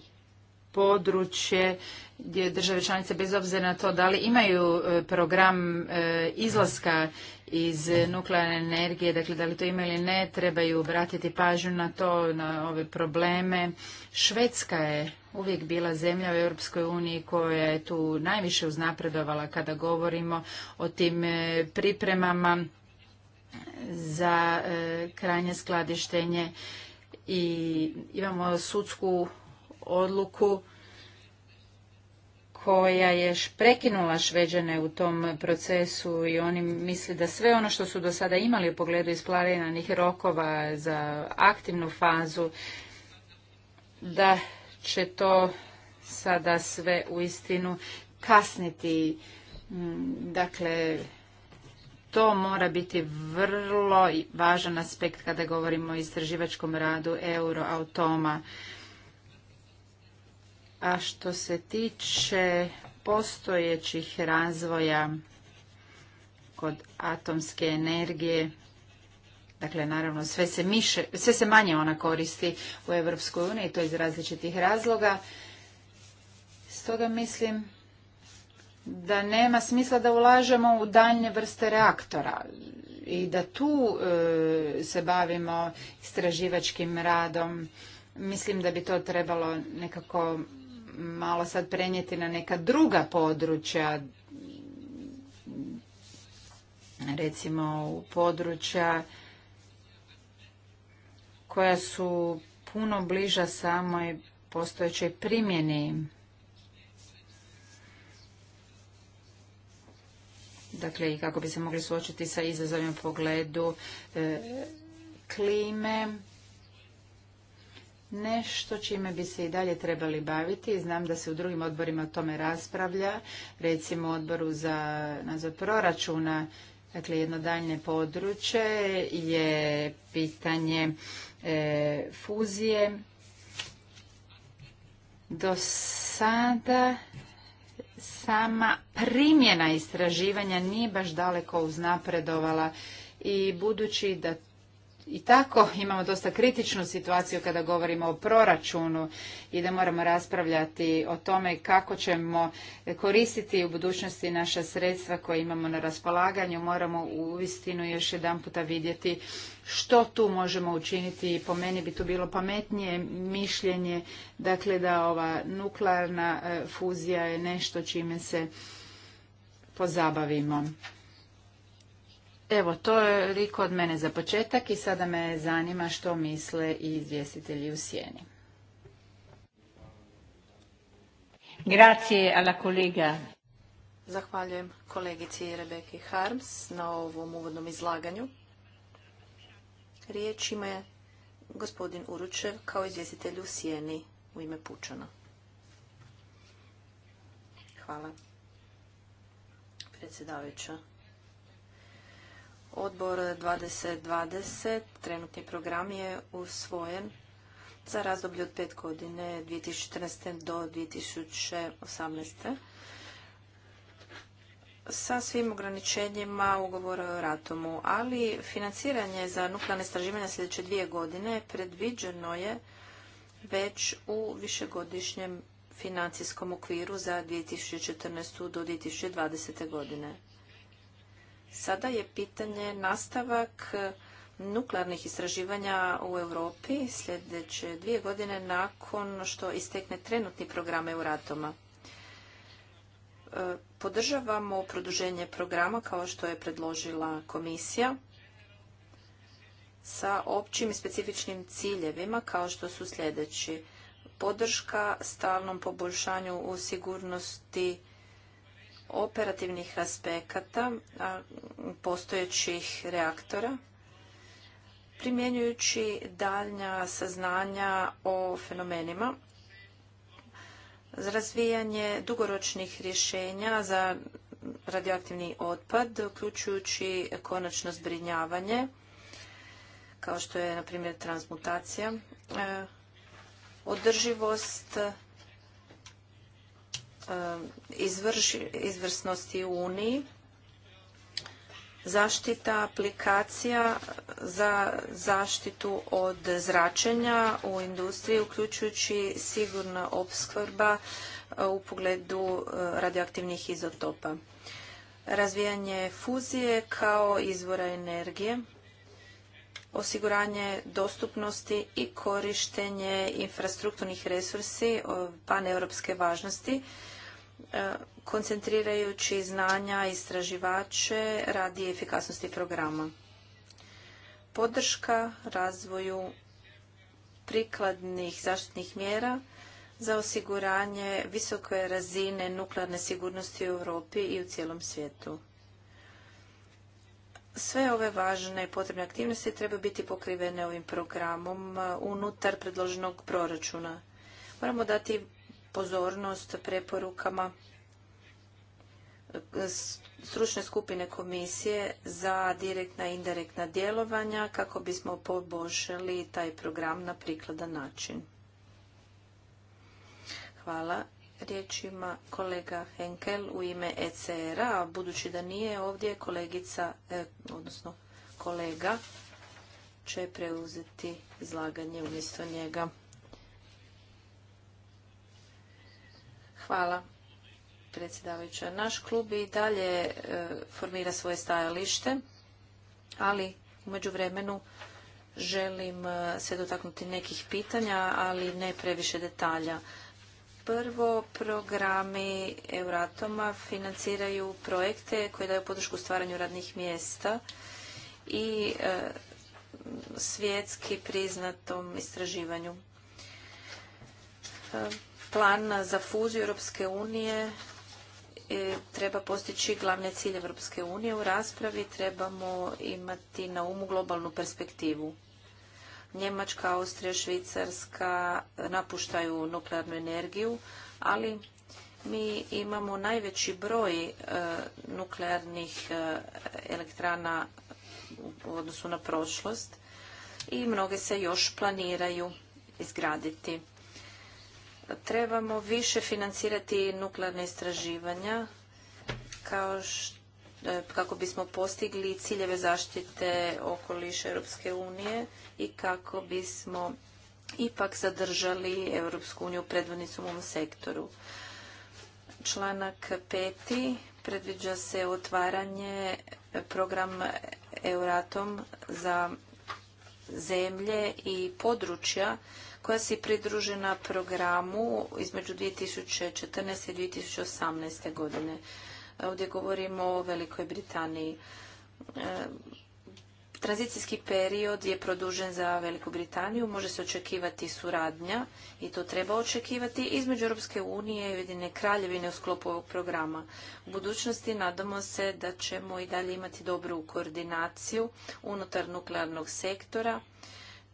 područje gdje države članice bez obzira na to da li imaju e, program e, izlaska iz nuklearne energije, dakle da li to imaju ili ne, trebaju obratiti pažnju na to, na ove probleme. Švedska je uvijek bila zemlja u Europskoj uniji koja je tu najviše uznapredovala kada govorimo o tim e, pripremama za krajnje skladištenje i imamo sudsku odluku koja je prekinula Šveđane u tom procesu i oni misli da sve ono što su do sada imali u pogledu isplaniranih rokova za aktivnu fazu, da će to sada sve u istinu kasniti. Mm, dakle, to mora biti vrlo važan aspekt kada govorimo o istraživačkom radu euroautoma. A što se tiče postojećih razvoja kod atomske energije, dakle naravno sve se, miše, sve se manje ona koristi u EU uniji, to iz različitih razloga. Stoga mislim da nema smisla da ulažemo u daljnje vrste reaktora i da tu e, se bavimo istraživačkim radom. Mislim da bi to trebalo nekako malo sad prenijeti na neka druga područja, recimo u područja koja su puno bliža samoj postojećoj primjeni dakle i kako bi se mogli suočiti sa izazovima u pogledu e, klime. Nešto čime bi se i dalje trebali baviti, znam da se u drugim odborima o tome raspravlja, recimo odboru za nadzor proračuna, dakle jedno daljnje područje je pitanje e, fuzije. Do sada sama primjena istraživanja nije baš daleko uznapredovala i budući da i tako imamo dosta kritičnu situaciju kada govorimo o proračunu i da moramo raspravljati o tome kako ćemo koristiti u budućnosti naša sredstva koje imamo na raspolaganju. Moramo uistinu još jedan puta vidjeti što tu možemo učiniti i po meni bi tu bilo pametnije mišljenje dakle da ova nuklearna e, fuzija je nešto čime se pozabavimo. Evo, to je liko od mene za početak i sada me zanima što misle i izvjestitelji u sjeni. Grazie Zahvaljujem kolegici Rebeki Harms na ovom uvodnom izlaganju. Riječ ima je gospodin Uručev kao izvjestitelj u sjeni u ime Pučana. Hvala. Predsjedavajuća. Odbor 2020, trenutni program je usvojen za razdoblje od pet godine 2014. do 2018. sa svim ograničenjima ugovora o ratomu, ali financiranje za nuklearne istraživanja sljedeće dvije godine predviđeno je već u višegodišnjem financijskom okviru za 2014. do 2020. godine. Sada je pitanje nastavak nuklearnih istraživanja u Europi sljedeće dvije godine nakon što istekne trenutni program Euratoma. E, podržavamo produženje programa kao što je predložila komisija sa općim i specifičnim ciljevima kao što su sljedeći podrška stalnom poboljšanju u sigurnosti operativnih aspekata postojećih reaktora primjenjujući daljnja saznanja o fenomenima za razvijanje dugoročnih rješenja za radioaktivni otpad, uključujući konačno zbrinjavanje, kao što je, na primjer, transmutacija, e, održivost Um, izvrsnosti u Uniji, zaštita aplikacija za zaštitu od zračenja u industriji, uključujući sigurna opskrba uh, u pogledu uh, radioaktivnih izotopa. Razvijanje fuzije kao izvora energije, osiguranje dostupnosti i korištenje infrastrukturnih resursi uh, paneuropske važnosti, E, koncentrirajući znanja istraživače radi efikasnosti programa. Podrška razvoju prikladnih zaštitnih mjera za osiguranje visoke razine nuklearne sigurnosti u Europi i u cijelom svijetu. Sve ove važne i potrebne aktivnosti treba biti pokrivene ovim programom unutar predloženog proračuna. Moramo dati pozornost preporukama stručne skupine komisije za direktna i indirektna djelovanja kako bismo poboljšali taj program na prikladan način. Hvala. Riječ kolega Henkel u ime ECR-a, a budući da nije ovdje kolegica, e, odnosno kolega, će preuzeti izlaganje umjesto njega. Hvala predsjedavajuća. Naš klub i dalje e, formira svoje stajalište, ali u međuvremenu želim e, se dotaknuti nekih pitanja, ali ne previše detalja. Prvo, programi Euratoma financiraju projekte koji daju podršku stvaranju radnih mjesta i e, svjetski priznatom istraživanju plan za fuziju Europske unije e, treba postići glavne cilje Europske unije. U raspravi trebamo imati na umu globalnu perspektivu. Njemačka, Austrija, Švicarska napuštaju nuklearnu energiju, ali mi imamo najveći broj e, nuklearnih e, elektrana u odnosu na prošlost i mnoge se još planiraju izgraditi trebamo više financirati nuklearne istraživanja e, kako bismo postigli ciljeve zaštite okoliša Europske unije i kako bismo ipak zadržali Europsku uniju predvodnicom u ovom sektoru. Članak peti predviđa se otvaranje program Euratom za zemlje i područja koja se pridružena programu između 2014. i 2018. godine. E, ovdje govorimo o Velikoj Britaniji. E, tranzicijski period je produžen za Veliku Britaniju, može se očekivati suradnja i to treba očekivati između Europske unije i jedine kraljevine u sklopu ovog programa. U budućnosti nadamo se da ćemo i dalje imati dobru koordinaciju unutar nuklearnog sektora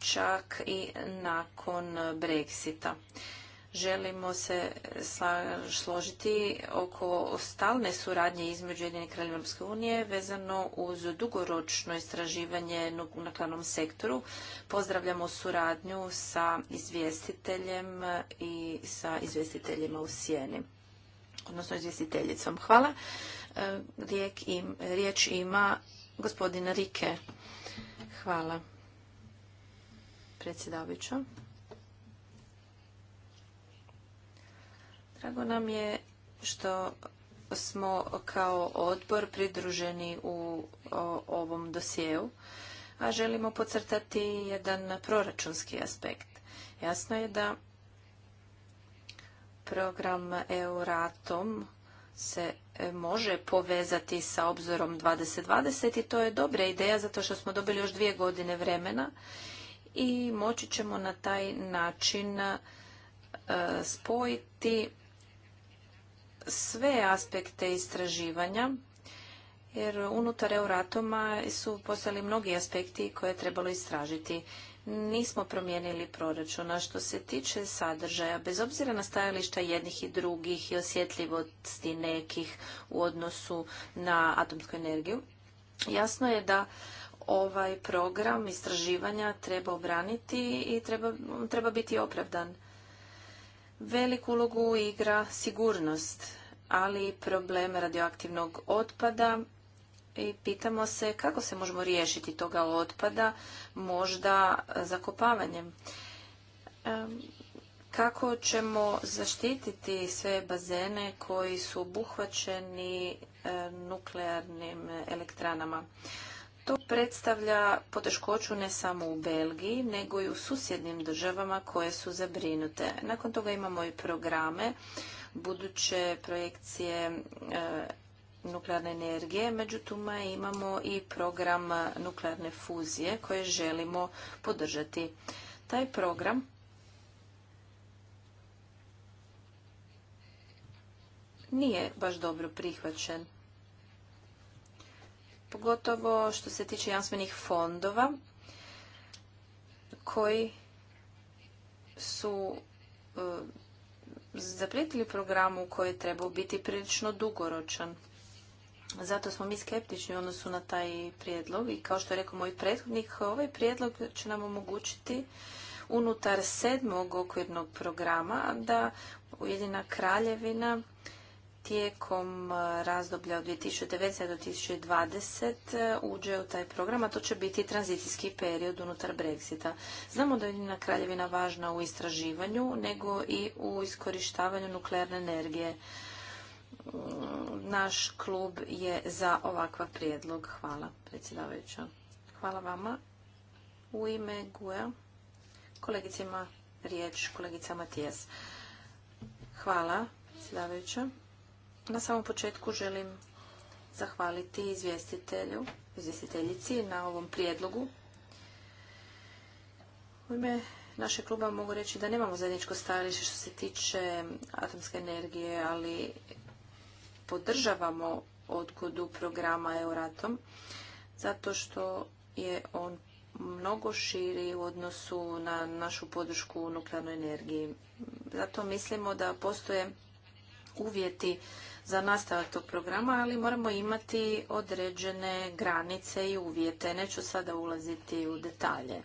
čak i nakon Brexita. Želimo se složiti oko stalne suradnje između Jedine kraljevine Europske unije vezano uz dugoročno istraživanje u nakladnom sektoru. Pozdravljamo suradnju sa izvjestiteljem i sa izvjestiteljima u sjeni, odnosno izvjestiteljicom. Hvala. E, riječ ima gospodina Rike. Hvala predsjedavajuća. Drago nam je što smo kao odbor pridruženi u ovom dosjeu, a želimo pocrtati jedan proračunski aspekt. Jasno je da program Euratom se e, može povezati sa obzorom 2020 i to je dobra ideja zato što smo dobili još dvije godine vremena i moći ćemo na taj način e, spojiti sve aspekte istraživanja jer unutar Euratoma su postali mnogi aspekti koje je trebalo istražiti. Nismo promijenili proračuna. Što se tiče sadržaja, bez obzira na stajališta jednih i drugih i osjetljivosti nekih u odnosu na atomsku energiju, jasno je da ovaj program istraživanja treba obraniti i treba, treba biti opravdan. Veliku ulogu igra sigurnost, ali i problem radioaktivnog otpada i pitamo se kako se možemo riješiti toga otpada, možda zakopavanjem. Kako ćemo zaštititi sve bazene koji su obuhvaćeni nuklearnim elektranama? To predstavlja poteškoću ne samo u Belgiji, nego i u susjednim državama koje su zabrinute. Nakon toga imamo i programe, buduće projekcije e, nuklearne energije, međutim imamo i program nuklearne fuzije koje želimo podržati. Taj program nije baš dobro prihvaćen pogotovo što se tiče jamstvenih fondova koji su e, zaprijetili programu koji je trebao biti prilično dugoročan. Zato smo mi skeptični u odnosu na taj prijedlog i kao što je rekao moj prethodnik, ovaj prijedlog će nam omogućiti unutar sedmog okvirnog programa da Ujedina kraljevina tijekom e, razdoblja od 2019. do 2020. E, uđe u taj program, a to će biti tranzicijski period unutar Brexita. Znamo da je Ujedinjena kraljevina važna u istraživanju, nego i u iskorištavanju nuklearne energije. Mm, naš klub je za ovakav prijedlog. Hvala, predsjedavajuća. Hvala vama. U ime GUE, kolegicima riječ, kolegica Matijas. Hvala, predsjedavajuća. Na samom početku želim zahvaliti izvjestitelju, izvjestiteljici na ovom prijedlogu. U ime naše kluba mogu reći da nemamo zajedničko stajalište što se tiče atomske energije, ali podržavamo odgodu programa Euratom zato što je on mnogo širi u odnosu na našu podršku nuklearnoj energiji. Zato mislimo da postoje uvjeti za nastavak tog programa, ali moramo imati određene granice i uvjete. Neću sada ulaziti u detalje.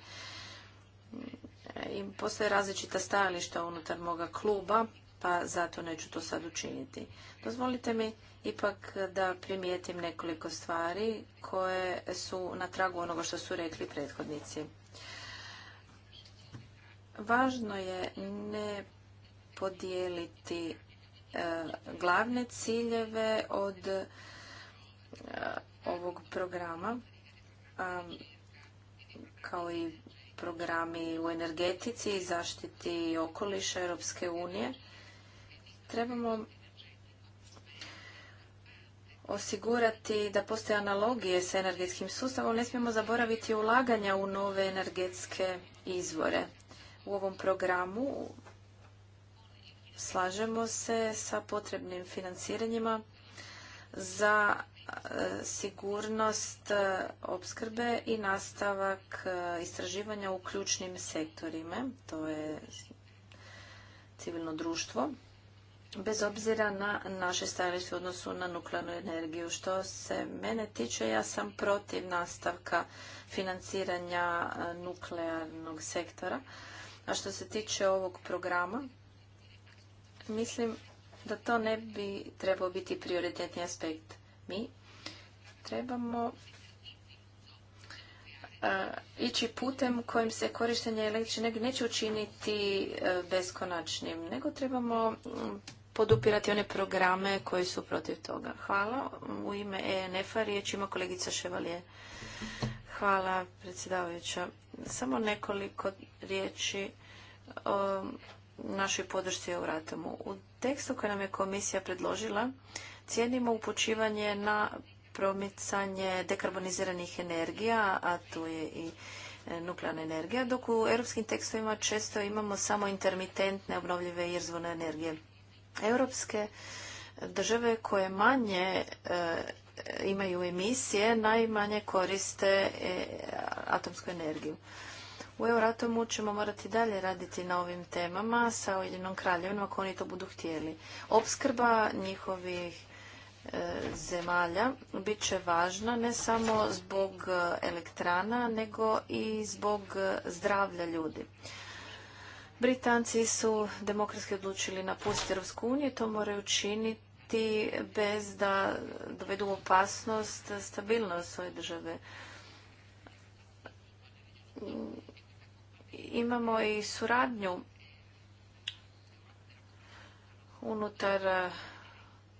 I postoje različita stajališta unutar moga kluba, pa zato neću to sad učiniti. Dozvolite mi ipak da primijetim nekoliko stvari koje su na tragu onoga što su rekli prethodnici. Važno je ne podijeliti E, glavne ciljeve od e, ovog programa kao i programi u energetici i zaštiti okoliša Europske unije. Trebamo osigurati da postoje analogije s energetskim sustavom. Ne smijemo zaboraviti ulaganja u nove energetske izvore. U ovom programu slažemo se sa potrebnim financiranjima za e, sigurnost e, opskrbe i nastavak e, istraživanja u ključnim sektorima, to je civilno društvo, bez obzira na naše stajalište u odnosu na nuklearnu energiju. Što se mene tiče, ja sam protiv nastavka financiranja nuklearnog sektora. A što se tiče ovog programa, Mislim da to ne bi trebao biti prioritetni aspekt. Mi trebamo e, ići putem kojim se korištenje električne energije neće učiniti e, beskonačnim, nego trebamo podupirati one programe koji su protiv toga. Hvala. U ime ENF-a riječ ima kolegica Ševalije. Hvala, predsjedavajuća. Samo nekoliko riječi o našoj podršci Euratomu. U tekstu koji nam je komisija predložila cijenimo upućivanje na promicanje dekarboniziranih energija, a tu je i e, nuklearna energija, dok u europskim tekstovima često imamo samo intermitentne obnovljive izvorne energije. Europske države koje manje e, imaju emisije, najmanje koriste e, atomsku energiju. U Euratomu ćemo morati dalje raditi na ovim temama sa Ujedinom kraljevinom ako oni to budu htjeli. Opskrba njihovih e, zemalja bit će važna ne samo zbog e, elektrana nego i zbog e, zdravlja ljudi. Britanci su demokratski odlučili napustiti Europsku uniju to moraju činiti bez da dovedu opasnost stabilnost svoje države. Imamo i suradnju unutar e,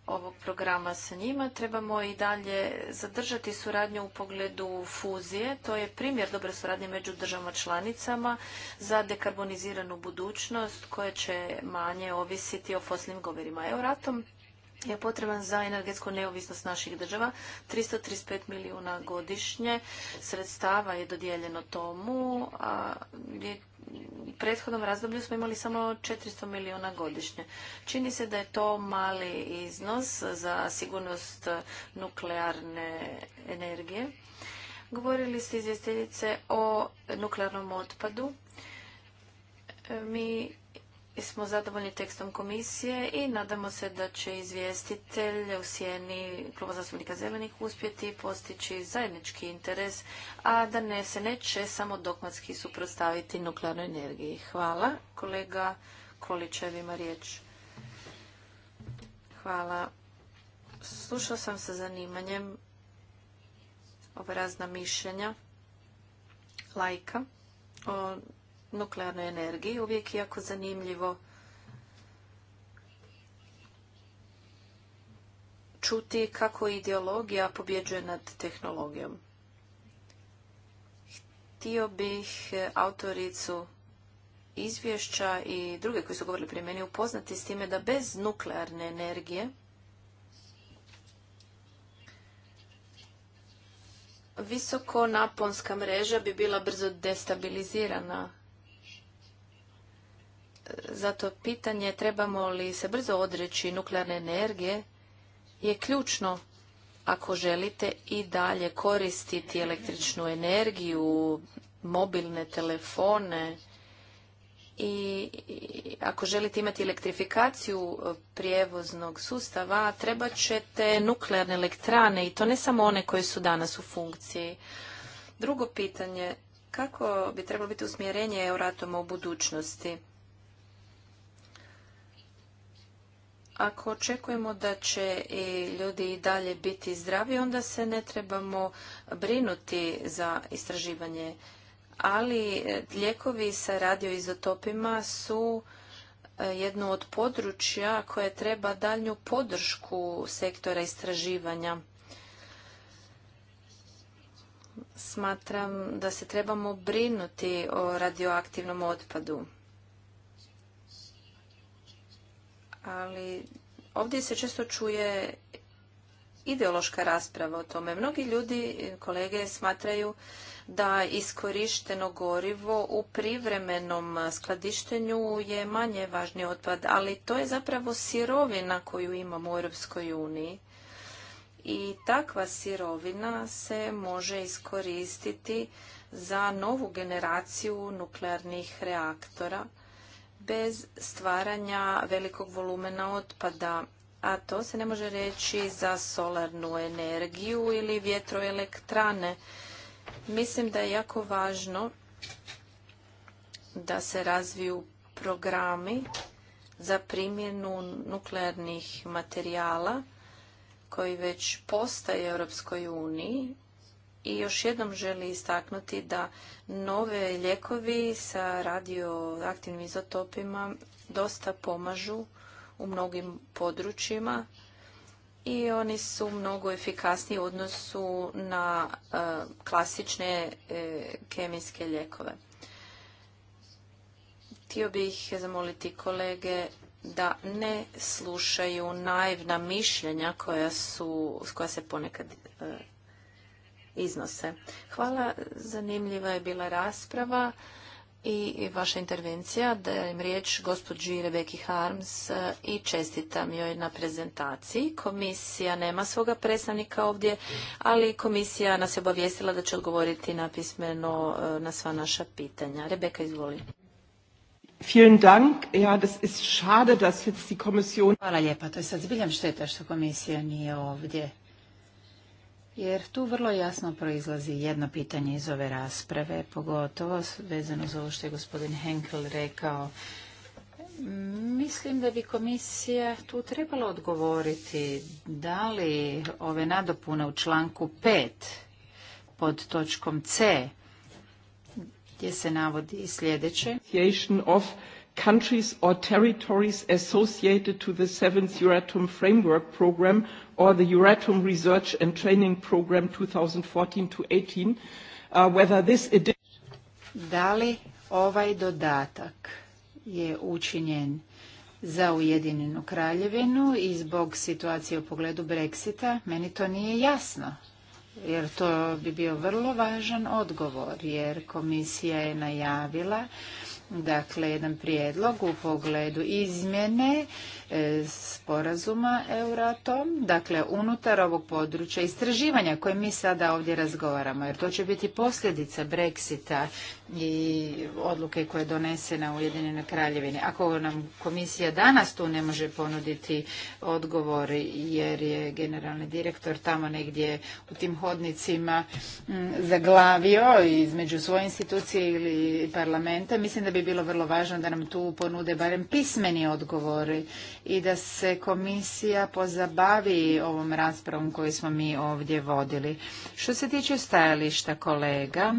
ovog programa sa njima. Trebamo i dalje zadržati suradnju u pogledu fuzije. To je primjer dobre suradnje među državama članicama za dekarboniziranu budućnost koja će manje ovisiti o fosilnim govorima. ratom je potreban za energetsku neovisnost naših država. 335 milijuna godišnje sredstava je dodijeljeno tomu, a u prethodnom razdoblju smo imali samo 400 milijuna godišnje. Čini se da je to mali iznos za sigurnost nuklearne energije. Govorili ste izvjestiteljice o nuklearnom otpadu. Mi smo zadovoljni tekstom komisije i nadamo se da će izvjestitelj u sjeni Kluba zastupnika zelenih uspjeti postići zajednički interes, a da ne se neće samo dogmatski suprotstaviti nuklearnoj energiji. Hvala. Kolega Količev ima riječ. Hvala. Slušao sam sa zanimanjem ova razna mišljenja lajka o nuklearnoj energiji. Uvijek jako zanimljivo čuti kako ideologija pobjeđuje nad tehnologijom. Htio bih e, autoricu izvješća i druge koji su govorili prije meni upoznati s time da bez nuklearne energije visoko naponska mreža bi bila brzo destabilizirana zato pitanje trebamo li se brzo odreći nuklearne energije je ključno ako želite i dalje koristiti električnu energiju, mobilne telefone i ako želite imati elektrifikaciju e, prijevoznog sustava, treba ćete nuklearne elektrane i to ne samo one koje su danas u funkciji. Drugo pitanje, kako bi trebalo biti usmjerenje Euratoma u budućnosti? Ako očekujemo da će i ljudi i dalje biti zdravi, onda se ne trebamo brinuti za istraživanje. Ali e, lijekovi sa radioizotopima su e, jedno od područja koje treba daljnju podršku sektora istraživanja. Smatram da se trebamo brinuti o radioaktivnom otpadu. ali ovdje se često čuje ideološka rasprava o tome. Mnogi ljudi, kolege, smatraju da iskorišteno gorivo u privremenom skladištenju je manje važni otpad, ali to je zapravo sirovina koju imamo u Europskoj uniji. I takva sirovina se može iskoristiti za novu generaciju nuklearnih reaktora bez stvaranja velikog volumena otpada. A to se ne može reći za solarnu energiju ili vjetroelektrane. Mislim da je jako važno da se razviju programi za primjenu nuklearnih materijala koji već postaje Europskoj uniji i još jednom želi istaknuti da nove lijekovi sa radioaktivnim izotopima dosta pomažu u mnogim područjima i oni su mnogo efikasniji u odnosu na e, klasične e, kemijske lijekove. Htio bih zamoliti kolege da ne slušaju naivna mišljenja koja, koja se ponekad e, iznose. Hvala, zanimljiva je bila rasprava i vaša intervencija. Dajem riječ gospođi Rebeki Harms i čestitam joj na prezentaciji. Komisija nema svoga predstavnika ovdje, ali komisija nas je obavijestila da će odgovoriti napismeno eh, na sva naša pitanja. Rebeka, izvoli. Hvala lijepa. To je sad zbiljam šteta što komisija nije ovdje jer tu vrlo jasno proizlazi jedno pitanje iz ove rasprave, pogotovo vezano za ovo što je gospodin Henkel rekao. Mislim da bi komisija tu trebala odgovoriti da li ove nadopune u članku 5 pod točkom C gdje se navodi sljedeće. of countries or territories associated to the seventh Euratom framework program or the Euratom Research and Training Program 2014 uh, whether this da li ovaj dodatak je učinjen za Ujedinjenu kraljevinu i zbog situacije u pogledu Brexita, meni to nije jasno. Jer to bi bio vrlo važan odgovor, jer komisija je najavila dakle, jedan prijedlog u pogledu izmjene sporazuma Euratom, dakle unutar ovog područja istraživanja koje mi sada ovdje razgovaramo, jer to će biti posljedica Brexita i odluke koje je donesena u Ujedinjenoj kraljevini. Ako nam komisija danas tu ne može ponuditi odgovor jer je generalni direktor tamo negdje u tim hodnicima mm, zaglavio između svoje institucije ili parlamenta, mislim da bi bilo vrlo važno da nam tu ponude barem pismeni odgovori i da se komisija pozabavi ovom raspravom koju smo mi ovdje vodili. Što se tiče stajališta kolega,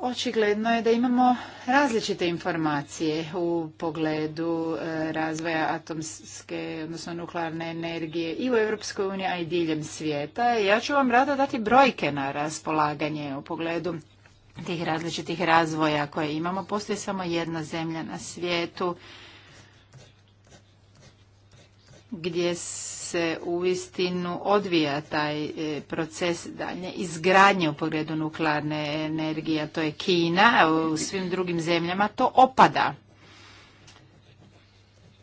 Očigledno je da imamo različite informacije u pogledu e, razvoja atomske, odnosno nuklearne energije i u Europskoj uniji, a i diljem svijeta. Ja ću vam rado dati brojke na raspolaganje u pogledu tih različitih razvoja koje imamo. Postoji samo jedna zemlja na svijetu gdje se istinu odvija taj e, proces dalje izgradnje u pogledu nuklearne energije, to je Kina, a u svim drugim zemljama to opada.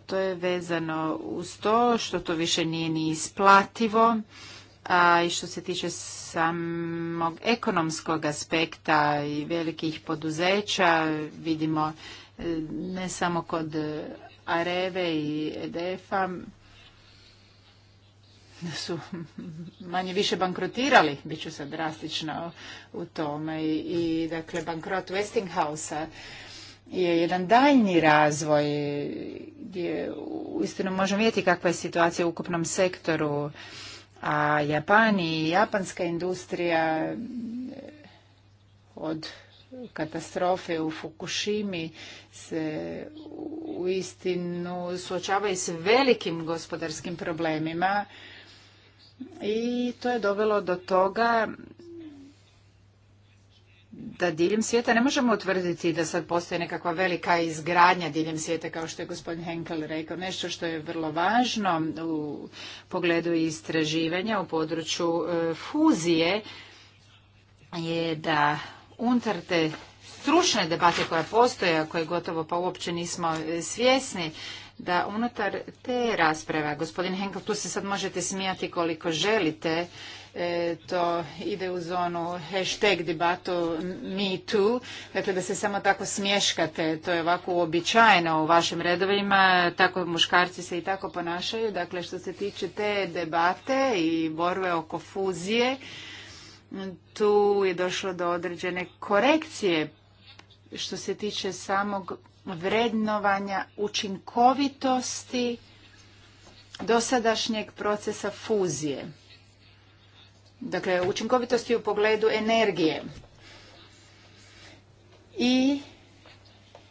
To je vezano uz to što to više nije ni isplativo, a i što se tiče samog ekonomskog aspekta i velikih poduzeća, vidimo e, ne samo kod e, Areve i EDF-a, su manje više bankrotirali, bit ću sad drastično u tome. I, dakle, bankrot Westinghouse-a je jedan daljni razvoj gdje uistinu možemo vidjeti kakva je situacija u ukupnom sektoru, a Japan i japanska industrija eh, od katastrofe u Fukushimi se u istinu suočavaju s velikim gospodarskim problemima i to je dovelo do toga da diljem svijeta ne možemo utvrditi da sad postoji nekakva velika izgradnja diljem svijeta, kao što je gospodin Henkel rekao, nešto što je vrlo važno u pogledu istraživanja u području e, fuzije je da unutar te stručne debate koja postoje, a koje gotovo pa uopće nismo e, svjesni, da unutar te rasprave, gospodin Henkel, tu se sad možete smijati koliko želite, e, to ide u zonu hashtag debatu me too, dakle da se samo tako smješkate, to je ovako uobičajeno u vašim redovima, tako muškarci se i tako ponašaju, dakle što se tiče te debate i borbe oko fuzije, tu je došlo do određene korekcije što se tiče samog vrednovanja učinkovitosti dosadašnjeg procesa fuzije. Dakle, učinkovitosti u pogledu energije. I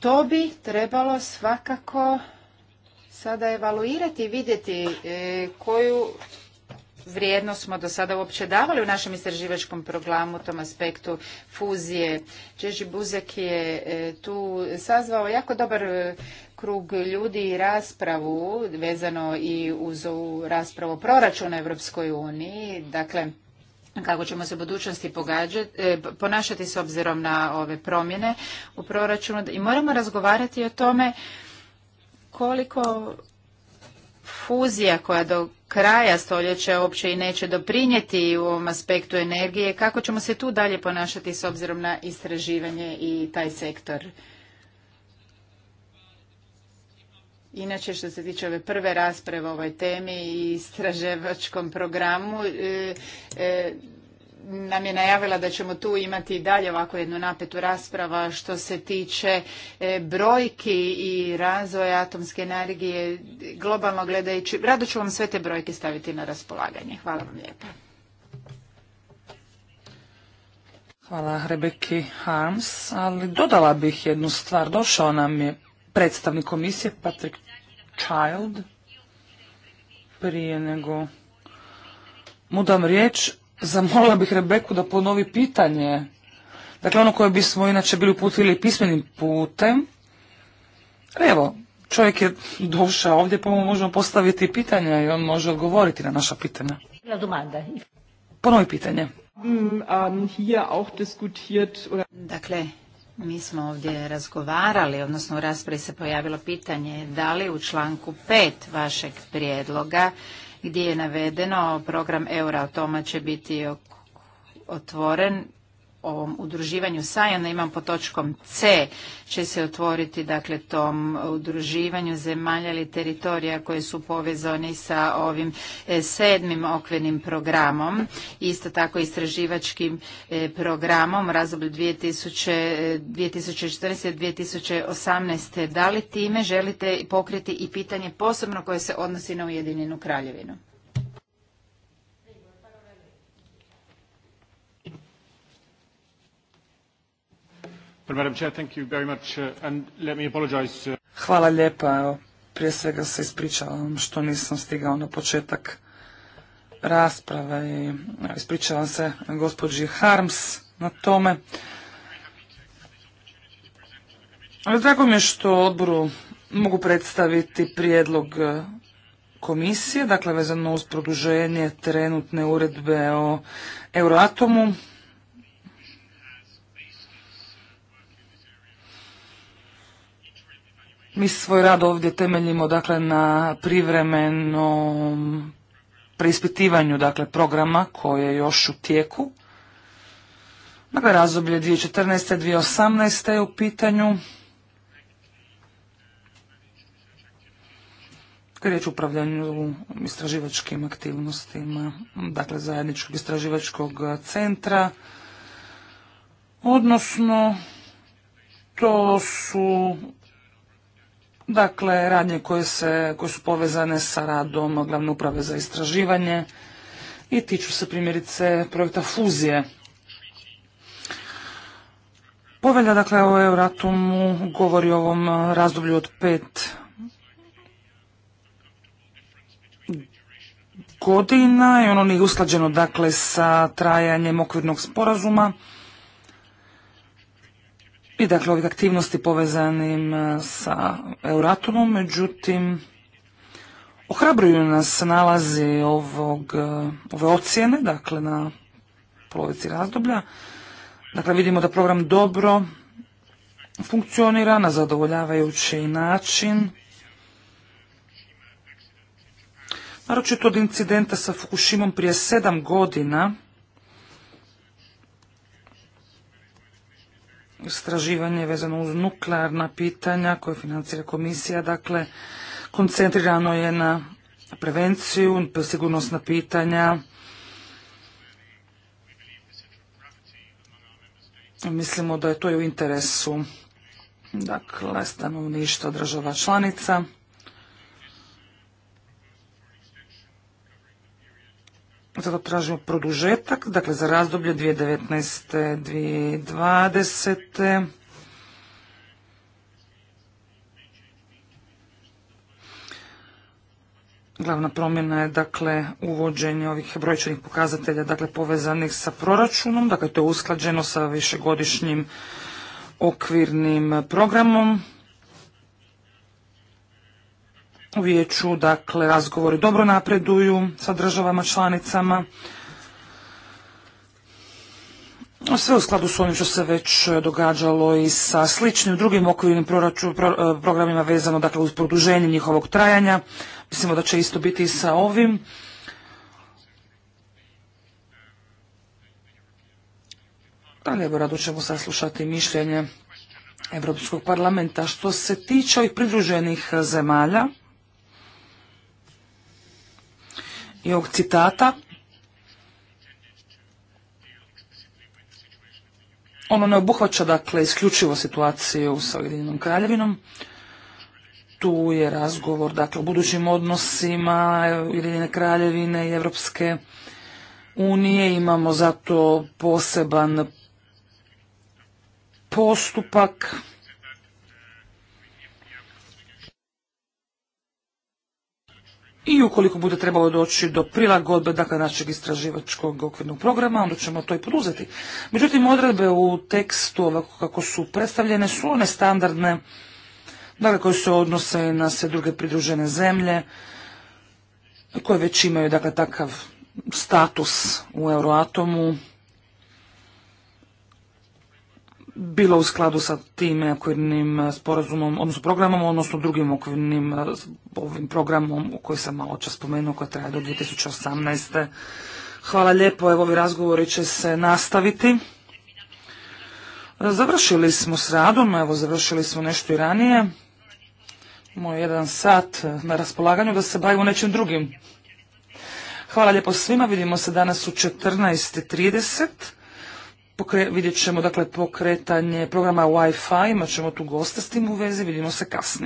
to bi trebalo svakako sada evaluirati i vidjeti e, koju vrijednost smo do sada uopće davali u našem istraživačkom programu u tom aspektu fuzije. Čeži Buzek je e, tu sazvao jako dobar e, krug ljudi i raspravu vezano i uz ovu raspravu proračuna Europskoj uniji. Dakle, kako ćemo se u budućnosti e, ponašati s obzirom na ove promjene u proračunu i moramo razgovarati o tome koliko fuzija koja do kraja stoljeća uopće i neće doprinijeti u ovom aspektu energije. Kako ćemo se tu dalje ponašati s obzirom na istraživanje i taj sektor? Inače, što se tiče ove prve rasprave o ovoj temi i istraževačkom programu, e, e, nam je najavila da ćemo tu imati dalje ovako jednu napetu rasprava što se tiče e, brojki i razvoja atomske energije globalno gledajući. Rado ću vam sve te brojke staviti na raspolaganje. Hvala vam lijepa. Hvala Rebeki Harms, ali dodala bih jednu stvar. Došao nam je predstavnik komisije Patrick Child prije nego mu dam riječ zamolila bih Rebeku da ponovi pitanje. Dakle, ono koje bismo inače bili uputili pismenim putem. Evo, čovjek je došao ovdje, pa mu možemo postaviti pitanja i on može odgovoriti na naša pitanja. Ponovi pitanje. Mm, ähm, dakle, mi smo ovdje razgovarali, odnosno u raspravi se pojavilo pitanje da li u članku 5 vašeg prijedloga gdje je navedeno program eura automa će biti otvoren ovom udruživanju Sajana imam pod točkom C će se otvoriti dakle tom udruživanju zemalja ili teritorija koje su povezani sa ovim e, sedmim okvirnim programom isto tako istraživačkim e, programom razdoblju 2014. 2018. E, da li time želite pokriti i pitanje posebno koje se odnosi na Ujedinjenu Kraljevinu? Hvala lijepa. prije svega se ispričavam što nisam stigao na početak rasprave i ispričavam se gospođi Harms na tome. Drago mi je što odboru mogu predstaviti prijedlog e, komisije, dakle vezano uz produženje trenutne uredbe o Euroatomu. Mi svoj rad ovdje temeljimo dakle na privremenom preispitivanju dakle programa koje je još u tijeku. Dakle, razdoblje 2014. 2018. je u pitanju. Kad je riječ upravljanju istraživačkim aktivnostima, dakle zajedničkog istraživačkog centra, odnosno to su Dakle, radnje koje, se, koje su povezane sa radom glavne uprave za istraživanje i tiču se primjerice projekta fuzije. Povelja dakle o Euratomu govori o ovom razdoblju od pet godina i ono nije usklađeno dakle sa trajanjem okvirnog sporazuma dakle ovih aktivnosti povezanim e, sa Euratomom, međutim ohrabruju nas nalazi ovog, e, ove ocjene, dakle na polovici razdoblja. Dakle vidimo da program dobro funkcionira na zadovoljavajući način. Naročito od incidenta sa Fukushimom prije sedam godina istraživanje vezano uz nuklearna pitanja koje financira komisija. Dakle, koncentrirano je na prevenciju, sigurnosna pitanja. Mislimo da je to i u interesu dakle, stanovništva država članica. Zato tražimo produžetak, dakle za razdoblje 2019. 2020. Glavna promjena je dakle uvođenje ovih brojčanih pokazatelja dakle povezanih sa proračunom, dakle to je usklađeno sa višegodišnjim okvirnim programom u vijeću, dakle razgovori dobro napreduju sa državama članicama. Sve u skladu s onim što se već e, događalo i sa sličnim drugim okvirnim e, programima vezano dakle, uz produženje njihovog trajanja. Mislimo da će isto biti i sa ovim. Dalje, rado ćemo saslušati mišljenje Europskog parlamenta. Što se tiče ovih pridruženih e, zemalja, i ovog citata, ono ne obuhvaća dakle isključivo situaciju sa Ujedinjenom kraljevinom. Tu je razgovor dakle o budućim odnosima Ujedinjene kraljevine i Evropske unije. Imamo zato poseban postupak i ukoliko bude trebalo doći do prilagodbe dakle, našeg istraživačkog okvirnog programa, onda ćemo to i poduzeti. Međutim, odredbe u tekstu ovako kako su predstavljene su one standardne dakle, koje se odnose na sve druge pridružene zemlje koje već imaju dakle, takav status u Euroatomu bilo u skladu sa tim okvirnim eh, sporazumom, odnosno programom, odnosno drugim okvirnim eh, ovim programom koji sam malo čas spomenuo koja traje do 2018. Hvala lijepo, evo ovi razgovori će se nastaviti. Eh, završili smo s radom, evo završili smo nešto i ranije. Moj jedan sat na raspolaganju da se bavimo nečim drugim. Hvala lijepo svima, vidimo se danas u 14.30 vidjet ćemo dakle pokretanje programa Wi-Fi, imat ćemo tu gosta s tim u vezi, vidimo se kasnije.